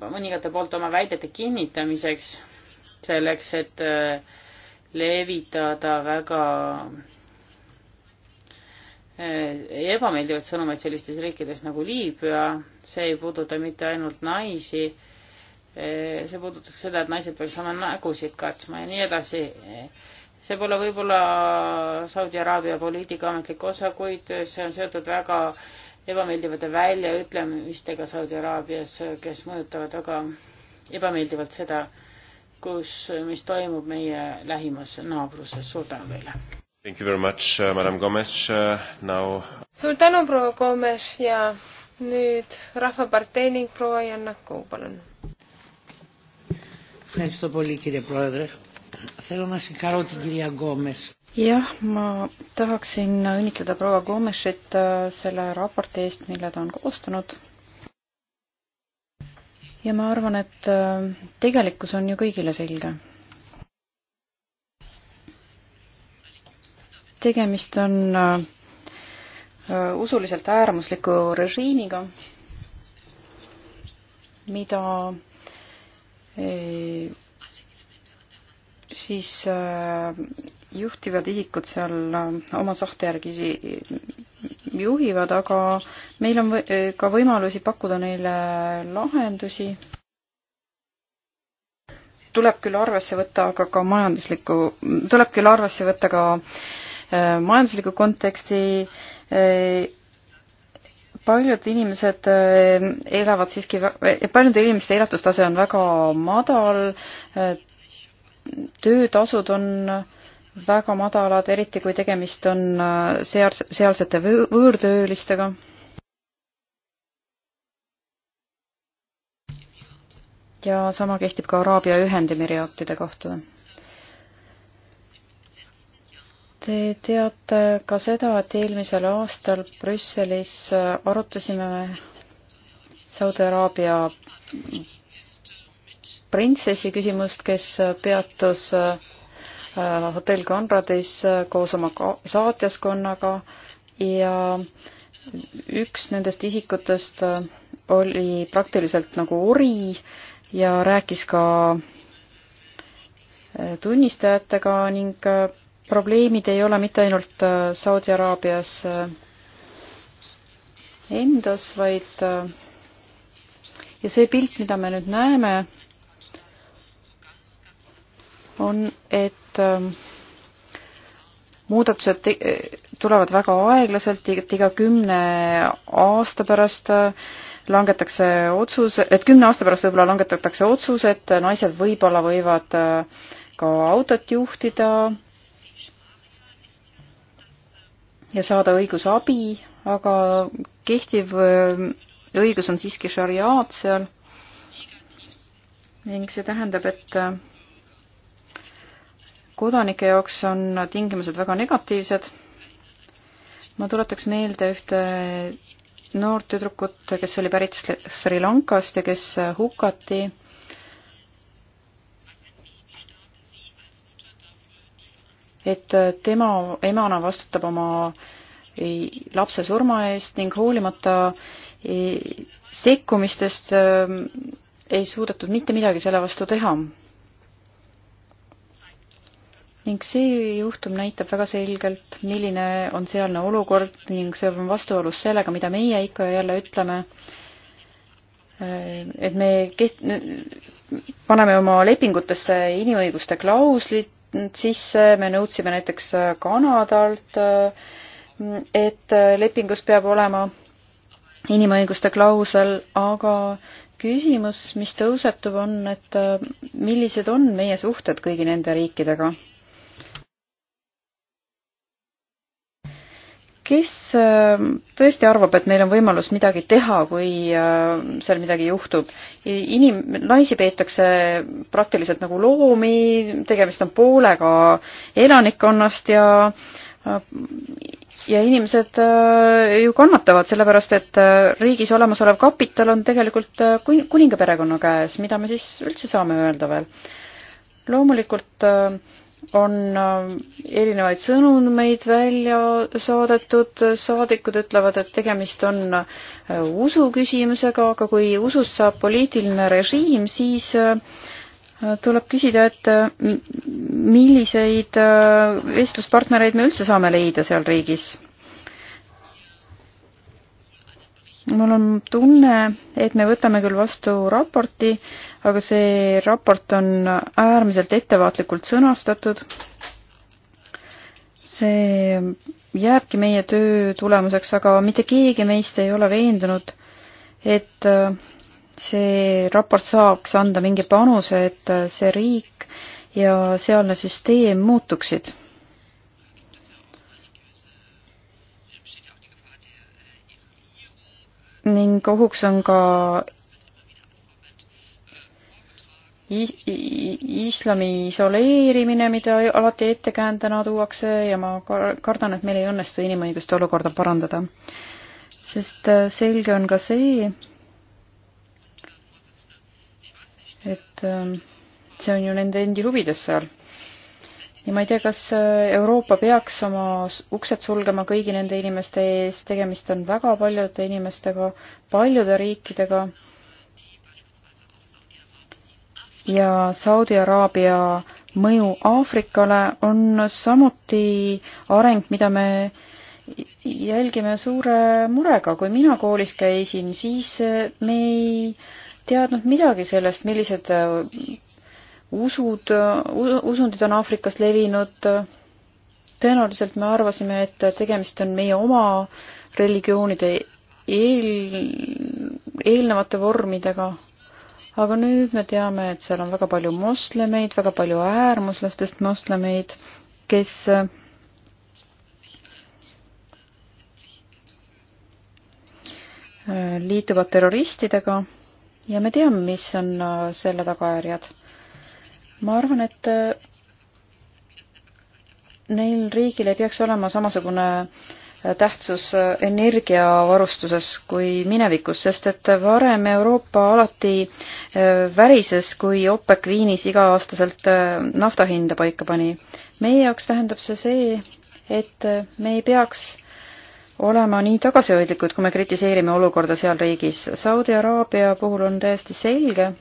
mõningate poolt oma väidete kinnitamiseks, selleks, et levitada väga ebameeldivaid sõnumeid sellistes riikides nagu Liibüa, see ei puuduta mitte ainult naisi, see puudutab seda, et naised peaks oma nägusid katsma ja nii edasi see pole võib-olla Saudi Araabia poliitika ametlik osa, kuid see on seotud väga ebameeldivate väljaütlemistega Saudi Araabias, kes mõjutavad väga ebameeldivalt seda, kus, mis toimub meie lähimas naabruses. suur tänu teile! Thank you very much uh,, madam Gomes uh,, now suur tänu, proua Gomes ja nüüd Rahvapartei ning proua Jannaku, palun! jah, ma tahaksin õnnitleda proua Gomesit äh, selle raporti eest, mille ta on koostanud. ja ma arvan, et äh, tegelikkus on ju kõigile selge. tegemist on äh, usuliselt äärmusliku režiimiga, mida siis äh, juhtivad isikud seal äh, oma sahte järgi juhivad, aga meil on äh, ka võimalusi pakkuda neile lahendusi. tuleb küll arvesse võtta aga ka majanduslikku, tuleb küll arvesse võtta ka majanduslikku konteksti paljud inimesed elavad siiski, paljude inimeste elatustase on väga madal, töötasud on väga madalad, eriti kui tegemist on äh, seal, sealsete võõrtöölistega. ja sama kehtib ka Araabia Ühendemiriaatide kohta. Te teate ka seda, et eelmisel aastal Brüsselis äh, arutasime Saudi Araabia printsessi küsimust, kes peatus äh, hotell Konradis äh, koos oma saatjaskonnaga ja üks nendest isikutest äh, oli praktiliselt nagu ori ja rääkis ka tunnistajatega ning probleemid ei ole mitte ainult Saudi Araabias endas, vaid ja see pilt, mida me nüüd näeme, on, et ähm, muudatused tulevad väga aeglaselt, iga kümne aasta pärast äh, langetakse otsus, et kümne aasta pärast võib-olla langetatakse otsus, et naised võib-olla võivad äh, ka autot juhtida ja saada õigusabi, aga kehtiv äh, õigus on siiski šariaat seal ning see tähendab, et kodanike jaoks on tingimused väga negatiivsed. ma tuletaks meelde ühte noort tüdrukut, kes oli pärit Sri Lankast ja kes hukati et tema emana vastutab oma lapse surma eest ning hoolimata sekkumistest eh, ei suudetud mitte midagi selle vastu teha ning see juhtum näitab väga selgelt, milline on sealne olukord ning see on vastuolus sellega, mida meie ikka ja jälle ütleme, et me keht-, paneme oma lepingutesse inimõiguste klauslid sisse, me nõudsime näiteks Kanadalt, et lepingus peab olema inimõiguste klausel, aga küsimus, mis tõusetub, on, et millised on meie suhted kõigi nende riikidega kes äh, tõesti arvab, et meil on võimalus midagi teha, kui äh, seal midagi juhtub? inim-, naisi peetakse praktiliselt nagu loomi, tegemist on poolega elanikkonnast ja ja inimesed äh, ju kannatavad, sellepärast et riigis olemasolev kapital on tegelikult kuningaperekonna käes, mida me siis üldse saame öelda veel? loomulikult äh, on äh, erinevaid sõnumeid välja saadetud, saadikud ütlevad, et tegemist on äh, usuküsimusega, aga kui usust saab poliitiline režiim, siis äh, tuleb küsida, et milliseid vestluspartnereid me üldse saame leida seal riigis mul on tunne, et me võtame küll vastu raporti, aga see raport on äärmiselt ettevaatlikult sõnastatud. see jääbki meie töö tulemuseks, aga mitte keegi meist ei ole veendunud, et see raport saaks anda mingi panuse, et see riik ja sealne süsteem muutuksid ning ohuks on ka islami isoleerimine, mida alati ettekäändena tuuakse ja ma kardan, et meil ei õnnestu inimõiguste olukorda parandada. sest äh, selge on ka see, et äh, see on ju nende endi huvides seal ja ma ei tea, kas äh, Euroopa peaks oma uksed sulgema kõigi nende inimeste ees, tegemist on väga paljude inimestega, paljude riikidega. ja Saudi Araabia mõju Aafrikale on samuti areng, mida me jälgime suure murega. kui mina koolis käisin, siis äh, me ei teadnud midagi sellest, millised äh, usud, usundid on Aafrikas levinud. tõenäoliselt me arvasime, et tegemist on meie oma religioonide eel, eelnevate vormidega. aga nüüd me teame, et seal on väga palju moslemeid, väga palju äärmuslastest moslemeid, kes äh, liituvad terroristidega ja me teame, mis on äh, selle tagajärjed ma arvan, et äh, neil riigil ei peaks olema samasugune äh, tähtsus äh, energiavarustuses kui minevikus, sest et varem Euroopa alati värises, kui OPEC Viinis iga-aastaselt nafta hinda paika pani. meie jaoks tähendab see see, et me ei peaks olema nii tagasihoidlikud, kui me kritiseerime olukorda seal riigis. Saudi Araabia puhul on täiesti selge,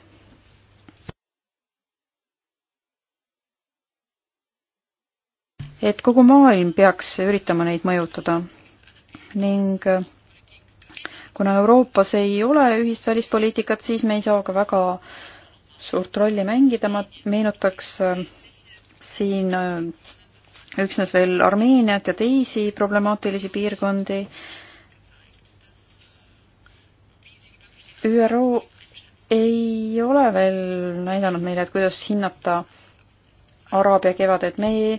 et kogu maailm peaks üritama neid mõjutada ning äh, kuna Euroopas ei ole ühist välispoliitikat, siis me ei saa ka väga suurt rolli mängida, ma meenutaks äh, siin äh, üksnes veel Armeeniat ja teisi problemaatilisi piirkondi. ÜRO ei ole veel näidanud meile, et kuidas hinnata äh, Araabia kevadet, me ei,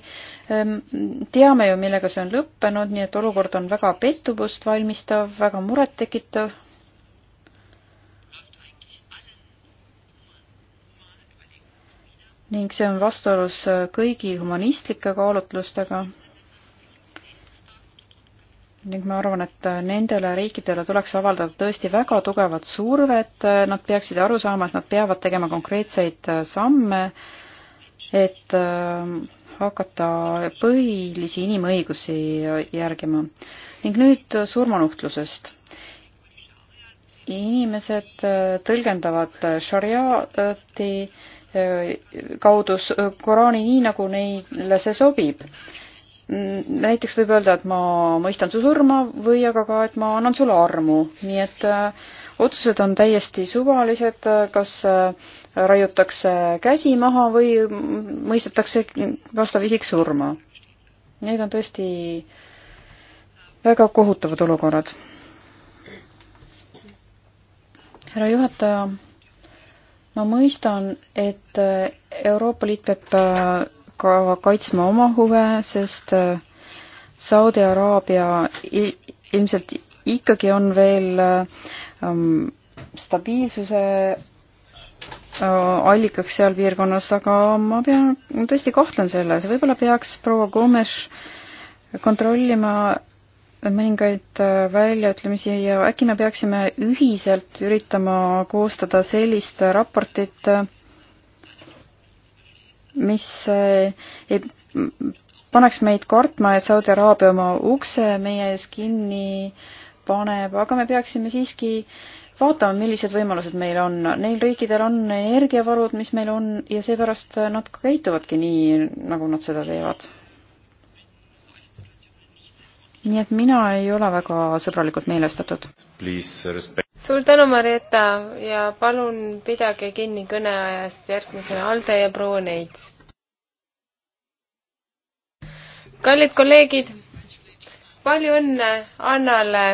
ähm, teame ju, millega see on lõppenud, nii et olukord on väga pettumust valmistav, väga murettekitav. ning see on vastuolus äh, kõigi humanistlike kaalutlustega. ning ma arvan, et äh, nendele riikidele tuleks avaldada tõesti väga tugevat survet, äh, nad peaksid aru saama, et nad peavad tegema konkreetseid samme äh, et ähm, hakata põhilisi inimõigusi järgima. ning nüüd surmanuhtlusest. inimesed äh, tõlgendavad äh, šariaati äh, kaudu Koraani nii, nagu neile see sobib. Mm, näiteks võib öelda, et ma mõistan su surma või aga ka, et ma annan sulle armu, nii et otsused on täiesti suvalised, kas äh, raiutakse käsi maha või mõistetakse vastav isik surma. Need on tõesti väga kohutavad olukorrad. härra juhataja, ma mõistan, et Euroopa Liit peab äh, ka kaitsma oma huve, sest äh, Saudi Araabia ilmselt ikkagi on veel äh, ähm, stabiilsuse Äh, allikaks seal piirkonnas, aga ma pean, tõesti kahtlen selles, võib-olla peaks proua Gomes kontrollima mõningaid äh, väljaütlemisi ja äkki me peaksime ühiselt üritama koostada sellist raportit, mis äh, ei paneks meid kartma, et Saudi Araabia oma ukse meie ees kinni paneb, aga me peaksime siiski äh, vaatame, millised võimalused meil on. Neil riikidel on energiavarud, mis meil on ja seepärast nad ka käituvadki nii, nagu nad seda teevad. nii et mina ei ole väga sõbralikult meelestatud. Uh, suur tänu, Marietta ja palun pidage kinni kõneajast järgmisena Alde ja proua Neits. kallid kolleegid, palju õnne Annale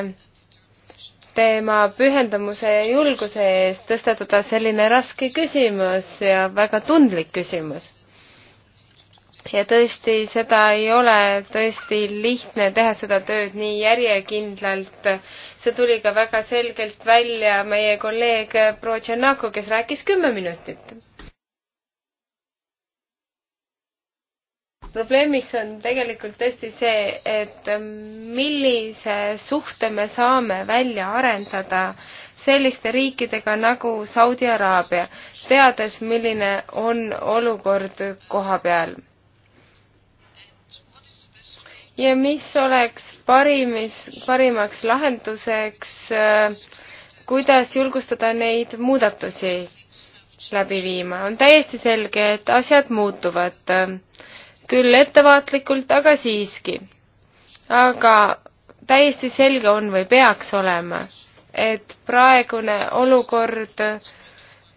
tema pühendumuse ja julguse eest tõstatada selline raske küsimus ja väga tundlik küsimus. ja tõesti, seda ei ole tõesti lihtne teha seda tööd nii järjekindlalt. see tuli ka väga selgelt välja meie kolleeg Pro Tšernaku, kes rääkis kümme minutit probleemiks on tegelikult tõesti see, et millise suhte me saame välja arendada selliste riikidega nagu Saudi Araabia, teades, milline on olukord koha peal. ja mis oleks parimis, parimaks lahenduseks, äh, kuidas julgustada neid muudatusi läbi viima. on täiesti selge, et asjad muutuvad küll ettevaatlikult, aga siiski. aga täiesti selge on või peaks olema, et praegune olukord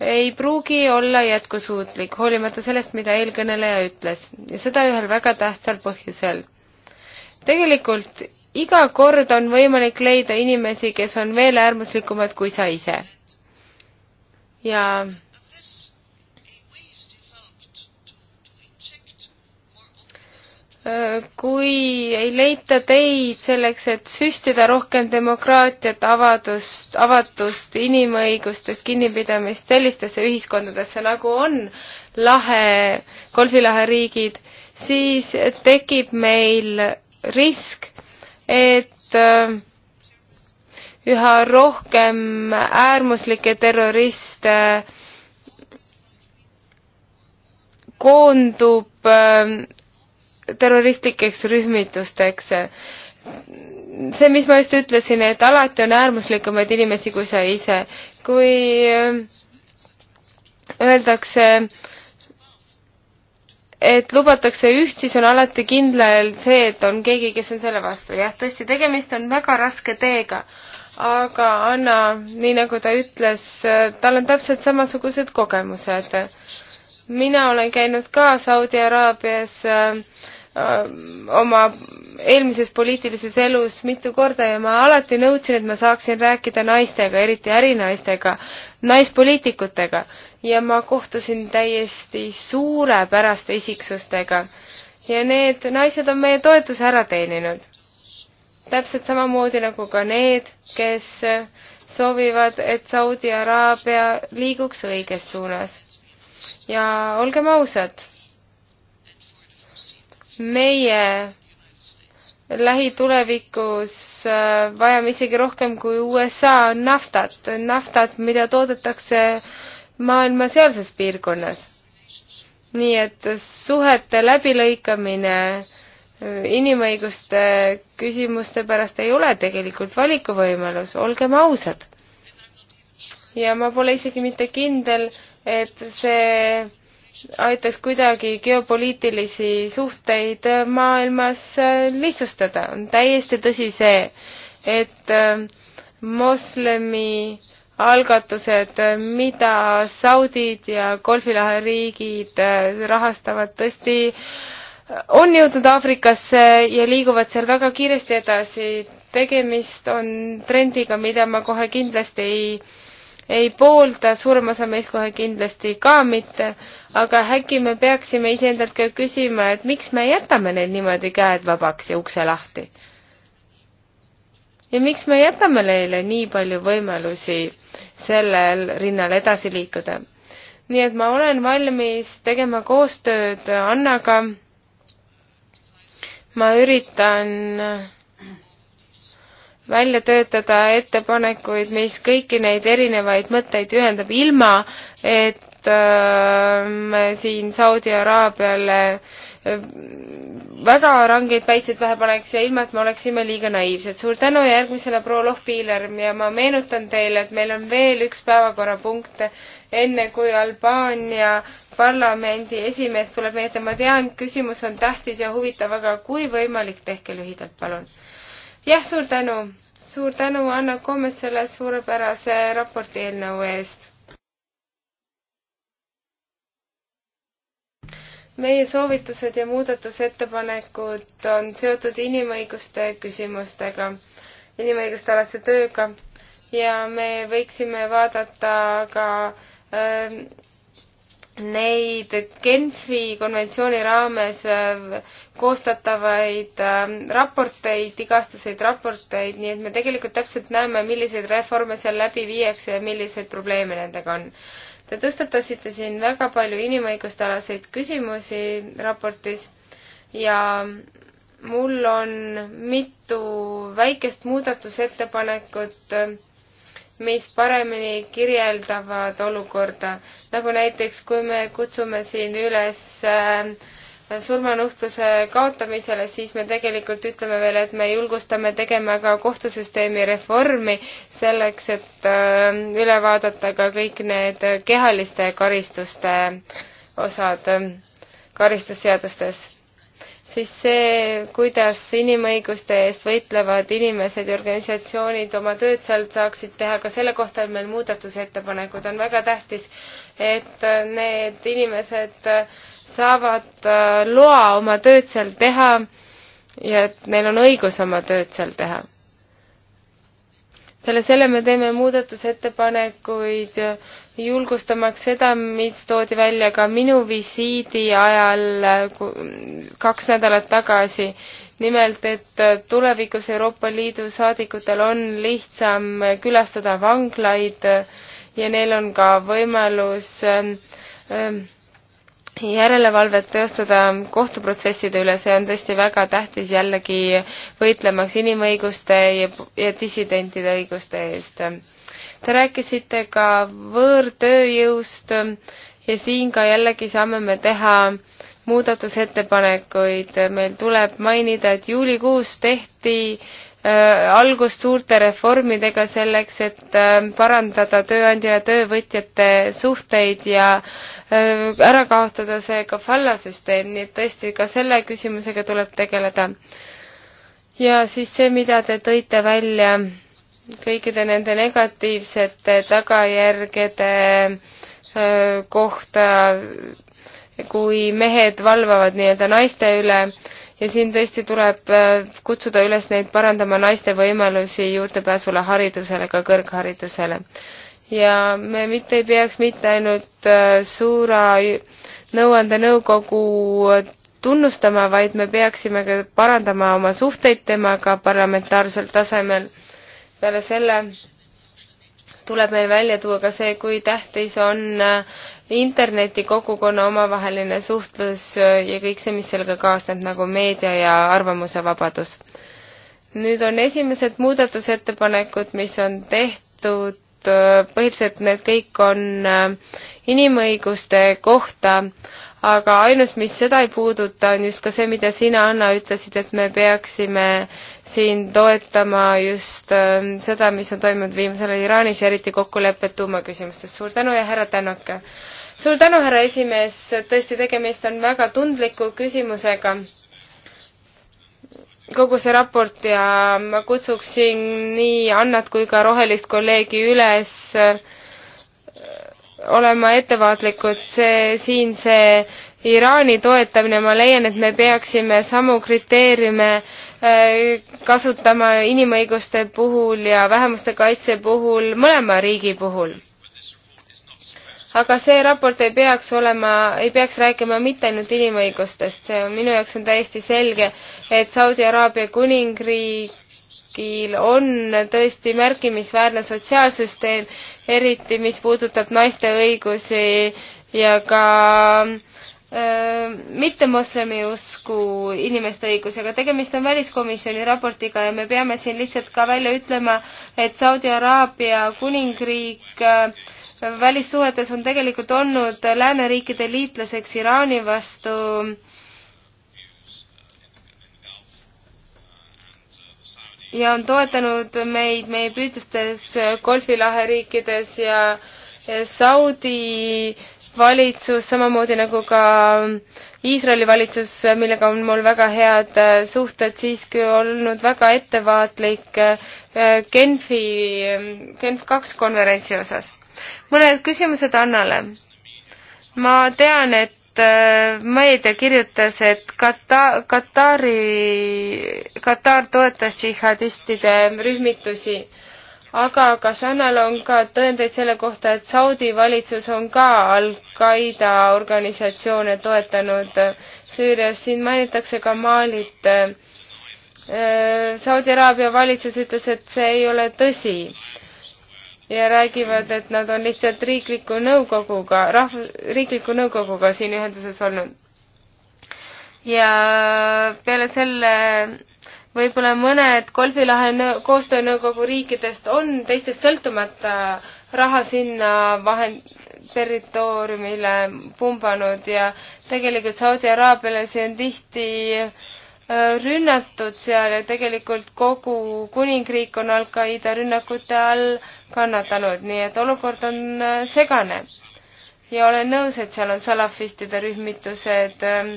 ei pruugi olla jätkusuutlik, hoolimata sellest, mida eelkõneleja ütles ja seda ühel väga tähtsal põhjusel. tegelikult iga kord on võimalik leida inimesi, kes on veel äärmuslikumad kui sa ise. ja kui ei leita teid selleks, et süstida rohkem demokraatiat, avadust, avatust, inimõigustest kinnipidamist sellistesse ühiskondadesse, nagu on lahe, golfilahe riigid, siis tekib meil risk, et äh, üha rohkem äärmuslikke terroriste koondub äh, terroristlikeks rühmitusteks. see, mis ma just ütlesin, et alati on äärmuslikumaid inimesi kui sa ise. kui äh, öeldakse, et lubatakse üht, siis on alati kindel see, et on keegi, kes on selle vastu. jah, tõesti, tegemist on väga raske teega. aga Anna, nii nagu ta ütles, tal on täpselt samasugused kogemused. mina olen käinud ka Saudi Araabias äh, Äh, oma eelmises poliitilises elus mitu korda ja ma alati nõudsin, et ma saaksin rääkida naistega, eriti ärinaistega, naispoliitikutega ja ma kohtusin täiesti suurepäraste isiksustega. ja need naised on meie toetuse ära teeninud. täpselt samamoodi nagu ka need, kes soovivad, et Saudi Araabia liiguks õiges suunas. ja olgem ausad meie lähitulevikus äh, vajame isegi rohkem kui USA naftat, naftat, mida toodetakse maailma sealses piirkonnas. nii et suhete läbilõikamine äh, inimõiguste küsimuste pärast ei ole tegelikult valikuvõimalus, olgem ausad. ja ma pole isegi mitte kindel, et see aitaks kuidagi geopoliitilisi suhteid maailmas äh, lihtsustada. on täiesti tõsi see, et äh, moslemi algatused, äh, mida Saudid ja Golfi lahe riigid rahastavad tõesti, on jõudnud Aafrikasse ja liiguvad seal väga kiiresti edasi. tegemist on trendiga, mida ma kohe kindlasti ei äh, ei poolda, suurem osa meist kohe kindlasti ka mitte, aga äkki me peaksime iseendalt ka küsima, et miks me jätame neil niimoodi käed vabaks ja ukse lahti? ja miks me jätame neile nii palju võimalusi sellel rinnal edasi liikuda? nii et ma olen valmis tegema koostööd Annaga. ma üritan välja töötada ettepanekuid, mis kõiki neid erinevaid mõtteid ühendab, ilma et äh, me siin Saudi Araabiale äh, väga rangeid päitseid pähe paneks ja ilma, et me oleksime liiga naiivsed. suur tänu järgmisele proua Lohpiiler ja ma meenutan teile, et meil on veel üks päevakorrapunkt enne kui Albaania parlamendi esimees tuleb meie ette. ma tean, küsimus on tähtis ja huvitav, aga kui võimalik, tehke lühidalt, palun jah, suur tänu. suur tänu Anna Koomes selle suurepärase raporti eelnõu eest. meie soovitused ja muudatusettepanekud on seotud inimõiguste küsimustega, inimõiguste alase tööga ja me võiksime vaadata ka äh, neid Genfi konventsiooni raames äh, koostatavaid äh, raporteid, igastaseid raporteid, nii et me tegelikult täpselt näeme, milliseid reforme seal läbi viiakse ja milliseid probleeme nendega on. Te tõstatasite siin väga palju inimõiguste alaseid küsimusi raportis ja mul on mitu väikest muudatusettepanekut äh, mis paremini kirjeldavad olukorda, nagu näiteks kui me kutsume siin üles äh, surmanuhtluse kaotamisele, siis me tegelikult ütleme veel, et me julgustame tegema ka kohtusüsteemi reformi selleks, et äh, üle vaadata ka kõik need kehaliste karistuste osad äh, karistusseadustes siis see, kuidas inimõiguste eest võitlevad inimesed ja organisatsioonid oma tööd seal saaksid teha, ka selle kohta on meil muudatusettepanekud, on väga tähtis, et need inimesed saavad äh, loa oma tööd seal teha ja et neil on õigus oma tööd seal teha peale selle me teeme muudatusettepanekuid julgustamaks seda, mis toodi välja ka minu visiidi ajal kaks nädalat tagasi. nimelt, et tulevikus Euroopa Liidu saadikutel on lihtsam külastada vanglaid ja neil on ka võimalus ähm, ähm, järelevalvet teostada kohtuprotsesside üle, see on tõesti väga tähtis jällegi võitlemaks inimõiguste ja, ja dissidentide õiguste eest. Te rääkisite ka võõrtööjõust ja siin ka jällegi saame me teha muudatusettepanekuid, meil tuleb mainida, et juulikuus tehti äh, Äh, algust suurte reformidega selleks, et äh, parandada tööandja ja töövõtjate suhteid ja äh, ära kaotada see kafalla süsteem, nii et tõesti ka selle küsimusega tuleb tegeleda. ja siis see, mida te tõite välja kõikide nende negatiivsete tagajärgede kohta, kui mehed valvavad nii-öelda naiste üle ja siin tõesti tuleb äh, kutsuda üles neid parandama naiste võimalusi juurdepääsule haridusele, ka kõrgharidusele. ja me mitte ei peaks mitte ainult äh, Suura nõuandenõukogu äh, tunnustama, vaid me peaksime ka parandama oma suhteid temaga parlamentaarsel tasemel. peale selle tuleb meil välja tuua ka see, kui tähtis on internetikogukonna omavaheline suhtlus äh, ja kõik see, mis sellega kaasneb, nagu meedia ja arvamusevabadus. nüüd on esimesed muudatusettepanekud, mis on tehtud, äh, põhiliselt need kõik on äh, inimõiguste kohta, aga ainus, mis seda ei puuduta, on just ka see, mida sina, Anna, ütlesid, et me peaksime siin toetama just seda, mis on toimunud viimasel ajal Iraanis ja eriti kokkulepet tuumaküsimustes. suur tänu ja härra Tänak! suur tänu, härra esimees, tõesti, tegemist on väga tundliku küsimusega. kogu see raport ja ma kutsuksin nii Annat kui ka rohelist kolleegi üles äh, olema ettevaatlikud, see siin see Iraani toetamine, ma leian, et me peaksime samu kriteeriume äh, kasutama inimõiguste puhul ja vähemuste kaitse puhul mõlema riigi puhul aga see raport ei peaks olema, ei peaks rääkima mitte ainult inimõigustest, see on minu jaoks on täiesti selge, et Saudi Araabia kuningriigil on tõesti märkimisväärne sotsiaalsüsteem, eriti mis puudutab naiste õigusi ja ka äh, mittemoslemi usku inimeste õigusega. tegemist on väliskomisjoni raportiga ja me peame siin lihtsalt ka välja ütlema, et Saudi Araabia kuningriik äh, välissuhetes on tegelikult olnud lääneriikide liitlaseks Iraani vastu ja on toetanud meid meie püüdlustes Golfi lahe riikides ja Saudi valitsus, samamoodi nagu ka Iisraeli valitsus, millega on mul väga head suhted, siiski olnud väga ettevaatlik Genfi, Genf kaks konverentsi osas mõned küsimused Annale. ma tean, et äh, meedia kirjutas, et Kata-, Katari, Katar toetas džihadistide rühmitusi. aga kas Annal on ka tõendeid selle kohta, et Saudi valitsus on ka Al-Qaeda organisatsioone toetanud Süürias, siin mainitakse ka Malit. Äh, Saudi Araabia valitsus ütles, et see ei ole tõsi ja räägivad, et nad on lihtsalt riikliku nõukoguga, rahvus, riikliku nõukoguga siin ühenduses olnud. ja peale selle võib-olla mõned golfilahe nõu-, koostöönõukogu riikidest on teistest sõltumata raha sinna vahend-, territooriumile pumbanud ja tegelikult Saudi Araabiale see on tihti äh, rünnatud seal ja tegelikult kogu kuningriik on Al-Qaeda rünnakute all kannatanud, nii et olukord on äh, segane. ja olen nõus, et seal on salafistide rühmitused ähm,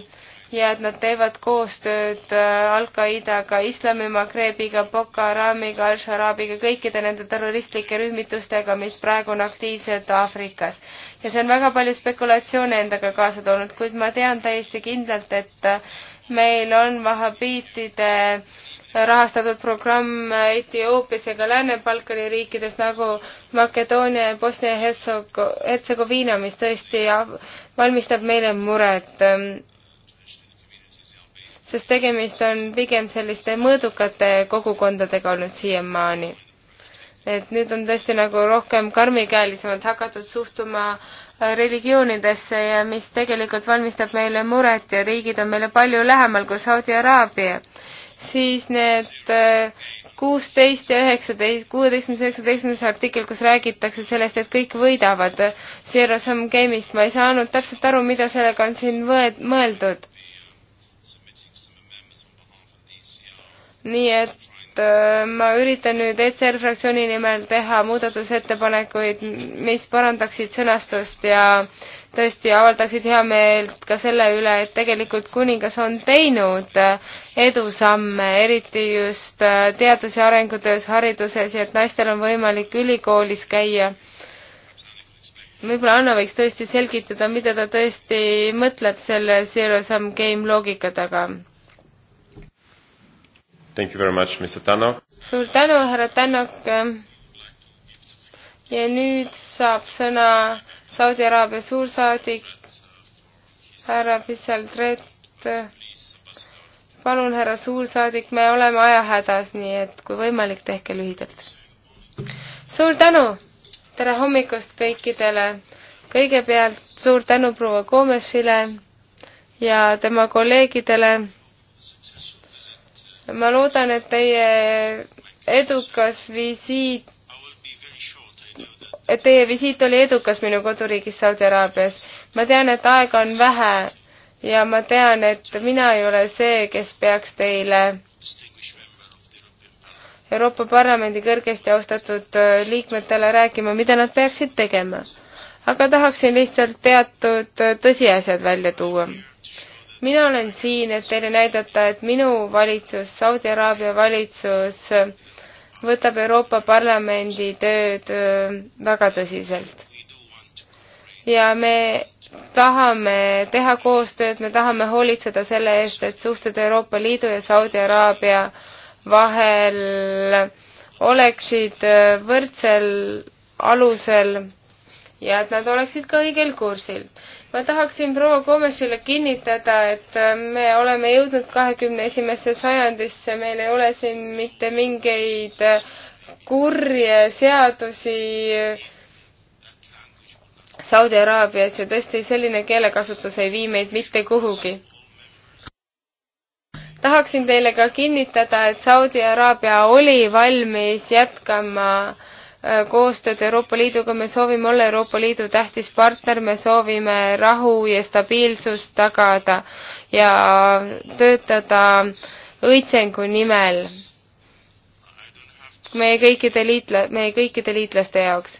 ja et nad teevad koostööd äh, Al-Qaedaga, Islami Magrebiga, Boko Haramiga, Al-Sharaabiga, kõikide nende terroristlike rühmitustega, mis praegu on aktiivsed Aafrikas. ja see on väga palju spekulatsioone endaga kaasa toonud, kuid ma tean täiesti kindlalt, et äh, meil on vahabiitide rahastatud programm Etioopias ja ka Lääne-Balkani riikides nagu Makedoonia ja Bosnia-Hertsegoviina, mis tõesti valmistab meile muret. sest tegemist on pigem selliste mõõdukate kogukondadega olnud siiamaani. et nüüd on tõesti nagu rohkem karmikäelisemalt hakatud suhtuma religioonidesse ja mis tegelikult valmistab meile muret ja riigid on meile palju lähemal kui Saudi Araabia, siis need äh, kuusteist ja üheksateist, kuueteistkümnes, üheksateistkümnes artikkel, kus räägitakse sellest, et kõik võidavad Zero äh, Sum Game'ist, ma ei saanud täpselt aru, mida sellega on siin võet-, mõeldud. nii et Äh, ma üritan nüüd ECR fraktsiooni nimel teha muudatusettepanekuid, mis parandaksid sõnastust ja tõesti avaldaksid heameelt ka selle üle, et tegelikult kuningas on teinud äh, edusamme, eriti just äh, teadus- ja arengutöös, hariduses ja et naistel on võimalik ülikoolis käia. võib-olla Anna võiks tõesti selgitada, mida ta tõesti mõtleb selle Zero Sum Game loogika taga Thank you very much, Mr Tanno. suur tänu, härra Tannok. ja nüüd saab sõna Saudi Araabia suursaadik härra Bissel Tret. palun, härra suursaadik, me oleme ajahädas, nii et kui võimalik, tehke lühidalt. suur tänu, tere hommikust kõikidele. kõigepealt suur tänu proua Koomesile ja tema kolleegidele ma loodan, et teie edukas visiit, et teie visiit oli edukas minu koduriigis Saudi Araabias. ma tean, et aega on vähe ja ma tean, et mina ei ole see, kes peaks teile Euroopa Parlamendi kõrgesti austatud äh, liikmetele rääkima, mida nad peaksid tegema. aga tahaksin lihtsalt teatud äh, tõsiasjad välja tuua mina olen siin, et teile näidata, et minu valitsus, Saudi Araabia valitsus võtab Euroopa Parlamendi tööd äh, väga tõsiselt. ja me tahame teha koostööd, me tahame hoolitseda selle eest, et suhted Euroopa Liidu ja Saudi Araabia vahel oleksid äh, võrdsel alusel ja et nad oleksid ka õigel kursil ma tahaksin proua Komešile kinnitada, et äh, me oleme jõudnud kahekümne esimesse sajandisse, meil ei ole siin mitte mingeid äh, kurje seadusi äh, Saudi Araabias ja tõesti selline keelekasutus ei vii meid mitte kuhugi. tahaksin teile ka kinnitada, et Saudi Araabia oli valmis jätkama äh, Äh, koostööd Euroopa Liiduga, me soovime olla Euroopa Liidu tähtis partner, me soovime rahu ja stabiilsust tagada ja töötada õitsengu nimel meie kõikide liitla-, meie kõikide liitlaste jaoks.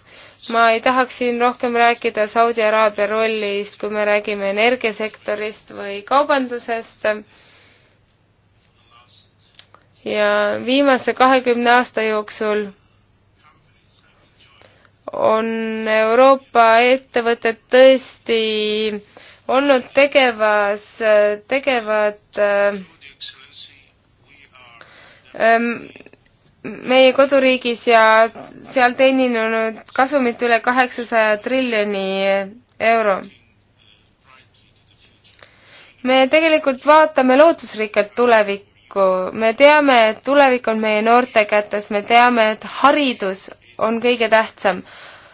ma ei tahaks siin rohkem rääkida Saudi Araabia rollist, kui me räägime energiasektorist või kaubandusest ja viimase kahekümne aasta jooksul on Euroopa ettevõtted tõesti olnud tegevas, tegevad ähm, meie koduriigis ja seal teeninud kasumit üle kaheksasaja triljoni euro. me tegelikult vaatame lootusrikkalt tulevikku, me teame, et tulevik on meie noorte kätes, me teame, et haridus on kõige tähtsam.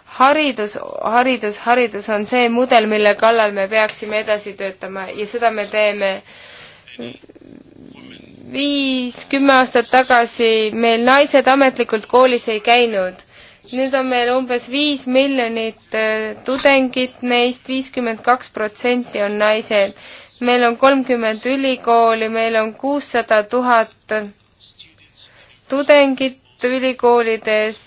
haridus, haridus, haridus on see mudel, mille kallal me peaksime edasi töötama ja seda me teeme viis, kümme aastat tagasi meil naised ametlikult koolis ei käinud. nüüd on meil umbes viis miljonit äh, tudengit, neist viiskümmend kaks protsenti on naised. meil on kolmkümmend ülikooli, meil on kuussada tuhat äh, tudengit ülikoolides,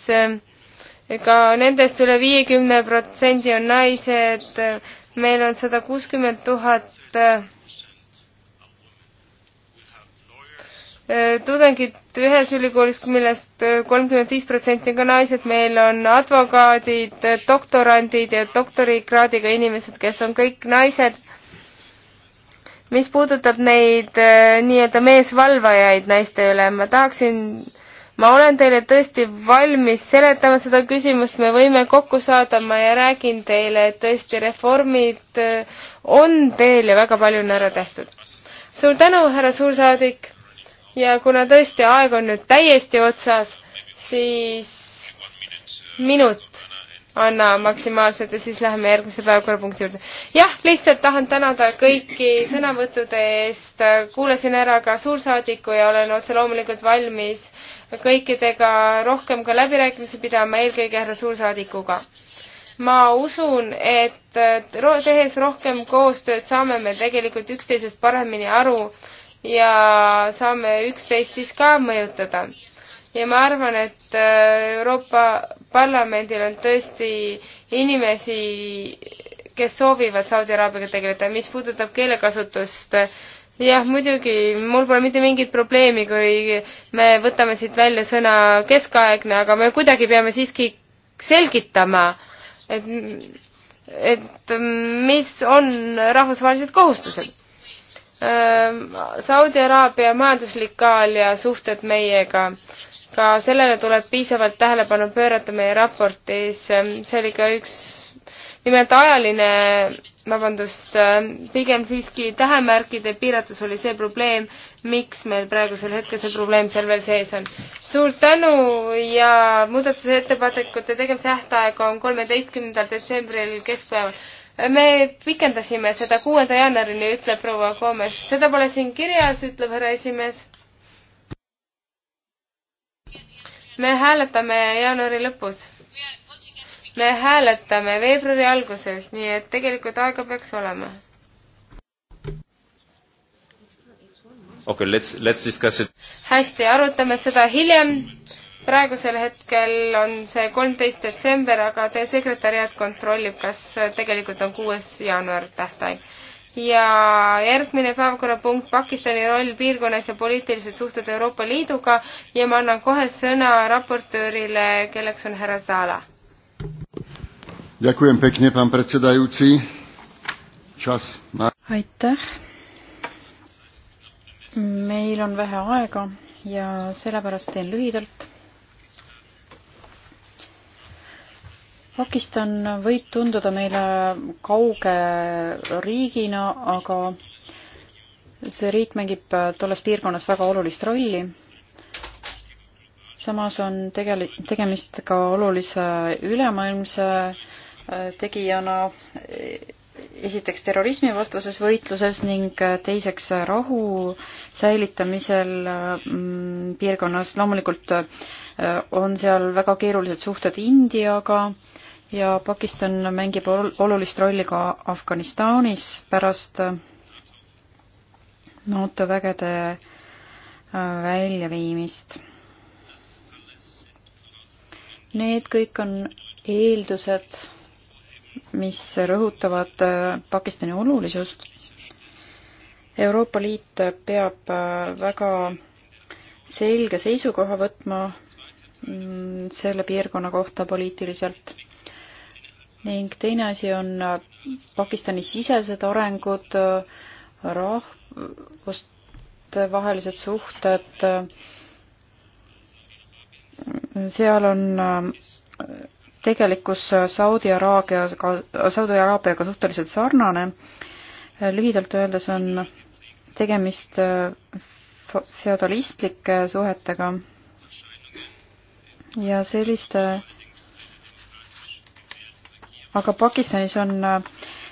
ka nendest üle viiekümne protsendi on naised, meil on sada kuuskümmend tuhat äh, tudengit ühes ülikoolis, millest kolmkümmend viis protsenti on ka naised, meil on advokaadid, doktorandid ja doktorikraadiga inimesed, kes on kõik naised. mis puudutab neid äh, nii-öelda meesvalvajaid naiste üle, ma tahaksin ma olen teile tõesti valmis seletama seda küsimust, me võime kokku saada, ma ja räägin teile, et tõesti reformid eh, on teel ja väga palju on ära tehtud. suur tänu, härra suursaadik ja kuna tõesti aeg on nüüd täiesti otsas, siis minut anna maksimaalselt ja siis läheme järgmise päevakorrapunkti juurde. jah, lihtsalt tahan tänada kõiki sõnavõttude eest, kuulasin ära ka suursaadiku ja olen otse loomulikult valmis kõikidega rohkem ka läbirääkimisi pidama, eelkõige härra suursaadikuga. ma usun, et tehes rohkem koostööd, saame me tegelikult üksteisest paremini aru ja saame üksteist siis ka mõjutada. ja ma arvan, et äh, Euroopa Parlamendil on tõesti inimesi, kes soovivad Saudi Araabiaga tegeleda, mis puudutab keelekasutust, jah, muidugi, mul pole mitte mingit probleemi, kui me võtame siit välja sõna keskaegne, aga me kuidagi peame siiski selgitama, et, et mis on rahvusvahelised kohustused. Ehm, Saudi Araabia majanduslik kaal ja suhted meiega, ka sellele tuleb piisavalt tähelepanu pöörata meie raportis, ehm, see oli ka üks nimelt ajaline, vabandust, äh, pigem siiski tähemärkide piiratus oli see probleem, miks meil praegusel hetkel see probleem seal veel sees on. suur tänu ja muudatusettepanekute tegemise tähtaeg on kolmeteistkümnendal detsembril keskpäeval. me pikendasime seda kuuenda jaanuarini, ütleb proua Koomes. seda pole siin kirjas, ütleb härra esimees. me hääletame jaanuari lõpus me hääletame veebruari alguses, nii et tegelikult aega peaks olema. okei okay,, let's, let's discuss it. hästi, arutame seda hiljem. praegusel hetkel on see kolmteist detsember, aga teie sekretäriat kontrollib, kas tegelikult on kuues jaanuar tähtaeg ja järgmine päevakorrapunkt Pakistani roll piirkonnas ja poliitilised suhted Euroopa Liiduga ja ma annan kohe sõna raportöörile, kelleks on härra Zala Ďakujem pekne, pán predsedajúci. Čas na... Aitäh. Meil on vähe aega ja sellepärast teen lühidalt. Pakistan võib tunduda meile kauge riigina, aga see riik mängib tolles piirkonnas väga olulist rolli. samas on tegel-, tegemist ka olulise ülemaailmse tegijana esiteks terrorismivastases võitluses ning äh, teiseks äh, rahu säilitamisel mm, piirkonnas. loomulikult äh, on seal väga keerulised suhted Indiaga ja Pakistan mängib olulist rolli ka Afganistanis pärast NATO vägede väljaviimist. Need kõik on eeldused mis rõhutavad äh, Pakistani olulisust. Euroopa Liit peab äh, väga selge seisukoha võtma mm, selle piirkonna kohta poliitiliselt ning teine asi on äh, Pakistani sisesed arengud, rahvuste vahelised suhted, seal on tegelikkus Saudi Araabiaga, Saudi Araabiaga suhteliselt sarnane. lühidalt öeldes on tegemist äh, feodalistlike suhetega ja selliste aga Pakistanis on äh,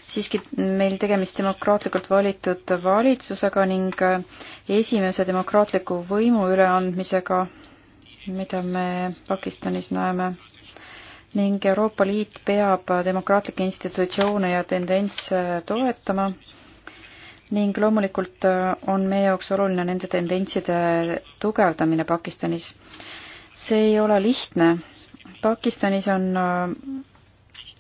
siiski meil tegemist demokraatlikult valitud valitsusega ning äh, esimese demokraatliku võimu üleandmisega, mida me Pakistanis näeme ning Euroopa Liit peab demokraatlikke institutsioone ja tendentse toetama ning loomulikult äh, on meie jaoks oluline nende tendentside tugevdamine Pakistanis. see ei ole lihtne. Pakistanis on, äh,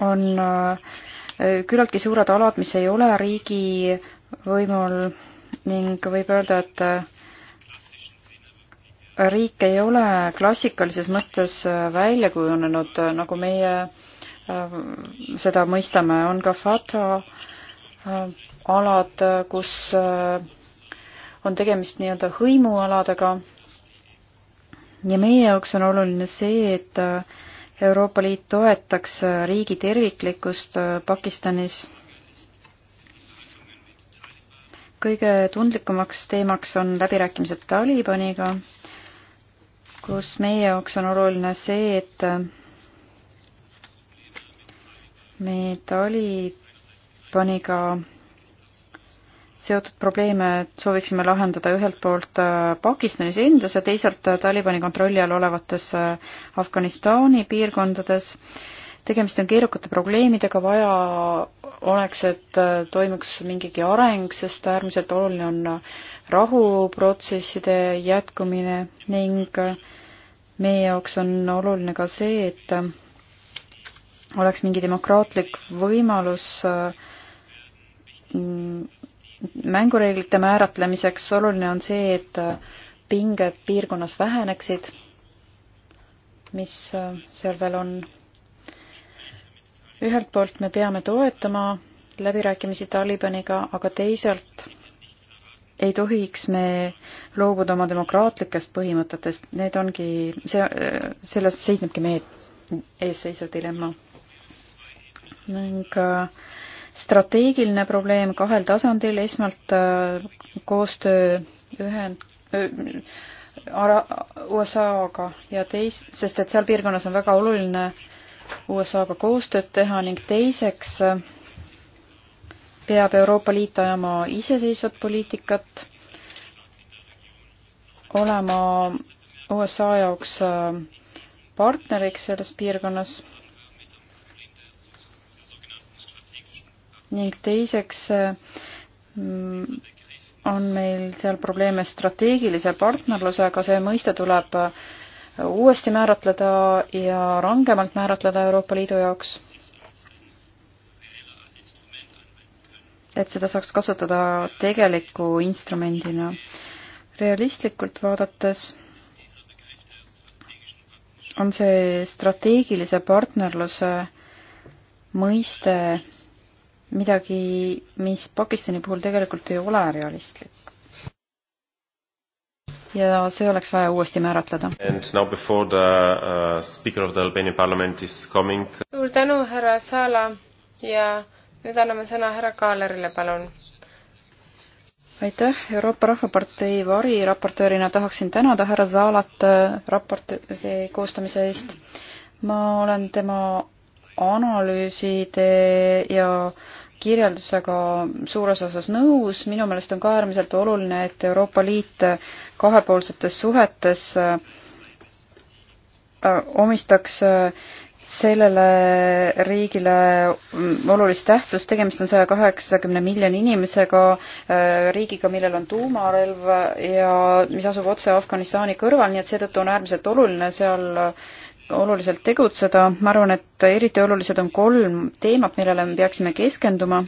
on äh, küllaltki suured alad, mis ei ole riigivõimul ning võib öelda, et riik ei ole klassikalises mõttes äh, välja kujunenud, äh, nagu meie äh, seda mõistame, on ka FATA alad, kus on tegemist nii-öelda hõimualadega. ja meie jaoks on oluline see, et Euroopa Liit toetaks riigi terviklikkust Pakistanis. kõige tundlikumaks teemaks on läbirääkimised Talibaniga kus meie jaoks on oluline see, et me Talibaniga seotud probleeme sooviksime lahendada ühelt poolt äh, Pakistanis endas ja teisalt äh, Talibani kontrolli all olevates äh, Afganistani piirkondades äh, tegemist on keerukate probleemidega, vaja oleks, et äh, toimuks mingigi areng, sest äärmiselt oluline on rahuprotsesside jätkumine ning äh, meie jaoks on oluline ka see, et äh, oleks mingi demokraatlik võimalus mängureeglite määratlemiseks, oluline on see, et pinged piirkonnas väheneksid, mis seal veel on ühelt poolt me peame toetama läbirääkimisi Talibaniga, aga teisalt ei tohiks me loobuda oma demokraatlikest põhimõtetest, need ongi, see, selles seisnebki meie eesseisev dilemma. ning äh, strateegiline probleem kahel tasandil, esmalt äh, koostöö ühend-, äh, Ara-, USA-ga ja teis-, sest et seal piirkonnas on väga oluline äh, USA-ga koostööd teha ning teiseks äh, peab Euroopa Liit ajama iseseisvat poliitikat, olema USA jaoks äh, partneriks selles piirkonnas ning teiseks äh, mm, on meil seal probleeme strateegilise partnerlusega, see mõiste tuleb äh, uuesti määratleda ja rangemalt määratleda Euroopa Liidu jaoks. et seda saaks kasutada tegeliku instrumendina. realistlikult vaadates on see strateegilise partnerluse mõiste midagi, mis Pakistani puhul tegelikult ei ole realistlik ja see oleks vaja uuesti määratleda. Uh, suur tänu, härra Sala ja nüüd anname sõna härra Kaalerile, palun. aitäh, Euroopa Rahvapartei variraportöörina tahaksin tänada härra Zalat äh, raporti koostamise eest. ma olen tema analüüside ja kirjeldusega suures osas nõus, minu meelest on ka äärmiselt oluline, et Euroopa Liit kahepoolsetes suhetes äh, äh, omistaks äh, sellele riigile mm, olulist tähtsust, tegemist on saja kaheksakümne miljoni inimesega, riigiga, millel on tuumarelv ja mis asub otse Afganistani kõrval, nii et seetõttu on äärmiselt oluline seal oluliselt tegutseda, ma arvan, et eriti olulised on kolm teemat, millele me peaksime keskenduma.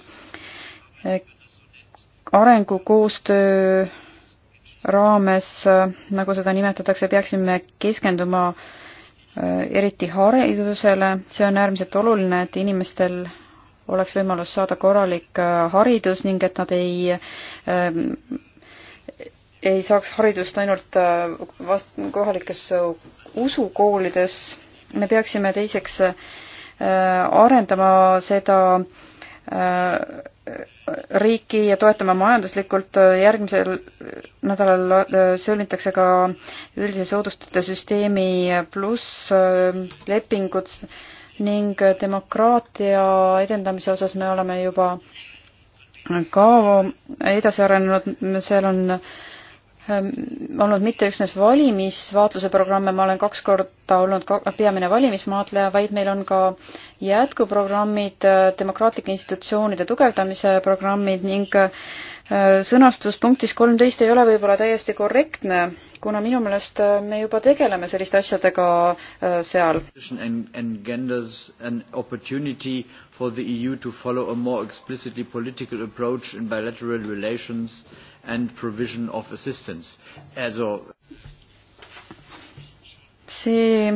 arengukoostöö raames, äh, nagu seda nimetatakse, peaksime keskenduma äh, eriti haridusele, see on äärmiselt oluline, et inimestel oleks võimalus saada korralik äh, haridus ning et nad ei ähm, ei saaks haridust ainult vast-, kohalikes usukoolides. me peaksime teiseks arendama seda äh, Äh, riiki ja toetama majanduslikult. Äh, järgmisel nädalal äh, sõlmitakse ka üldise soodustute süsteemi pluss lepingud ning demokraatia edendamise osas me oleme juba ka edasi arenenud, seal on äh, Ähm, olnud mitte üksnes valimisvaatluse programme, ma olen kaks korda olnud peamine valimismaatleja, vaid meil on ka jätkuprogrammid, äh, demokraatlike institutsioonide tugevdamise programmid ning äh, sõnastus punktis kolmteist ei ole võib-olla täiesti korrektne, kuna minu meelest äh, me juba tegeleme selliste asjadega seal. for the EU to follow a more explicitly political approach in bilateral relations uh, and provision of assistance. Also see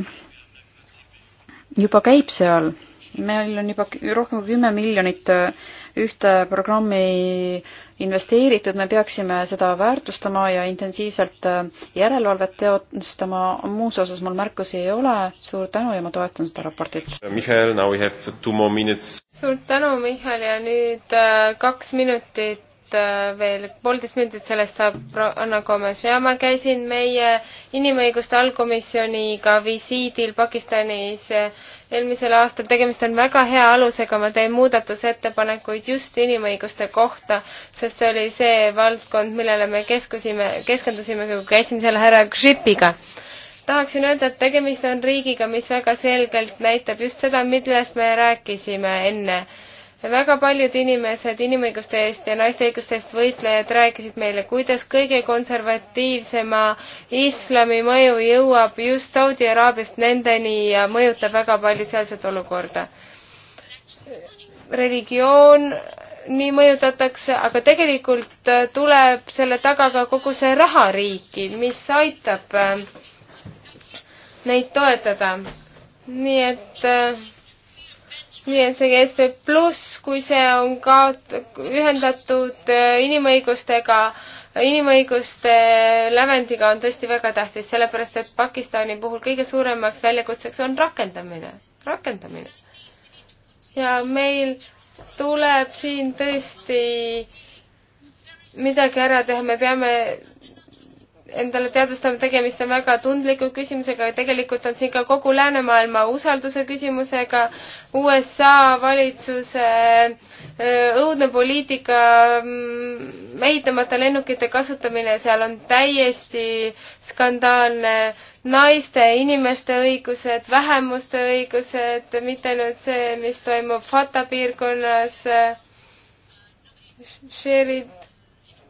juba käib seal, meil on juba rohkem kui kümme miljonit äh, ühte programmi investeeritud, me peaksime seda väärtustama ja intensiivselt äh, järelevalvet teostama, muus osas mul märkusi ei ole, suur tänu ja ma toetan seda raportit. Äh, Mihhail, now we have two more minutes. suur tänu, Mihhail, ja nüüd kaks minutit Äh, veel poolteist minutit sellest saab Anna Gomes ja ma käisin meie inimõiguste allkomisjoniga visiidil Pakistanis äh, eelmisel aastal. tegemist on väga hea alusega, ma teen muudatusettepanekuid just inimõiguste kohta, sest see oli see valdkond, millele me keskusime, keskendusime, kui käisime selle härra Gripiga tahaksin öelda, et tegemist on riigiga, mis väga selgelt näitab just seda, millest me rääkisime enne väga paljud inimesed inimõiguste eest ja naiste õiguste eest võitlejad rääkisid meile, kuidas kõige konservatiivsema islami mõju jõuab just Saudi Araabiast nendeni ja mõjutab väga palju sealset olukorda. religioon nii mõjutatakse, aga tegelikult tuleb selle taga ka kogu see raha riiki, mis aitab äh, neid toetada. nii et äh, see GSP pluss, kui see on ka ühendatud äh, inimõigustega, inimõiguste lävendiga on tõesti väga tähtis, sellepärast et Pakistani puhul kõige suuremaks väljakutseks on rakendamine, rakendamine. ja meil tuleb siin tõesti midagi ära teha, me peame endale teadvustama, tegemist on väga tundliku küsimusega ja tegelikult on siin ka kogu läänemaailma usalduse küsimusega. USA valitsuse äh, õudne poliitika, mm, mehitamata lennukite kasutamine seal on täiesti skandaalne. naiste, inimeste õigused, vähemuste õigused, mitte ainult see, mis toimub Fata piirkonnas. Sherid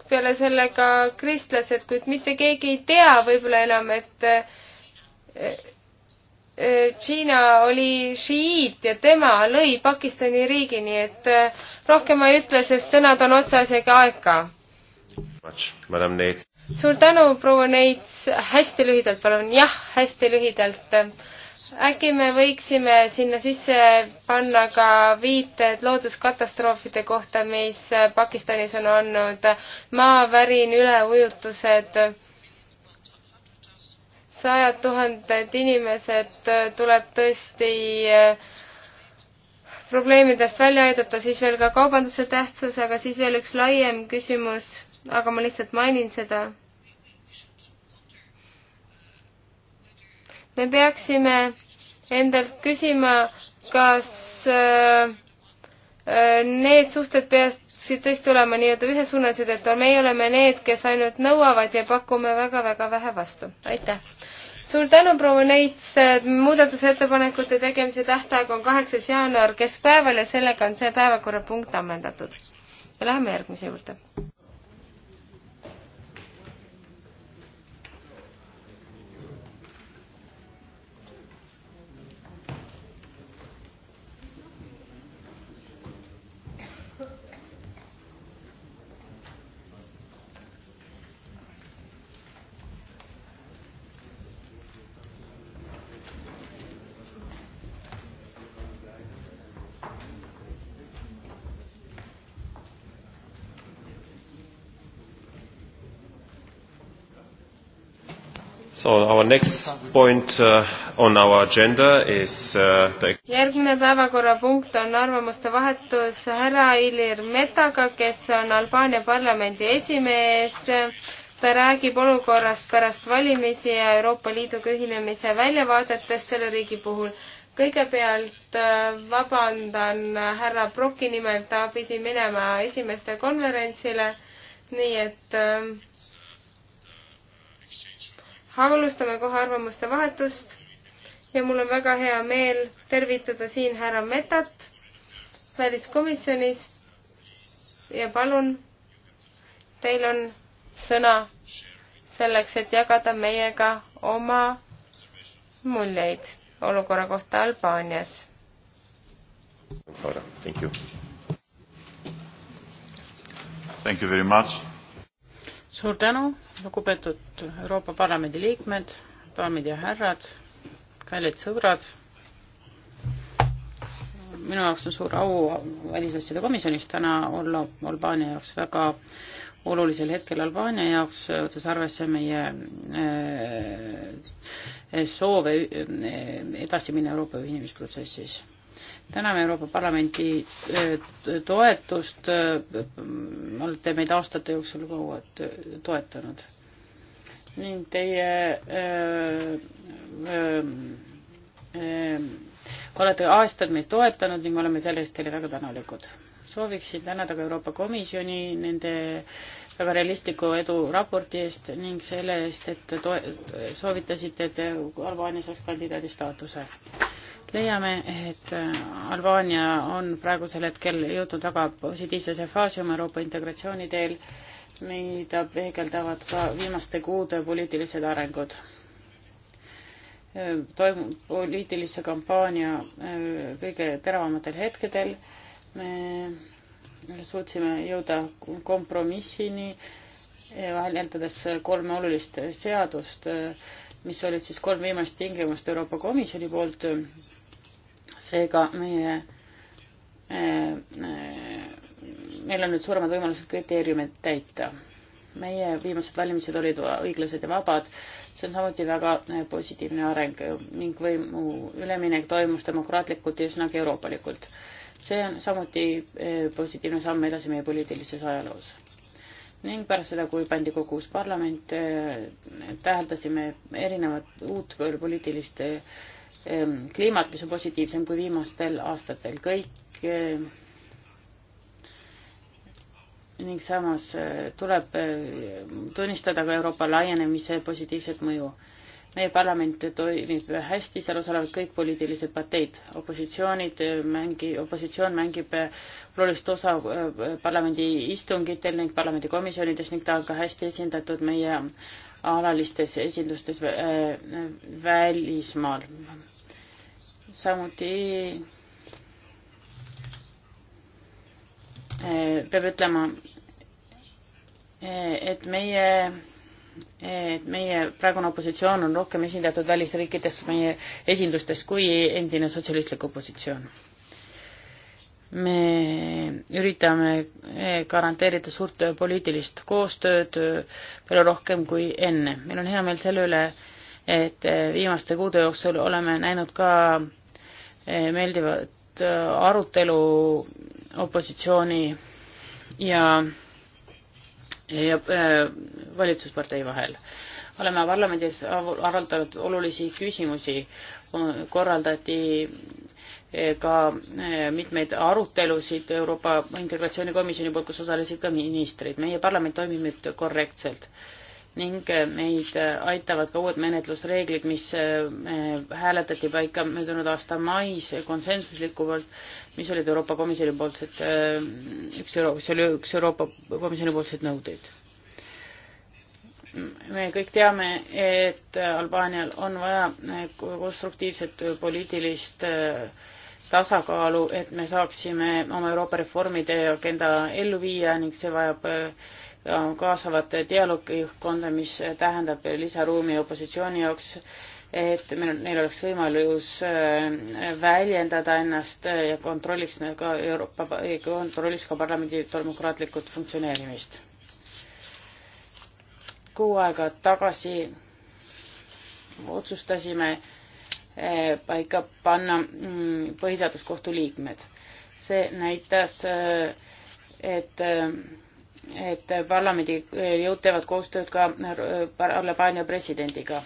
peale selle ka kristlased, kuid mitte keegi ei tea võib-olla enam, et Hiina eh, oli šiiit ja tema lõi Pakistani riigi, nii et eh, rohkem ma ei ütle, sest sõnad on otsas ja ka aeg ka. suur tänu, proua Neits, hästi lühidalt palun, jah, hästi lühidalt äkki me võiksime sinna sisse panna ka viited looduskatastroofide kohta, mis Pakistanis on olnud, maavärin, üleujutused, sajad tuhanded inimesed tuleb tõesti eh, probleemidest välja aidata, siis veel ka kaubanduse tähtsus, aga siis veel üks laiem küsimus, aga ma lihtsalt mainin seda me peaksime endalt küsima, kas äh, äh, need suhted peaksid tõesti olema nii-öelda ühesuunalised, et meie oleme need, kes ainult nõuavad ja pakume väga-väga vähe vastu. aitäh! suur tänu, proua Neits, muudatusettepanekute tegemise tähtaeg on kaheksas jaanuar keskpäeval ja sellega on see päevakorrapunkt ammendatud. ja läheme järgmise juurde. So our next point uh, on our agenda is uh, the... järgmine päevakorrapunkt on arvamuste vahetus härra Ilir Metaga, kes on Albaania parlamendi esimees. ta räägib olukorrast pärast valimisi ja Euroopa Liiduga ühinemise väljavaadetest selle riigi puhul. kõigepealt äh, vabandan härra Broki nimel, ta pidi minema esimeste konverentsile, nii et äh, alustame kohe arvamuste vahetust ja mul on väga hea meel tervitada siin härra Metat väliskomisjonis ja palun, teil on sõna selleks, et jagada meiega oma muljeid olukorra kohta Albaanias. Thank you. Thank you very much suur tänu, lugupeetud Euroopa Parlamendi liikmed, daamid ja härrad, kallid sõbrad. minu jaoks on suur au välisasjade komisjonis täna olla Albaania jaoks väga olulisel hetkel Albaania jaoks, võttes arvesse meie eh, soove eh, edasi minna Euroopa ühinemisprotsessis täname Euroopa Parlamenti äh, toetust, äh, olete meid aastate jooksul kogu aeg äh, toetanud. ning teie öö, öö, öö, olete aastaid meid toetanud ning me oleme selle eest teile väga tänulikud. sooviksin tänada ka Euroopa Komisjoni nende väga realistliku edu raporti eest ning selle eest, et toe-, soovitasite, et Albaania saaks kandidaadi staatuse leiame, et äh, Albaania on praegusel hetkel jõudnud väga positiivsesse faasi oma Euroopa integratsiooni teel, mida peegeldavad ka viimaste kuude poliitilised arengud. Äh, toimub poliitilise kampaania äh, kõige teravamatel hetkedel. me suutsime jõuda kompromissini, vaheldades kolme olulist seadust, mis olid siis kolm viimast tingimust Euroopa Komisjoni poolt seega meie eh, eh, meil on nüüd suuremad võimalused kriteeriumid täita. meie viimased valimised olid õiglased ja vabad, see on samuti väga eh, positiivne areng ning võimu üleminek toimus demokraatlikult ja üsnagi euroopalikult. see on samuti positiivne samm edasi meie poliitilises ajaloos. ning pärast seda, kui pandi kokku uus parlament, täheldasime erinevat uut poliitilist kliimat, mis on positiivsem kui viimastel aastatel. kõik ning samas eh, tuleb tunnistada ka Euroopa laienemise positiivset mõju. meie parlament toimib hästi, seal osalevad kõik poliitilised parteid, opositsioonid eh, mängi, opositsioon mängib eh, olulist osa parlamendi istungitel ning parlamendikomisjonides ning ta on ka hästi esindatud meie alalistes esindustes välismaal samuti eh, peab ütlema, eh, et meie, eh, et meie praegune opositsioon on rohkem esindatud välisriikides meie esindustes kui endine sotsialistlik opositsioon. me üritame garanteerida suurt poliitilist koostööd palju rohkem kui enne. meil on hea meel selle üle, et viimaste kuude jooksul oleme näinud ka Eh, meeldivat eh, arutelu opositsiooni ja, ja eh, valitsuspartei vahel. oleme parlamendis arutanud olulisi küsimusi, korraldati ka mitmeid arutelusid Euroopa Integratsioonikomisjoni poolt, kus osalesid ka ministrid. meie parlament toimib nüüd korrektselt ning äh, meid äh, aitavad ka uued menetlusreeglid, mis äh, hääletati paika möödunud aasta mais konsensuslikult, mis olid Euroopa Komisjoni poolsed, üks euro-, see oli üks Euroopa Komisjoni poolseid nõudeid. me kõik teame, et Albaanial on vaja konstruktiivset poliitilist tasakaalu, et me saaksime oma Euroopa reformide agenda ellu viia ning see vajab kaasavat dialoogkonda, mis tähendab lisaruumi opositsiooni jaoks, et meil, neil oleks võimalus äh, väljendada ennast ja kontrolliks ka Euroopa, kontrolliks ka parlamendi demokraatlikult funktsioneerimist. kuu aega tagasi otsustasime äh, paika panna mm, põhiseaduskohtu liikmed. see näitas, äh, et et parlamendi jõud teevad koostööd ka Albaania presidendiga.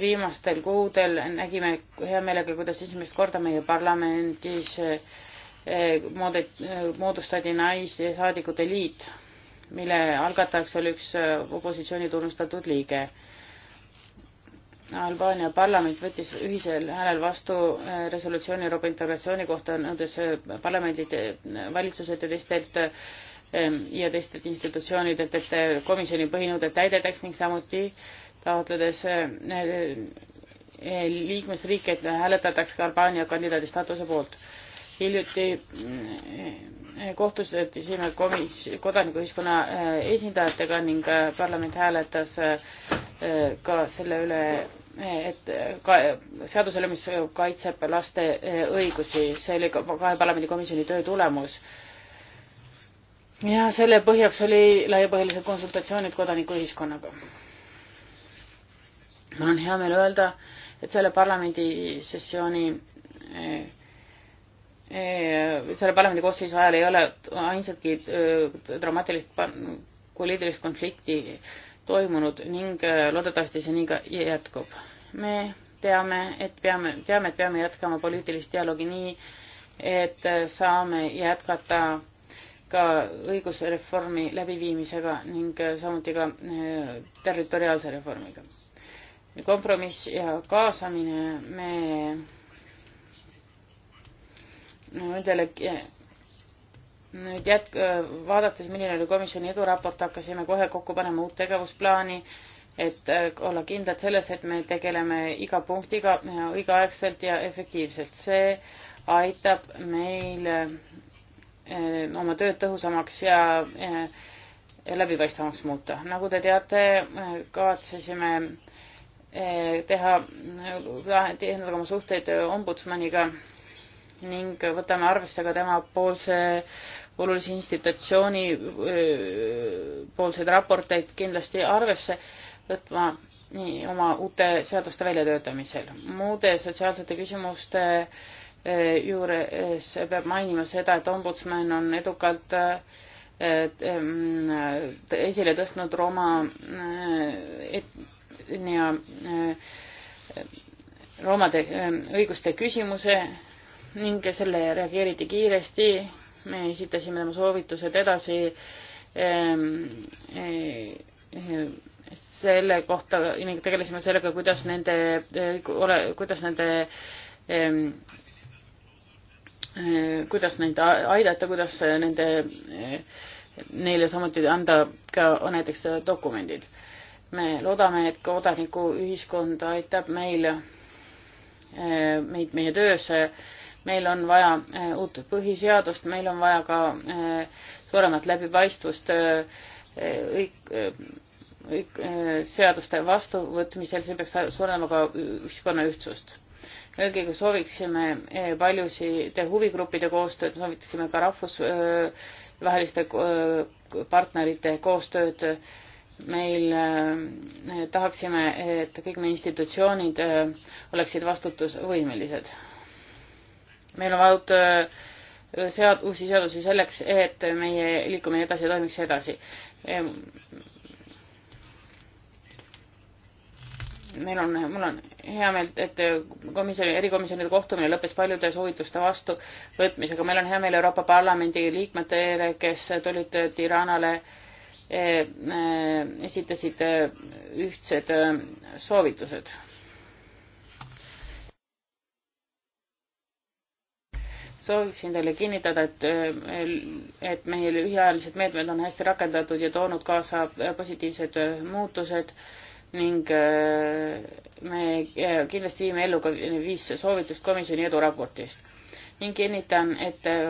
viimastel kuudel nägime hea meelega, kuidas esimest korda meie parlamendis eh, moodustati naissaadikute liit, mille algatajaks oli üks eh, opositsiooni tunnustatud liige. Albaania parlament võttis ühisel häälel vastu eh, resolutsiooni Euroopa integratsiooni kohta, nõudes parlamendid, valitsused ja teistelt ja teistelt institutsioonidelt, et äh, komisjoni põhinõuded täidetaks ning samuti taotledes äh, äh, liikmesriike, et hääletataks ka Albaania kandidaadi staatuse poolt. hiljuti mm, kohtusime komis-, kodanikuühiskonna esindajatega ning parlament hääletas ka selle üle, et ka seadusele, mis kaitseb laste õigusi, see oli kahe parlamendikomisjoni töö tulemus ja selle põhjaks oli laiapõhjalised konsultatsioonid kodanikuühiskonnaga. mul on hea meel öelda, et selle parlamendisessiooni eh, eh, selle parlamendi koosseisu ajal ei ole ainsatki eh, dramaatilist poliitilist konflikti toimunud ning loodetavasti see nii ka jätkub. me teame, et peame, teame, et peame jätkama poliitilist dialoogi nii, et saame jätkata ka õigusreformi läbiviimisega ning äh, samuti ka äh, territoriaalse reformiga. kompromiss ja kaasamine, me nendele äh, nüüd jätk-, vaadates, milline oli komisjoni eduraport, hakkasime kohe kokku panema uut tegevusplaani, et olla kindlad selles, et me tegeleme iga punktiga õigeaegselt ja efektiivselt. see aitab meil Eh, oma tööd tõhusamaks eh, ja läbipaistvamaks muuta. nagu te teate, eh, kavatsesime teha, tihendada oma suhteid ombudsmaniga ning võtame arvesse ka tema poolse olulise institutsiooni poolseid raporteid kindlasti arvesse võtma nii oma uute seaduste väljatöötamisel. muude sotsiaalsete küsimuste äh, Äh, juures äh, peab mainima seda, et ombudsman on edukalt äh, ähm, esile tõstnud Rooma etnia, roomade ähm, õiguste küsimuse ning selle reageeriti kiiresti. me esitasime oma soovitused edasi ähm, selle kohta ning tegelesime sellega, kuidas nende, kuidas nende Eh, kuidas neid aidata, kuidas eh, nende, eh, neile samuti anda ka näiteks dokumendid. me loodame, et kodanikuühiskond aitab meil, meid meie töös, meil on vaja uut põhiseadust, meil on vaja ka suuremat läbipaistvust õig-, õig-, seaduste vastuvõtmisel, see peaks suurendama ka ühiskonna ühtsust eelkõige sooviksime eh, paljusid huvigruppide koostööd, sooviksime ka rahvusvaheliste eh, partnerite koostööd. meil eh, tahaksime, et kõik meie institutsioonid oleksid vastutusvõimelised. meil on vaadatud sead-, uusi seadusi selleks, et meie liikumine edasi toimiks edasi. meil on, mul on hea meel, et komisjoni, erikomisjonide kohtumine lõppes paljude soovituste vastuvõtmisega. meil on hea meel Euroopa Parlamendi liikmetele, kes tulid Tiranale, eh, eh, esitasid eh, ühtsed soovitused. sooviksin teile kinnitada, et, et meie lühiajalised meetmed on hästi rakendatud ja toonud kaasa positiivsed muutused äh, ning äh, me äh, kindlasti viime ellu ka viis soovitust komisjoni eduraportist ning kinnitan, et äh,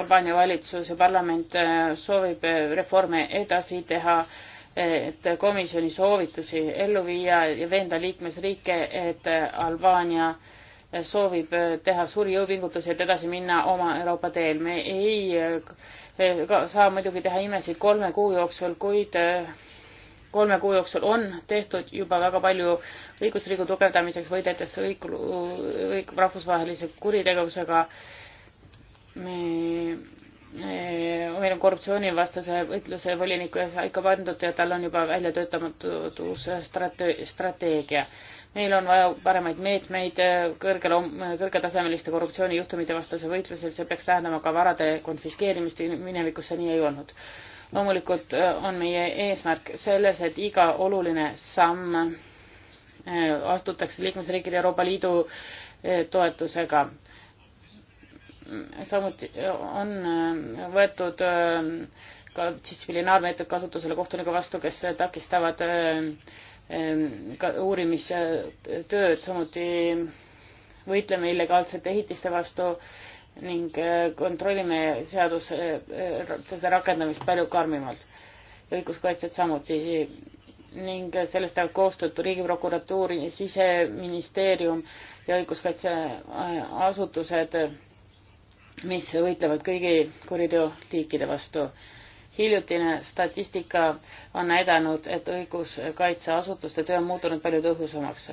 Albaania valitsus ja parlament soovib reforme edasi teha, et komisjoni soovitusi ellu viia ja veenda liikmesriike, et Albaania soovib teha suuri jõupingutusi, et edasi minna oma Euroopa teel. me ei saa muidugi teha imesid kolme kuu jooksul, kuid kolme kuu jooksul on tehtud juba väga palju õigusriigi tugevdamiseks, võideldes õig-, õig-, rahvusvahelise kuritegevusega. me, me, meil on korruptsioonivastase võitluse voliniku ees paika pandud ja tal on juba välja töötamatud uus strate-, strateegia. meil on vaja paremaid meetmeid kõrgel, kõrgetasemeliste korruptsioonijuhtumite vastase võitlusel, see peaks tähendama ka varade konfiskeerimist, minevikus see nii ei olnud loomulikult äh, on meie eesmärk selles, et iga oluline samm äh, astutakse liikmesriikide Euroopa Liidu äh, toetusega. samuti on võetud ka distsiplinaarmeetod kasutusele kohtuniku vastu, kes takistavad ka uurimistööd, samuti võitleme illegaalsete ehitiste vastu ning äh, kontrollime seaduse, äh, äh, seda rakendamist palju karmimalt. õiguskaitsjad samuti ning sellest teevad koostööd Riigiprokuratuuri, Siseministeerium ja õiguskaitseasutused, mis võitlevad kõigi kuriteoliikide vastu. hiljutine statistika on näidanud, et õiguskaitseasutuste töö on muutunud palju tõhusamaks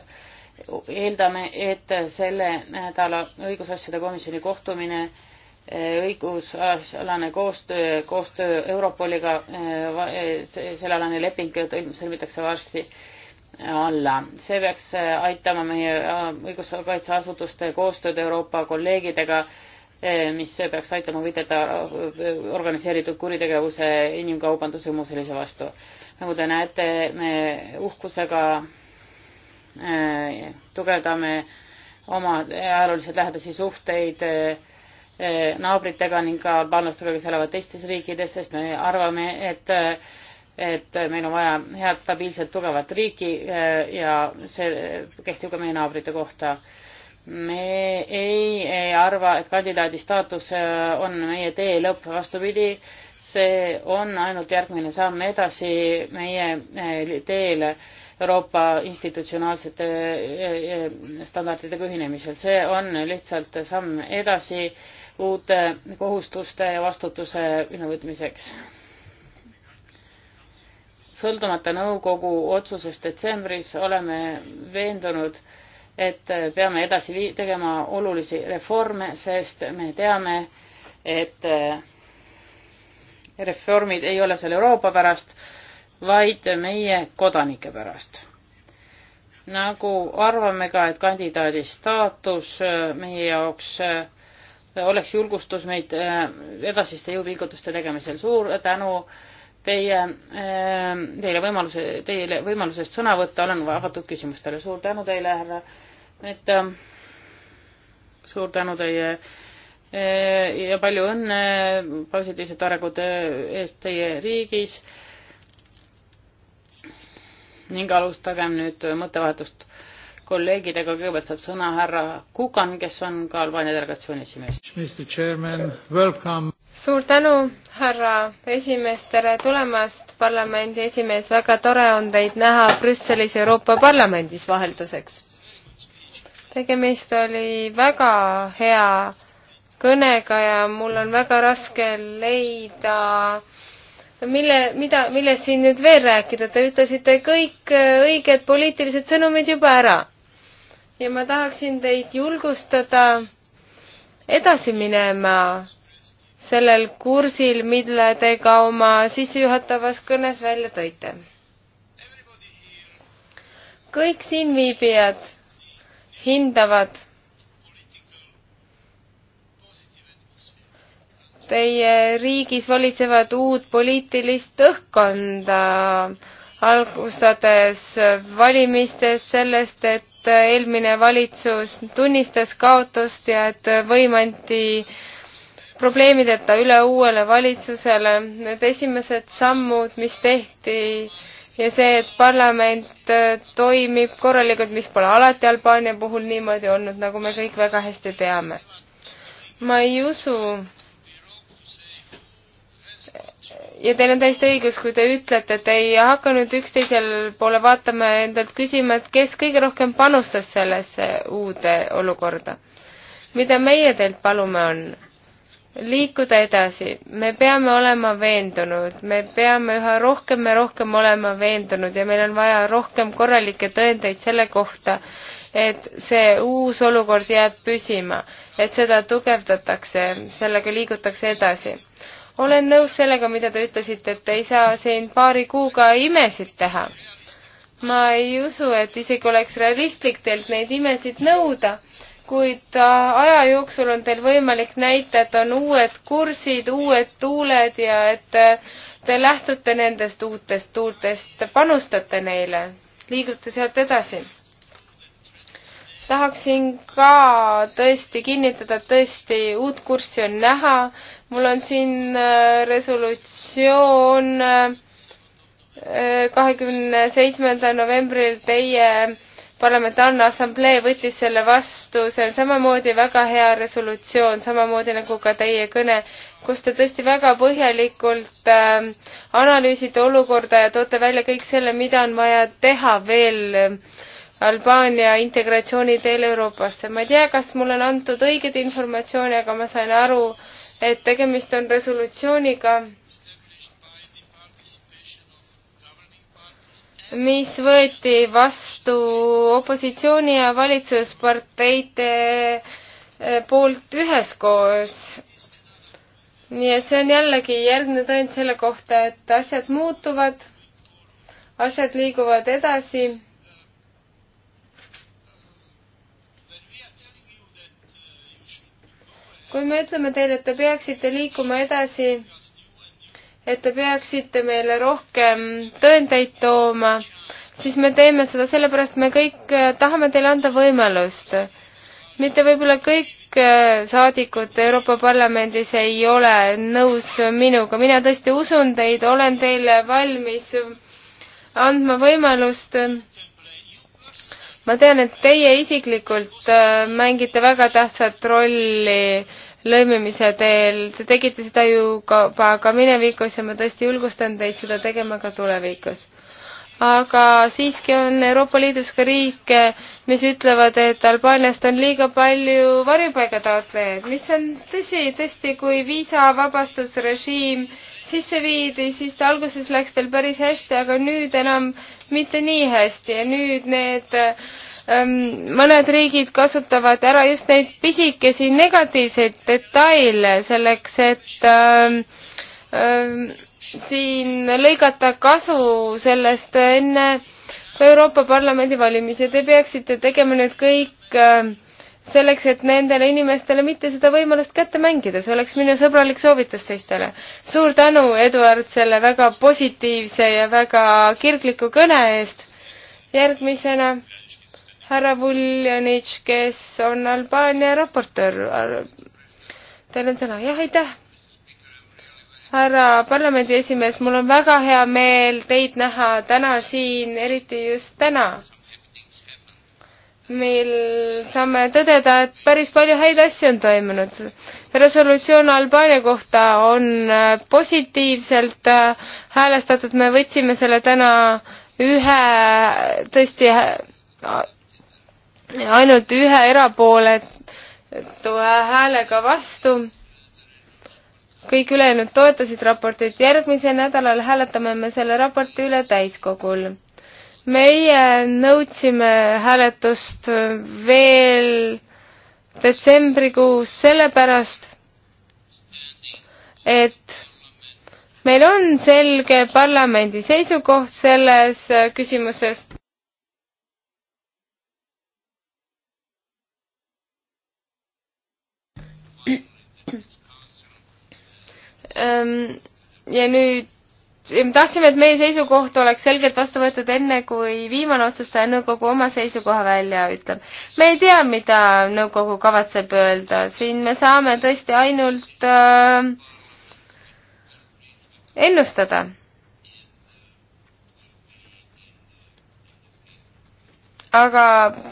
eeldame, et selle nädala õigusasjade komisjoni kohtumine eh, õigusalane koostöö, koostöö Europoliga, eh, eh, sellealane leping sõlmitakse varsti alla. see peaks aitama meie õiguskaitseasutuste koostööd Euroopa kolleegidega, mis peaks aitama võidelda organiseeritud kuritegevuse, inimkaubanduse ja muu sellise vastu. nagu te näete, me uhkusega tugevdame oma ajalooliselt lähedasi suhteid eh, naabritega ning ka albaanlastega, kes elavad teistes riikides, sest me arvame, et et meil on vaja head stabiilset tugevat riiki eh, ja see kehtib ka meie naabrite kohta. me ei, ei arva, et kandidaadi staatus eh, on meie tee lõpp, vastupidi, see on ainult järgmine samm edasi meie teel Euroopa institutsionaalsete e, e, standarditega ühinemisel. see on lihtsalt samm edasi uute kohustuste ja vastutuse ülevõtmiseks. sõltumata nõukogu otsusest detsembris oleme veendunud, et peame edasi tegema olulisi reforme, sest me teame, et reformid ei ole seal Euroopa pärast, vaid meie kodanike pärast. nagu arvame ka, et kandidaadi staatus äh, meie jaoks äh, oleks julgustus meid äh, edasiste jõupingutuste tegemisel. suur tänu teie, teile võimaluse, teile võimalusest sõna võtta, olen avatud küsimustele. suur tänu teile, härra Mett. suur tänu teie ja palju õnne positiivsete arengute eest teie riigis ning alustagem nüüd mõttevahetust kolleegidega, kõigepealt saab sõna härra Kukan, kes on ka Albaania delegatsiooni esimees. suur tänu, härra esimees, tere tulemast, parlamendi esimees, väga tore on teid näha Brüsselis Euroopa Parlamendis vahelduseks. tegemist oli väga hea kõnega ja mul on väga raske leida äh, mille, mida, millest siin nüüd veel rääkida, te ütlesite kõik äh, õiged poliitilised sõnumid juba ära. ja ma tahaksin teid julgustada edasi minema sellel kursil, mille te ka oma sissejuhatavas kõnes välja tõite. kõik siinviibijad hindavad Teie riigis valitsevad uut poliitilist õhkkonda, alustades valimistest, sellest, et eelmine valitsus tunnistas kaotust ja et võim anti probleemideta üle uuele valitsusele. Need esimesed sammud, mis tehti ja see, et parlament toimib korralikult, mis pole alati Albaania puhul niimoodi olnud, nagu me kõik väga hästi teame. ma ei usu, ja teil on täiesti õigus, kui te ütlete, et ei hakka nüüd üksteisel poole vaatama ja endalt küsima, et kes kõige rohkem panustas sellesse uude olukorda. mida meie teilt palume, on liikuda edasi, me peame olema veendunud, me peame üha rohkem ja rohkem olema veendunud ja meil on vaja rohkem korralikke tõendeid selle kohta, et see uus olukord jääb püsima, et seda tugevdatakse, sellega liigutakse edasi olen nõus sellega, mida te ütlesite, et ei saa siin paari kuuga imesid teha. ma ei usu, et isegi oleks realistlik teilt neid imesid nõuda, kuid äh, aja jooksul on teil võimalik näita, et on uued kursid, uued tuuled ja et äh, te lähtute nendest uutest tuultest, panustate neile, liigute sealt edasi tahaksin ka tõesti kinnitada, et tõesti uut kurssi on näha, mul on siin äh, resolutsioon äh, kahekümne seitsmendal novembril teie parlamentaarne assamblee võttis selle vastu, see on samamoodi väga hea resolutsioon, samamoodi nagu ka teie kõne, kus te tõesti väga põhjalikult äh, analüüsite olukorda ja toote välja kõik selle, mida on vaja teha veel äh, Albaania integratsiooni teel Euroopasse. ma ei tea, kas mulle on antud õiget informatsiooni, aga ma sain aru, et tegemist on resolutsiooniga, mis võeti vastu opositsiooni ja valitsusparteide eh, poolt üheskoos. nii et see on jällegi järgmine tõend selle kohta, et asjad muutuvad, asjad liiguvad edasi kui me ütleme teile, et te peaksite liikuma edasi, et te peaksite meile rohkem tõendeid tooma, siis me teeme seda sellepärast, me kõik äh, tahame teile anda võimalust. mitte võib-olla kõik äh, saadikud Euroopa Parlamendis ei ole nõus minuga, mina tõesti usun teid, olen teile valmis andma võimalust ma tean, et teie isiklikult äh, mängite väga tähtsat rolli lõimimise teel, te tegite seda ju ka, ka minevikus ja ma tõesti julgustan teid seda tegema ka tulevikus aga siiski on Euroopa Liidus ka riike, mis ütlevad, et Albaaniast on liiga palju varjupaigataotlejaid, mis on tõsi, tõesti, kui viisavabastusrežiim äh, sisse viidi, siis ta alguses läks teil päris hästi, aga nüüd enam mitte nii hästi ja nüüd need ähm, mõned riigid kasutavad ära just neid pisikesi negatiivseid detaile selleks, et ähm, ähm, siin lõigata kasu sellest enne Euroopa Parlamendi valimisi. Te peaksite tegema nüüd kõik ähm, selleks, et nendele inimestele mitte seda võimalust kätte mängida, see oleks minu sõbralik soovitus teistele. suur tänu, Eduard, selle väga positiivse ja väga kirgliku kõne eest. järgmisena härra Vuljanitš, kes on Albaania raportöör. Teil on sõna, jah, aitäh härra parlamendi esimees, mul on väga hea meel teid näha täna siin, eriti just täna mil saame tõdeda, et päris palju häid asju on toimunud. resolutsioon Albaania kohta on äh, positiivselt äh, häälestatud, me võtsime selle täna ühe tõesti äh, ainult ühe erapooletu häälega vastu. kõik ülejäänud toetasid raportit. järgmisel nädalal hääletame me selle raporti üle täiskogul meie nõudsime hääletust veel detsembrikuus sellepärast, et meil on selge parlamendi seisukoht selles küsimuses. Ehm, ja nüüd tahtsime, et meie seisukoht oleks selgelt vastu võetud enne, kui viimane otsustaja nõukogu oma seisukoha välja ütleb. me ei tea, mida nõukogu kavatseb öelda, siin me saame tõesti ainult äh, ennustada. aga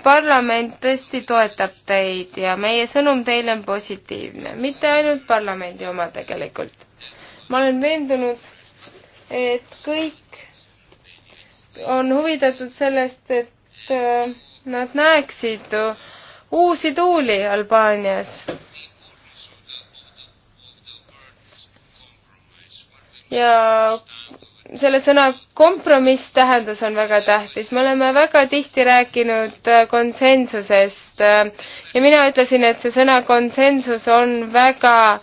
parlament tõesti toetab teid ja meie sõnum teile on positiivne, mitte ainult parlamendi oma tegelikult. ma olen veendunud et kõik on huvitatud sellest, et äh, nad näeksid uusi tuuli Albaanias. ja selle sõna kompromiss tähendus on väga tähtis. me oleme väga tihti rääkinud äh, konsensusest äh, ja mina ütlesin, et see sõna konsensus on väga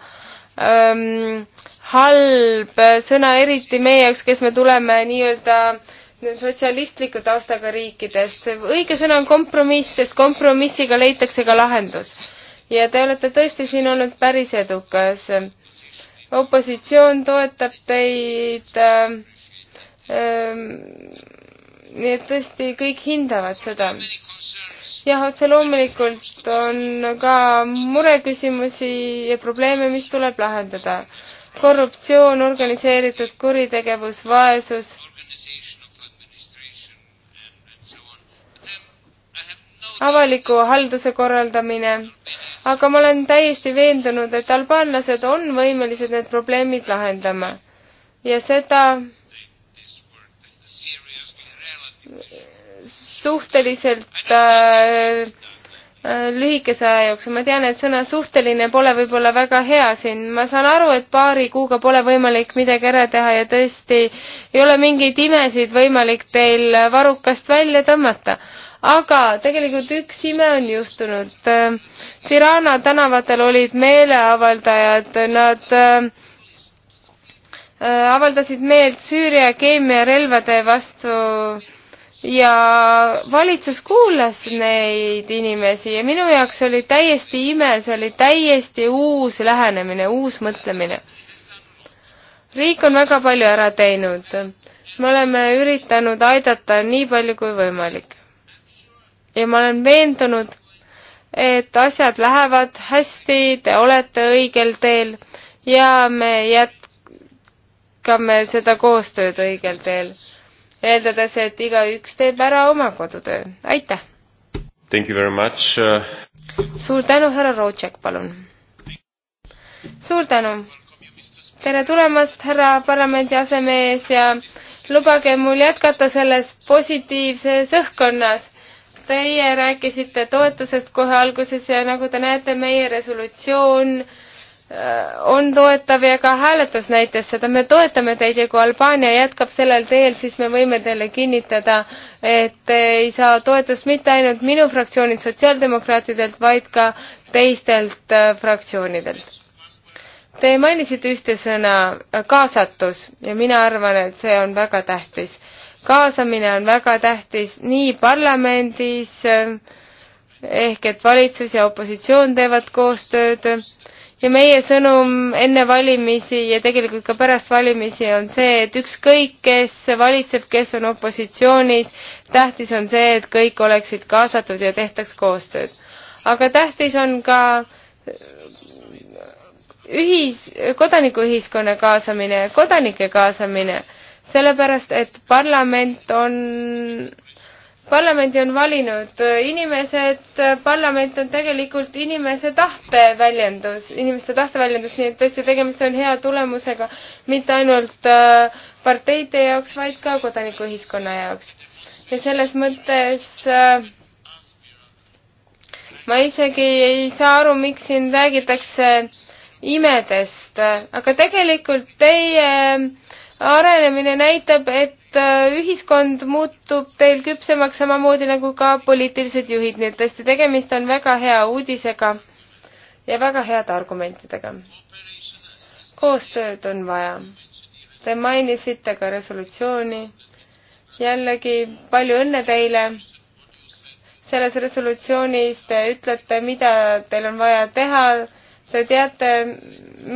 ähm, halb sõna, eriti meie jaoks, kes me tuleme nii-öelda sotsialistliku taustaga riikidest. õige sõna on kompromiss, sest kompromissiga leitakse ka lahendus. ja te olete tõesti siin olnud päris edukas. opositsioon toetab teid äh,. Äh, nii et tõesti kõik hindavad seda. jah, otse loomulikult on ka mureküsimusi ja probleeme, mis tuleb lahendada korruptsioon, organiseeritud kuritegevus, vaesus. avaliku halduse korraldamine, aga ma olen täiesti veendunud, et albaanlased on võimelised need probleemid lahendama ja seda suhteliselt äh, Äh, lühikese aja jooksul, ma tean, et sõna suhteline pole võib-olla väga hea siin, ma saan aru, et paari kuuga pole võimalik midagi ära teha ja tõesti ei ole mingeid imesid võimalik teil varrukast välja tõmmata. aga tegelikult üks ime on juhtunud. Äh, Tirana tänavatel olid meeleavaldajad, nad äh, avaldasid meelt Süüria keemiarelvade vastu ja valitsus kuulas neid inimesi ja minu jaoks oli täiesti ime, see oli täiesti uus lähenemine, uus mõtlemine. riik on väga palju ära teinud. me oleme üritanud aidata nii palju kui võimalik. ja ma olen veendunud, et asjad lähevad hästi, te olete õigel teel ja me jätkame seda koostööd õigel teel eeldades, et igaüks teeb ära oma kodutöö. aitäh! Thank you very much uh...! suur tänu, härra Rootšek, palun! suur tänu! tere tulemast, härra parlamendi asemees ja lubage mul jätkata selles positiivses õhkkonnas. Teie rääkisite toetusest kohe alguses ja nagu te näete, meie resolutsioon äh, Äh, on toetav ja ka hääletus näitas seda, me toetame teid ja kui Albaania jätkab sellel teel, siis me võime teile kinnitada, et ei saa toetust mitte ainult minu fraktsioonilt, sotsiaaldemokraatidelt, vaid ka teistelt äh, fraktsioonidelt. Te mainisite ühte sõna, äh, kaasatus, ja mina arvan, et see on väga tähtis. kaasamine on väga tähtis nii parlamendis, ehk et valitsus ja opositsioon teevad koostööd, ja meie sõnum enne valimisi ja tegelikult ka pärast valimisi on see, et ükskõik, kes valitseb, kes on opositsioonis, tähtis on see, et kõik oleksid kaasatud ja tehtaks koostööd. aga tähtis on ka ühis, kodanikuühiskonna kaasamine, kodanike kaasamine, sellepärast et parlament on parlamendi on valinud äh, inimesed, äh, parlament on tegelikult inimese tahte väljendus, inimeste tahte väljendus, nii et tõesti tegemist on hea tulemusega mitte ainult äh, parteide jaoks, vaid ka kodanikuühiskonna jaoks. ja selles mõttes ma isegi ei saa aru, miks siin räägitakse imedest, aga tegelikult teie arenemine näitab, et Äh, ühiskond muutub teil küpsemaks samamoodi nagu ka poliitilised juhid, nii et tõesti tegemist on väga hea uudisega ja väga heade argumentidega. koostööd on vaja. Te mainisite ka resolutsiooni. jällegi palju õnne teile. selles resolutsioonis te ütlete, mida teil on vaja teha. Te teate,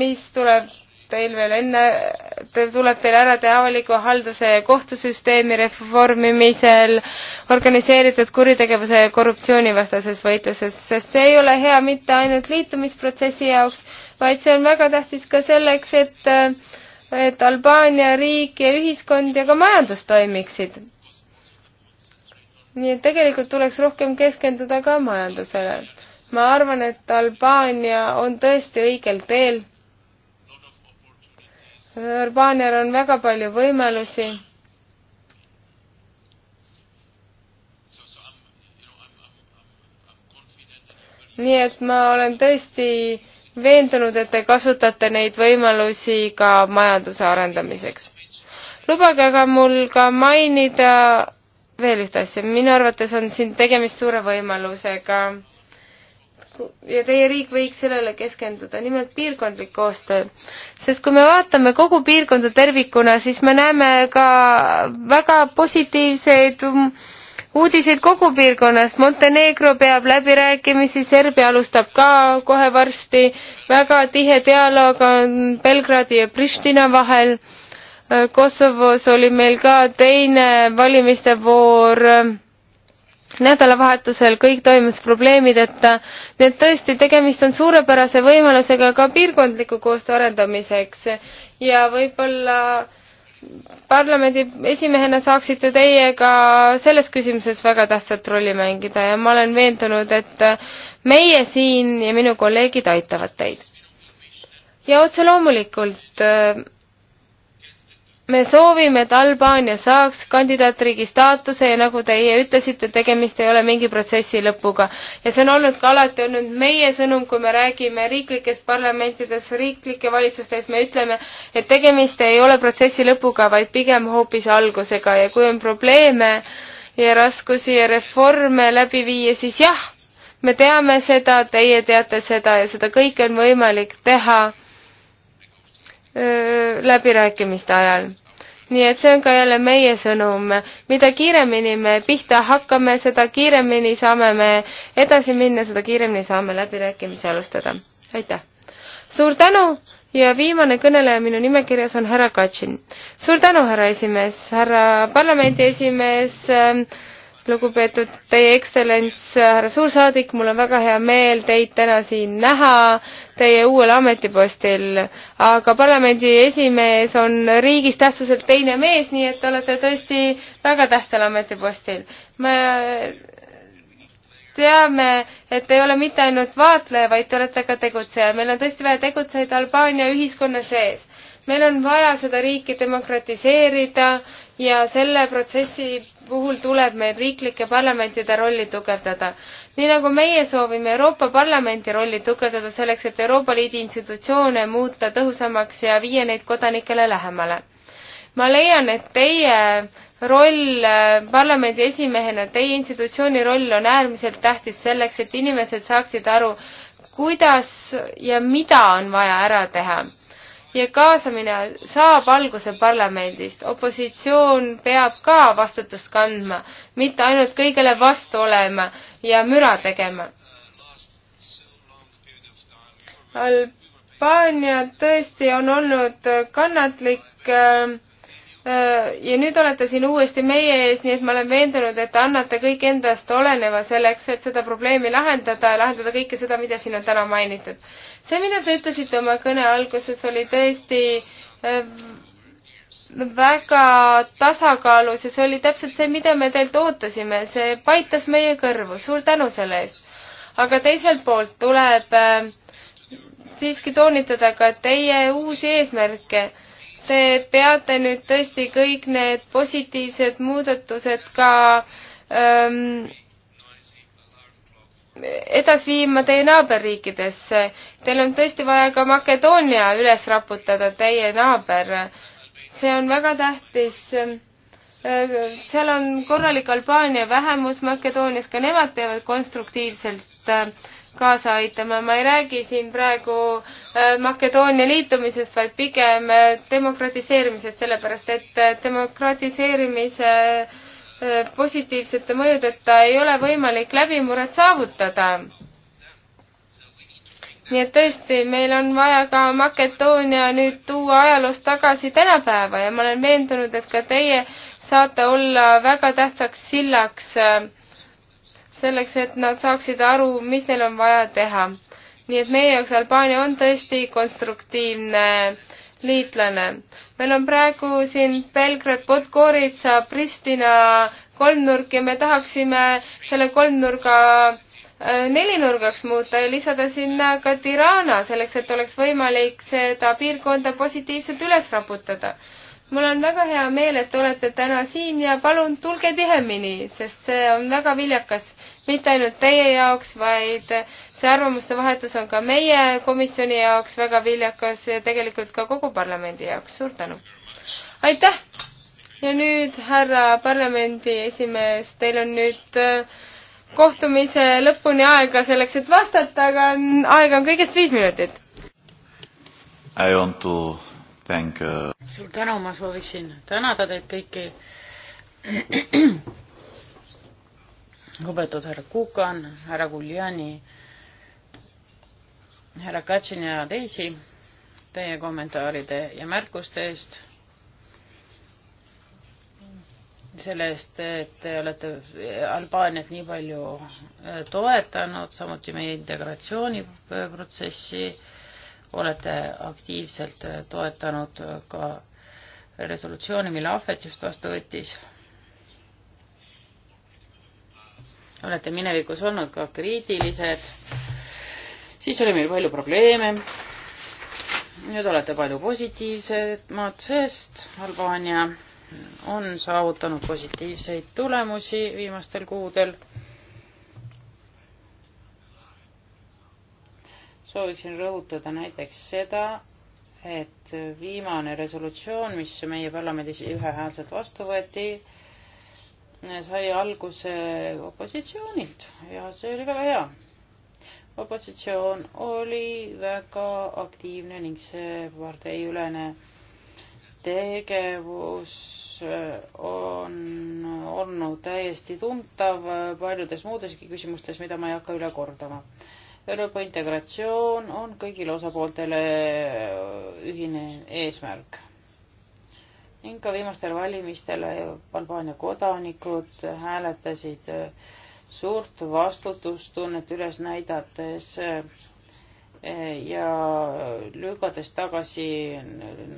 mis tuleb teil veel enne, tuleb teil ära teha avaliku halduse ja kohtusüsteemi reformimisel, organiseeritud kuritegevuse ja korruptsioonivastases võitluses, sest see ei ole hea mitte ainult liitumisprotsessi jaoks, vaid see on väga tähtis ka selleks, et et Albaania riik ja ühiskond ja ka majandus toimiksid. nii et tegelikult tuleks rohkem keskenduda ka majandusele. ma arvan, et Albaania on tõesti õigel teel Urbaanial on väga palju võimalusi. nii et ma olen tõesti veendunud, et te kasutate neid võimalusi ka majanduse arendamiseks. lubage aga mul ka mainida veel ühte asja, minu arvates on siin tegemist suure võimalusega ja teie riik võiks sellele keskenduda, nimelt piirkondlik koostöö. sest kui me vaatame kogu piirkonda tervikuna, siis me näeme ka väga positiivseid uudiseid kogu piirkonnast. Montenegro peab läbirääkimisi, Serbia alustab ka kohe varsti. väga tihe dialoog on Belgradi ja Pristina vahel. Äh, Kosovos oli meil ka teine valimiste voor nädalavahetusel kõik toimus probleemideta, nii et tõesti, tegemist on suurepärase võimalusega ka piirkondliku koostöö arendamiseks ja võib-olla parlamendi esimehena saaksite teie ka selles küsimuses väga tähtsat rolli mängida ja ma olen veendunud, et meie siin ja minu kolleegid aitavad teid. ja otse loomulikult me soovime, et Albaania saaks kandidaatriigi staatuse ja nagu teie ütlesite, tegemist ei ole mingi protsessi lõpuga. ja see on olnud ka alati olnud meie sõnum, kui me räägime riiklikes parlamentides, riiklike valitsustes, me ütleme, et tegemist ei ole protsessi lõpuga, vaid pigem hoopis algusega ja kui on probleeme ja raskusi ja reforme läbi viia, siis jah, me teame seda, teie teate seda ja seda kõike on võimalik teha läbirääkimiste ajal. nii et see on ka jälle meie sõnum, mida kiiremini me pihta hakkame, seda kiiremini saame me edasi minna, seda kiiremini saame läbirääkimisi alustada. aitäh! suur tänu ja viimane kõneleja minu nimekirjas on härra Katšin. suur tänu, härra esimees, härra parlamendi esimees äh,, lugupeetud Teie Ekstsellents, äh, härra suursaadik, mul on väga hea meel teid täna siin näha, teie uuel ametipostil, aga parlamendi esimees on riigis tähtsuselt teine mees, nii et te olete tõesti väga tähtsal ametipostil. me teame, et te ei ole mitte ainult vaatleja, vaid te olete ka tegutseja. meil on tõesti vaja tegutsejaid Albaania ühiskonna sees. meil on vaja seda riiki demokratiseerida ja selle protsessi puhul tuleb meil riiklike parlamentide rolli tugevdada nii nagu meie soovime Euroopa Parlamendi rolli tugevdada selleks, et Euroopa Liidu institutsioone muuta tõhusamaks ja viia neid kodanikele lähemale. ma leian, et teie roll äh, parlamendi esimehena, teie institutsiooni roll on äärmiselt tähtis selleks, et inimesed saaksid aru, kuidas ja mida on vaja ära teha ja kaasamine saab alguse parlamendist. opositsioon peab ka vastutust kandma, mitte ainult kõigele vastu olema ja müra tegema. Albaania tõesti on olnud kannatlik äh, äh, ja nüüd olete siin uuesti meie ees, nii et ma olen veendunud, et annate kõik endast oleneva selleks, et seda probleemi lahendada ja lahendada kõike seda, mida siin on täna mainitud see, mida te ütlesite oma kõne alguses, oli tõesti äh, väga tasakaalus ja see oli täpselt see, mida me teilt ootasime, see paitas meie kõrvu, suur tänu selle eest. aga teiselt poolt tuleb äh, siiski toonitada ka teie uusi eesmärke. Te peate nüüd tõesti kõik need positiivsed muudatused ka ähm, edasi viima teie naaberriikidesse. Teil on tõesti vaja ka Makedoonia üles raputada, teie naaber. see on väga tähtis. seal on korralik Albaania vähemus Makedoonias, ka nemad peavad konstruktiivselt äh, kaasa aitama. ma ei räägi siin praegu äh, Makedoonia liitumisest, vaid pigem äh, demokratiseerimisest, sellepärast et demokratiseerimise äh, Äh, positiivsete mõjudeta ei ole võimalik läbimurret saavutada. nii et tõesti, meil on vaja ka Makedoonia nüüd tuua ajaloost tagasi tänapäeva ja ma olen veendunud, et ka teie saate olla väga tähtsaks sillaks äh, selleks, et nad saaksid aru, mis neil on vaja teha. nii et meie jaoks Albaania on tõesti konstruktiivne äh, liitlane. meil on praegu siin Belgrad, Podgorica, Pristina kolmnurk ja me tahaksime selle kolmnurga äh, nelinurgaks muuta ja lisada sinna ka Tirana, selleks et oleks võimalik seda piirkonda positiivselt üles raputada. mul on väga hea meel, et te olete täna siin ja palun tulge tihemini, sest see on väga viljakas, mitte ainult teie jaoks, vaid see arvamuste vahetus on ka meie komisjoni jaoks väga viljakas ja tegelikult ka kogu parlamendi jaoks. suur tänu! aitäh! ja nüüd, härra parlamendi esimees, teil on nüüd äh, kohtumise lõpuni aega selleks, et vastata, aga aega on kõigest viis minutit. I want to thank uh... suur tänu, ma sooviksin tänada teid kõiki lugupeetud härra Kukan, härra Guljani härra Katsin ja teisi teie kommentaaride ja märkuste eest. selle eest, et te olete Albaaniat nii palju äh, toetanud, samuti meie integratsiooniprotsessi olete aktiivselt äh, toetanud äh, ka resolutsiooni, mille Ahvet just vastu võttis. olete minevikus olnud ka kriitilised siis oli meil palju probleeme. nüüd olete palju positiivsemad, sest Albaania on saavutanud positiivseid tulemusi viimastel kuudel. sooviksin rõhutada näiteks seda, et viimane resolutsioon, mis meie parlamendis ühehäälselt vastu võeti, sai alguse opositsioonilt ja see oli väga hea opositsioon oli väga aktiivne ning see parteiülene tegevus äh, on olnud täiesti tuntav paljudes muudeski küsimustes, mida ma ei hakka üle kordama. Euroopa integratsioon on kõigile osapooltele ühine eesmärk. ning ka viimastel valimistel Albaania kodanikud hääletasid äh, suurt vastutustunnet üles näidates eh, ja lükates tagasi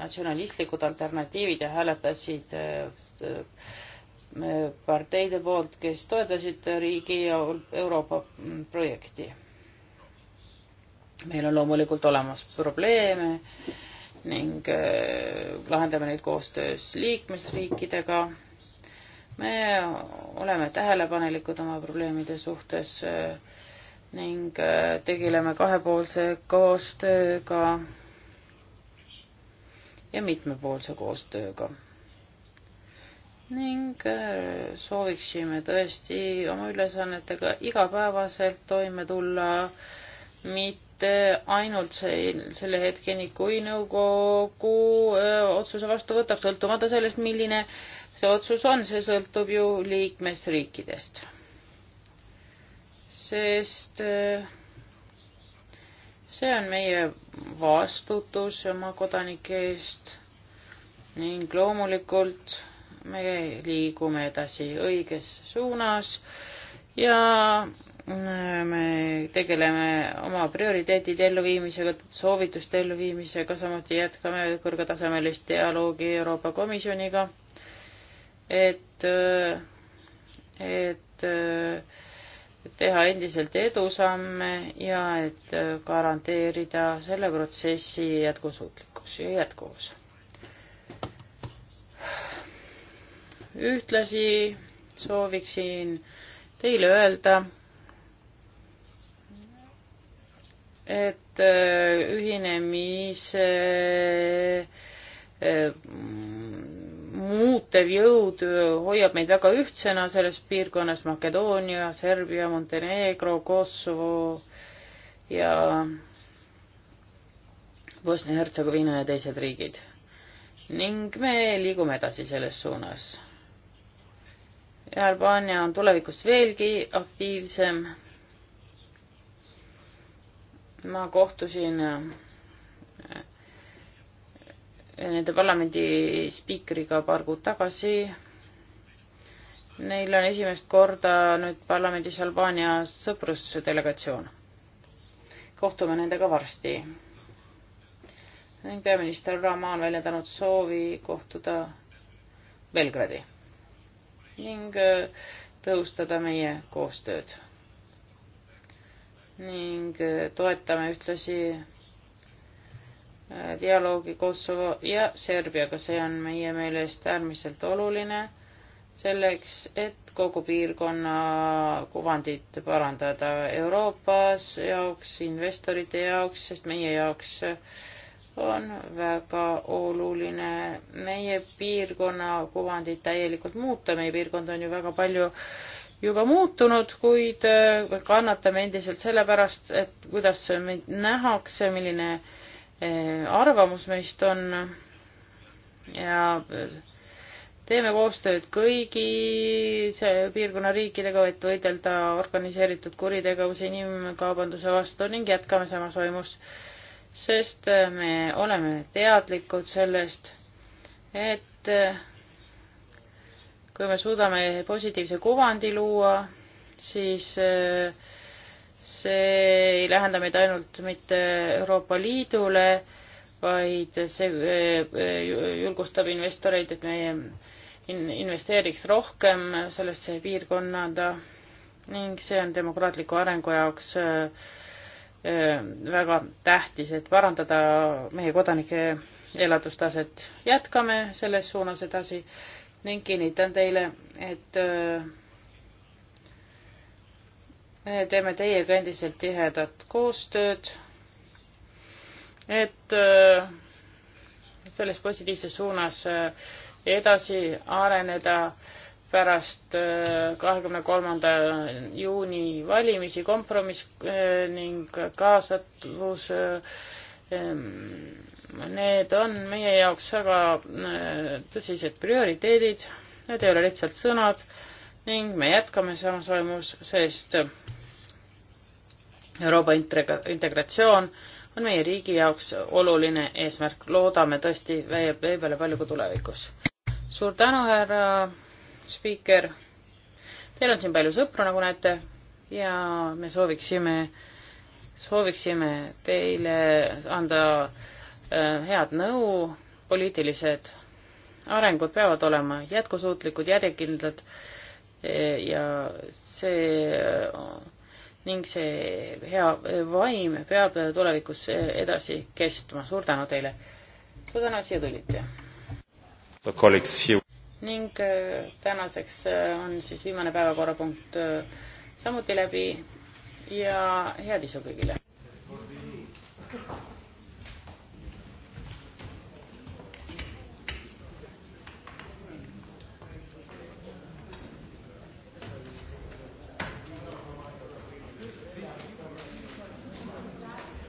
natsionalistlikud alternatiivid ja hääletasid eh, parteide poolt, kes toetasid riigi ja Euroopa projekti. meil on loomulikult olemas probleeme ning eh, lahendame neid koostöös liikmesriikidega me oleme tähelepanelikud oma probleemide suhtes äh, ning äh, tegeleme kahepoolse koostööga ja mitmepoolse koostööga. ning äh, sooviksime tõesti oma ülesannetega igapäevaselt toime tulla, mitte ainult see, selle hetkeni, kui nõukogu öö, otsuse vastu võtab, sõltumata sellest, milline öö, see otsus on, see sõltub ju liikmesriikidest. sest äh, see on meie vastutus oma kodanike eest ning loomulikult me liigume edasi õiges suunas ja äh, me tegeleme oma prioriteetide elluviimisega, soovituste elluviimisega, samuti jätkame kõrgetasemelist dialoogi Euroopa Komisjoniga et, et teha endiselt edusamme ja et garanteerida selle protsessi jätkusuutlikkus ja jätkuvus. ühtlasi sooviksin teile öelda, et äh, ühinemise äh, muutev jõud hoiab meid väga ühtsena selles piirkonnas Makedoonia, Serbia, Montenegro, Kosovo ja Bosnia-Hertsegoviina ja teised riigid. ning me liigume edasi selles suunas. Albaania on tulevikus veelgi aktiivsem. ma kohtusin nende parlamendi spiikriga paar kuud tagasi. Neil on esimest korda nüüd parlamendis Albaania sõprusdelegatsioon. kohtume nendega varsti. ning peaminister Rama on väljendanud soovi kohtuda Belgradi ning äh, tõhustada meie koostööd. ning äh, toetame ühtlasi Äh, dialoogi Kosovo ja Serbiaga, see on meie meelest äärmiselt oluline selleks, et kogu piirkonna kuvandit parandada Euroopas jaoks, investorite jaoks, sest meie jaoks on väga oluline meie piirkonna kuvandit täielikult muuta, meie piirkond on ju väga palju juba muutunud, kuid äh, kannatame endiselt selle pärast, et kuidas nähakse, milline äh, Eh, arvamus meist on ja eh, teeme koostööd kõigi piirkonna riikidega, et võidelda organiseeritud kuritegevuse inimkaubanduse vastu ning jätkame samas vaimus, sest eh, me oleme teadlikud sellest, et kui me suudame positiivse kuvandi luua, siis äh, see ei lähenda meid ainult mitte Euroopa Liidule, vaid see eh, eh, julgustab investoreid, et meie investeeriks rohkem sellesse piirkonda ning see on demokraatliku arengu jaoks eh, väga tähtis, et parandada meie kodanike elatustaset. jätkame selles suunas edasi ning kinnitan teile, et me teeme teiega endiselt tihedat koostööd, et äh, selles positiivses suunas äh, edasi areneda pärast äh, kahekümne kolmanda juuni valimisi kompromiss ning kaasatus. Ähm, need on meie jaoks väga tõsised prioriteedid, need ei ole lihtsalt sõnad ning me jätkame samas vaimus, sest Euroopa integratsioon on meie riigi jaoks oluline eesmärk. loodame tõesti vee peale palju ka tulevikus. suur tänu, härra spiiker. Teil on siin palju sõpru, nagu näete ja me sooviksime, sooviksime teile anda äh, head nõu. poliitilised arengud peavad olema jätkusuutlikud, järjekindlad ja see ning see hea vaim peab tulevikus edasi kestma. suur tänu teile. suur tänu, et siia tulite. ning äh, tänaseks äh, on siis viimane päevakorrapunkt äh, samuti läbi ja head isu kõigile.